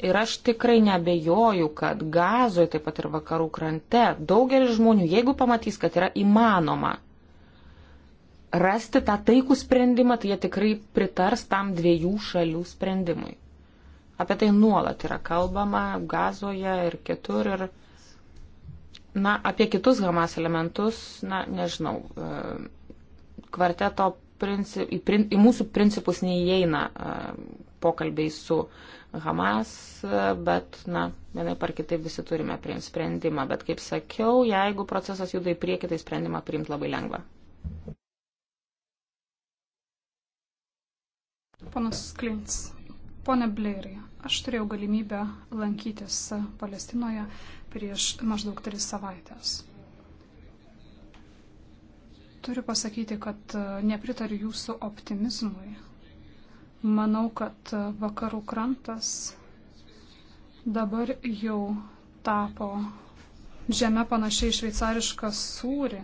Ir aš tikrai nebejoju, kad gazoje, taip pat ir vakarų krante, daugelis žmonių, jeigu pamatys, kad yra įmanoma rasti tą taikų sprendimą, tai jie tikrai pritars tam dviejų šalių sprendimui. Apie tai nuolat yra kalbama gazoje ir kitur. Ir, na, apie kitus Hamas elementus, na, nežinau, e, kvarteto princip, į, prin, į mūsų principus neįeina e, pokalbiai su Hamas, bet, na, vienai par kitaip visi turime priimti sprendimą. Bet, kaip sakiau, jeigu procesas juda į priekį, tai sprendimą priimti labai lengva. Panas Klins, Pone Blairai, aš turėjau galimybę lankytis Palestinoje prieš maždaug tris savaitės. Turiu pasakyti, kad e, nepritariu jūsų optimizmui Manau, kad vakarų krantas dabar jau tapo žemė panašiai šveicarišką sūrį.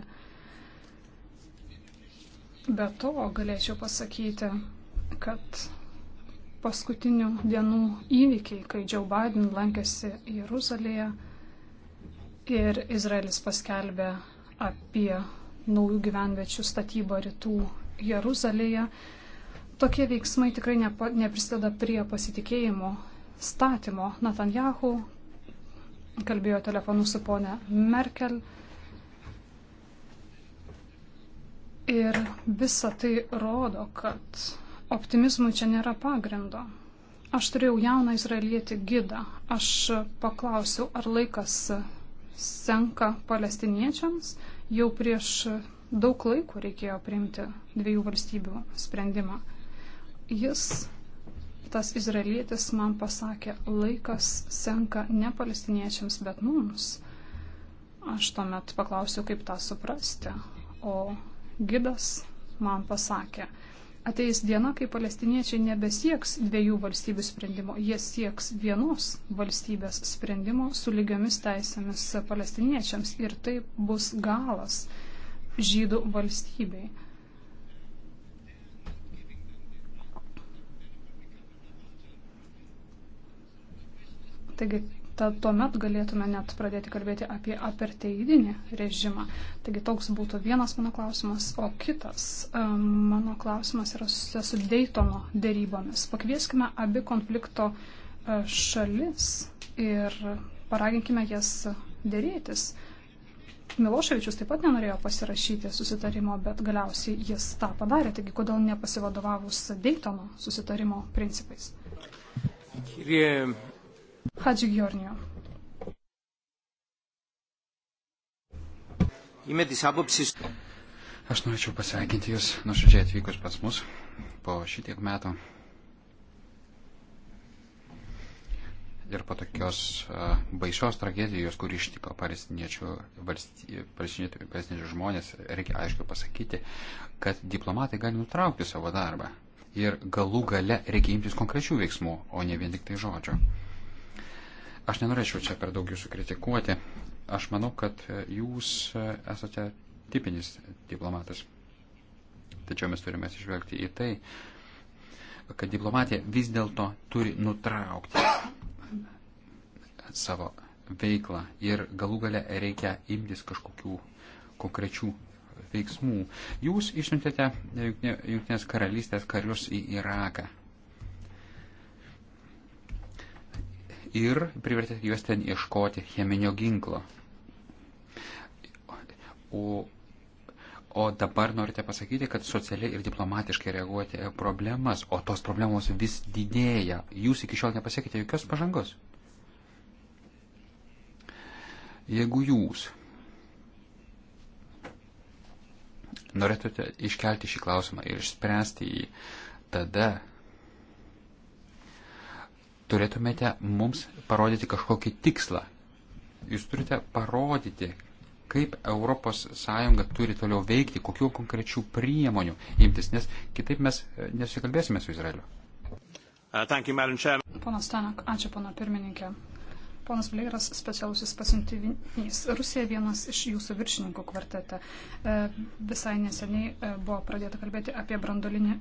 Be to galėčiau pasakyti, kad paskutinių dienų įvykiai, kai Joe Biden lankėsi Jeruzalėje ir Izraelis paskelbė apie naujų gyvenviečių statybą rytų Jeruzalėje, Tokie veiksmai tikrai nepa, neprisideda prie pasitikėjimo statymo. Netanjahu kalbėjo telefonu su ponė Merkel. Ir visa tai rodo, kad optimizmui čia nėra pagrindo. Aš turėjau jauną izraelietį gidą. Aš paklausiau, ar laikas senka palestiniečiams. Jau prieš daug laiko reikėjo priimti dviejų valstybių sprendimą. Jis, tas izraelietis, man pasakė, laikas senka ne palestiniečiams, bet mums. Aš tuomet paklausiau, kaip tą suprasti, o gidas man pasakė, ateis diena, kai palestiniečiai nebesieks dviejų valstybių sprendimo, jie sieks vienos valstybės sprendimo su lygiomis teisėmis palestiniečiams ir taip bus galas žydų valstybei. Taigi tad tuomet galėtume net pradėti kalbėti apie aperteidinį režimą. Taigi toks būtų vienas mano klausimas, o kitas mano klausimas yra susijęs su Daytono dėrybomis. Pakvieskime abi konflikto e, šalis ir paraginkime jas dėrėtis. Miloševičius taip pat nenorėjo pasirašyti susitarimo, bet galiausiai jis tą padarė, taigi kodėl nepasivadovavus Daytono susitarimo principais. Kyrie Χατζη Γιώργιο. Είμαι της άποψης... Aš norėčiau pasveikinti Jūs nuoširdžiai atvykus pas mus po šitiek metų. Ir po tokios uh, baisios tragedijos, kur ištiko palestiniečių, palestiniečių žmonės, reikia aiškiai pasakyti, kad diplomatai gali nutraukti savo darbą. Ir galų gale reikia imtis konkrečių veiksmų, o ne vien tik tai žodžio. Uh, Aš nenorėčiau čia per daug jūsų kritikuoti. Aš manau, kad jūs esate tipinis diplomatas. Tačiau mes turime atsižvelgti į tai, kad diplomatija vis dėlto turi nutraukti savo veiklą ir galų gale reikia imtis kažkokių konkrečių veiksmų. Jūs išsiuntėte Junktinės karalystės karius į Iraką. ir privertė juos ten ieškoti cheminio ginklo. O, o dabar norite pasakyti, kad socialiai ir diplomatiškai reaguoti problemas, o tos problemos vis didėja. Jūs iki šiol nepasiekite jokios pažangos. Jeigu jūs norėtumėte iškelti šį klausimą ir išspręsti jį, tada turėtumėte mums parodyti kažkokį tikslą. Jūs turite parodyti, kaip ES turi toliau veikti, kokiu konkrečių priemonių imtis, nes kitaip mes e, nesikalbėsime su Izraeliu. Uh, Ponas Tanak, ačiū pana pirmininkė. Ponas Bleiras, specialusis pasiuntinys. Rusija vienas iš jūsų viršininkų kvartete. E, visai neseniai e, buvo pradėta kalbėti apie brandolinį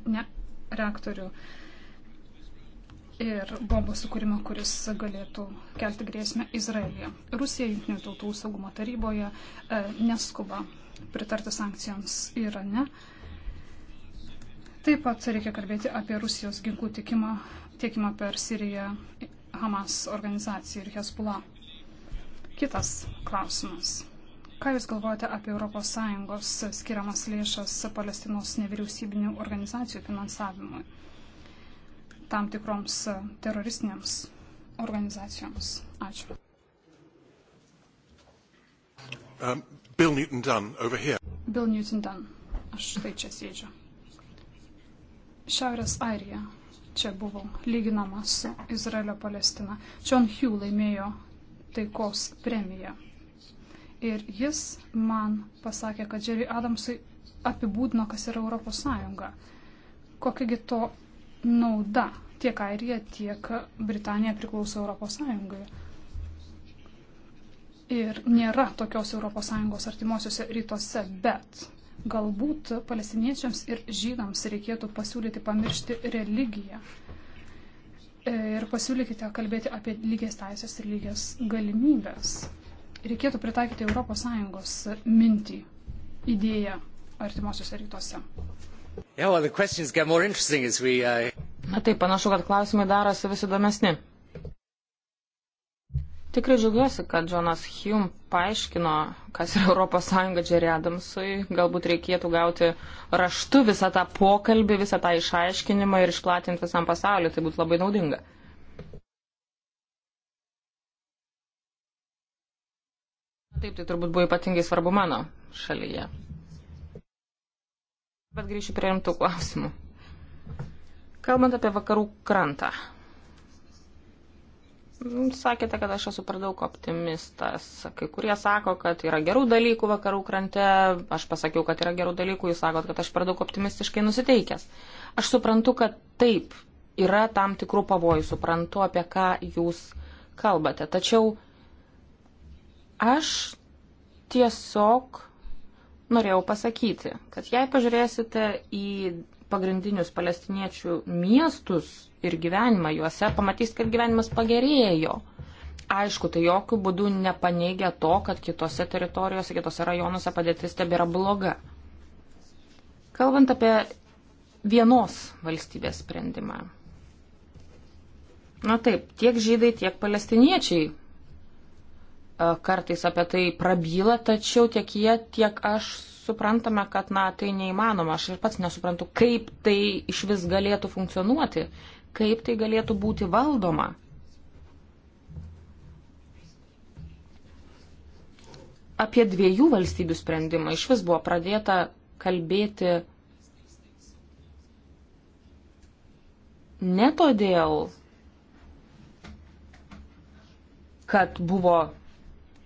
reaktorių. E, ir bombos sukūrimą, kuris galėtų kelti grėsmę Izraelyje. Rusija Junktinių tautų saugumo taryboje e, neskuba pritarti sankcijoms Irane. Taip pat reikia kalbėti apie Rusijos ginklų tikimą, tiekimą per Siriją Hamas organizaciją ir Hezbollah. Kitas klausimas. Ką Jūs galvojate apie ES skiriamas lėšas Palestinos nevyriausybinių organizacijų finansavimui? tam tikroms e, teroristinėms organizacijoms. Ačiū. Um, Bill Newton Dunn, over here. Bill Newton Dunn. Aš štai čia sėdžiu. Šiaurės Airija. Čia buvo lyginama su Izraelio Palestina. John Hugh laimėjo taikos premiją. Ir jis man pasakė, kad Jerry Adamsui apibūdino, kas yra Europos Sąjunga. Kokiagi to nauda. Tiek Airija, tiek Britanija priklauso Europos Sąjungai. Ir nėra tokios Europos Sąjungos artimuosiuose rytuose, bet galbūt palestiniečiams ir žydams reikėtų pasiūlyti pamiršti religiją. Ir pasiūlykite kalbėti apie lygias teisės ir lygias galimybės. Reikėtų pritaikyti ES mintį, idėją artimuosiuose rytuose. Yeah, well, we, uh... Na taip, panašu, kad klausimai darosi vis įdomesni. Tikrai džiaugiuosi, kad Jonas Hume paaiškino, kas yra ES Džerė Adamsui. Galbūt reikėtų gauti raštu visą tą pokalbį, visą tą išaiškinimą ir išplatinti visam pasauliu. Tai būtų labai naudinga. Taip, tai turbūt buvo ypatingai svarbu mano šalyje. Bet grįšiu prie rimtų klausimų. Kalbant apie vakarų krantą. Nu, sakėte, kad aš esu per daug optimistas. Kai kurie sako, kad yra gerų dalykų vakarų krante, aš pasakiau, kad yra gerų dalykų, jūs sakot, kad aš per daug optimistiškai nusiteikęs. Aš suprantu, kad taip, yra tam tikrų pavojų, suprantu, apie ką jūs kalbate. Tačiau aš tiesiog norėjau pasakyti, kad jei pažiūrėsite į pagrindinius palestiniečių miestus ir gyvenimą juose, pamatysite, kad gyvenimas pagerėjo. Aišku, tai jokių būdų nepaneigia to, kad kitose teritorijose, kitose rajonuose padėtis tebėra bloga. Kalbant apie vienos valstybės sprendimą. Na taip, tiek žydai, tiek palestiniečiai kartais apie tai prabyla, tačiau tiek jie, tiek aš suprantame, kad na, tai neįmanoma. Aš ir pats nesuprantu, kaip tai iš vis galėtų funkcionuoti, kaip tai galėtų būti valdoma. Apie dviejų valstybių sprendimą iš vis buvo pradėta kalbėti ne todėl, kad buvo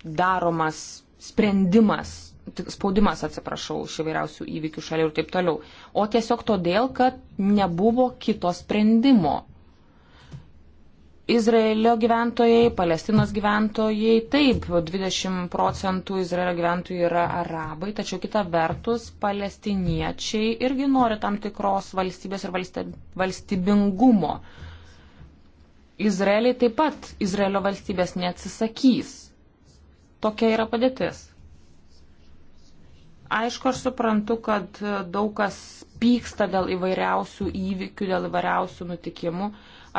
daromas sprendimas, spaudimas, atsiprašau, iš įvairiausių įvykių šalių ir taip toliau, o tiesiog todėl, kad nebuvo kito sprendimo. Izraelio gyventojai, Palestinos gyventojai, taip, 20 procentų Izraelio gyventojų yra arabai, tačiau kita vertus, palestiniečiai irgi nori tam tikros valstybės ir valstybingumo. Izraeliai taip pat Izraelio valstybės neatsisakys. Tokia yra padėtis. Aišku, aš suprantu, kad daug kas pyksta dėl įvairiausių įvykių, dėl įvairiausių nutikimų.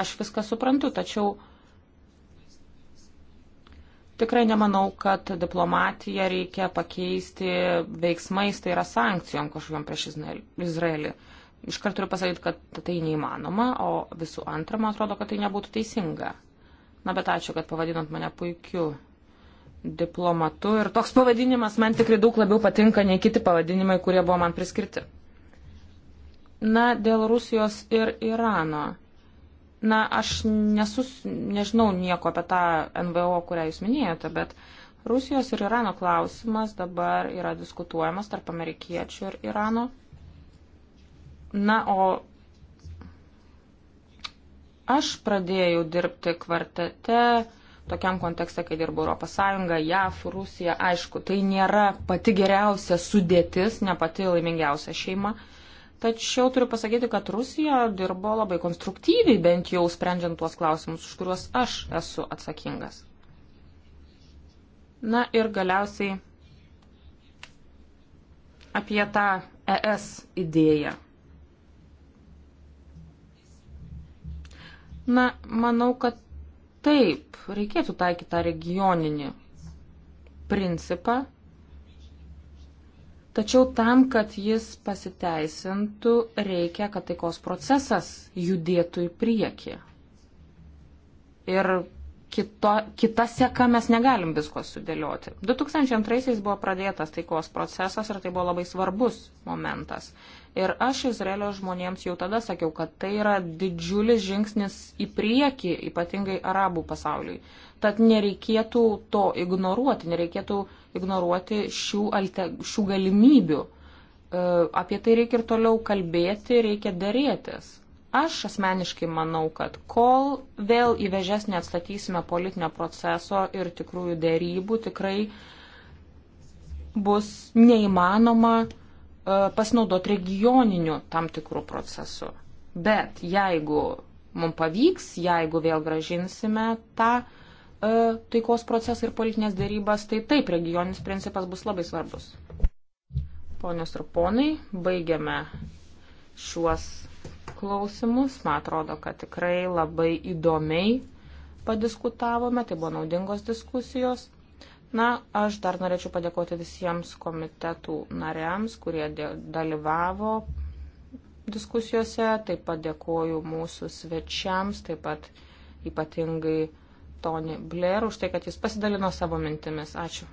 Aš viską suprantu, tačiau tikrai nemanau, kad diplomatiją reikia pakeisti veiksmais, tai yra sankcijom kažkokiam prieš Izraelį. Iškart turiu pasakyti, kad tai neįmanoma, o visų antra, man atrodo, kad tai nebūtų teisinga. Na, bet ačiū, kad pavadinot mane puikiu diplomatu ir toks pavadinimas man tikrai daug labiau patinka nei kiti pavadinimai, kurie buvo man priskirti. Na, dėl Rusijos ir Irano. Na, aš nesus, nežinau nieko apie tą NVO, kurią jūs minėjote, bet Rusijos ir Irano klausimas dabar yra diskutuojamas tarp amerikiečių ir Irano. Na, o aš pradėjau dirbti kvartete tokiam kontekste, kai dirbo ES, JAF, Rusija, aišku, tai nėra pati geriausia sudėtis, ne pati laimingiausia šeima. Tačiau turiu pasakyti, kad Rusija dirbo labai konstruktyviai, bent jau sprendžiant tuos klausimus, už kuriuos aš esu atsakingas. Na ir galiausiai apie tą ES idėją. Na, manau, kad taip, reikėtų taikyti tą regioninį principą, tačiau tam, kad jis pasiteisintų, reikia, kad taikos procesas judėtų į priekį. Ir kito, kita seka mes negalim visko sudėlioti. 2002 buvo pradėtas taikos procesas ir tai buvo labai svarbus momentas. Ir aš Izraelio žmonėms jau tada sakiau, kad tai yra didžiulis žingsnis į priekį, ypatingai arabų pasauliui. Tad nereikėtų to ignoruoti, nereikėtų ignoruoti šių, alte, šių galimybių. E, apie tai reikia ir toliau kalbėti, reikia dėrėtis. Aš asmeniškai manau, kad kol vėl į vežes neatstatysime politinio proceso ir tikrųjų dėrybų, tikrai bus neįmanoma e, pasinaudoti regioniniu tam tikrų procesu. Bet jeigu mums pavyks, jeigu vėl gražinsime tą e, taikos procesą ir politinės dėrybas, tai taip, regioninis principas bus labai svarbus. Ponios ir ponai, baigiame šiuos klausimus. Man atrodo, kad tikrai labai įdomiai padiskutavome, tai buvo naudingos diskusijos. Na, aš dar norėčiau padėkoti visiems komitetų nariams, kurie dalyvavo diskusijose, taip pat dėkoju mūsų svečiams, taip pat ypatingai Tony Blair už tai, kad jis pasidalino savo mintimis. Ačiū.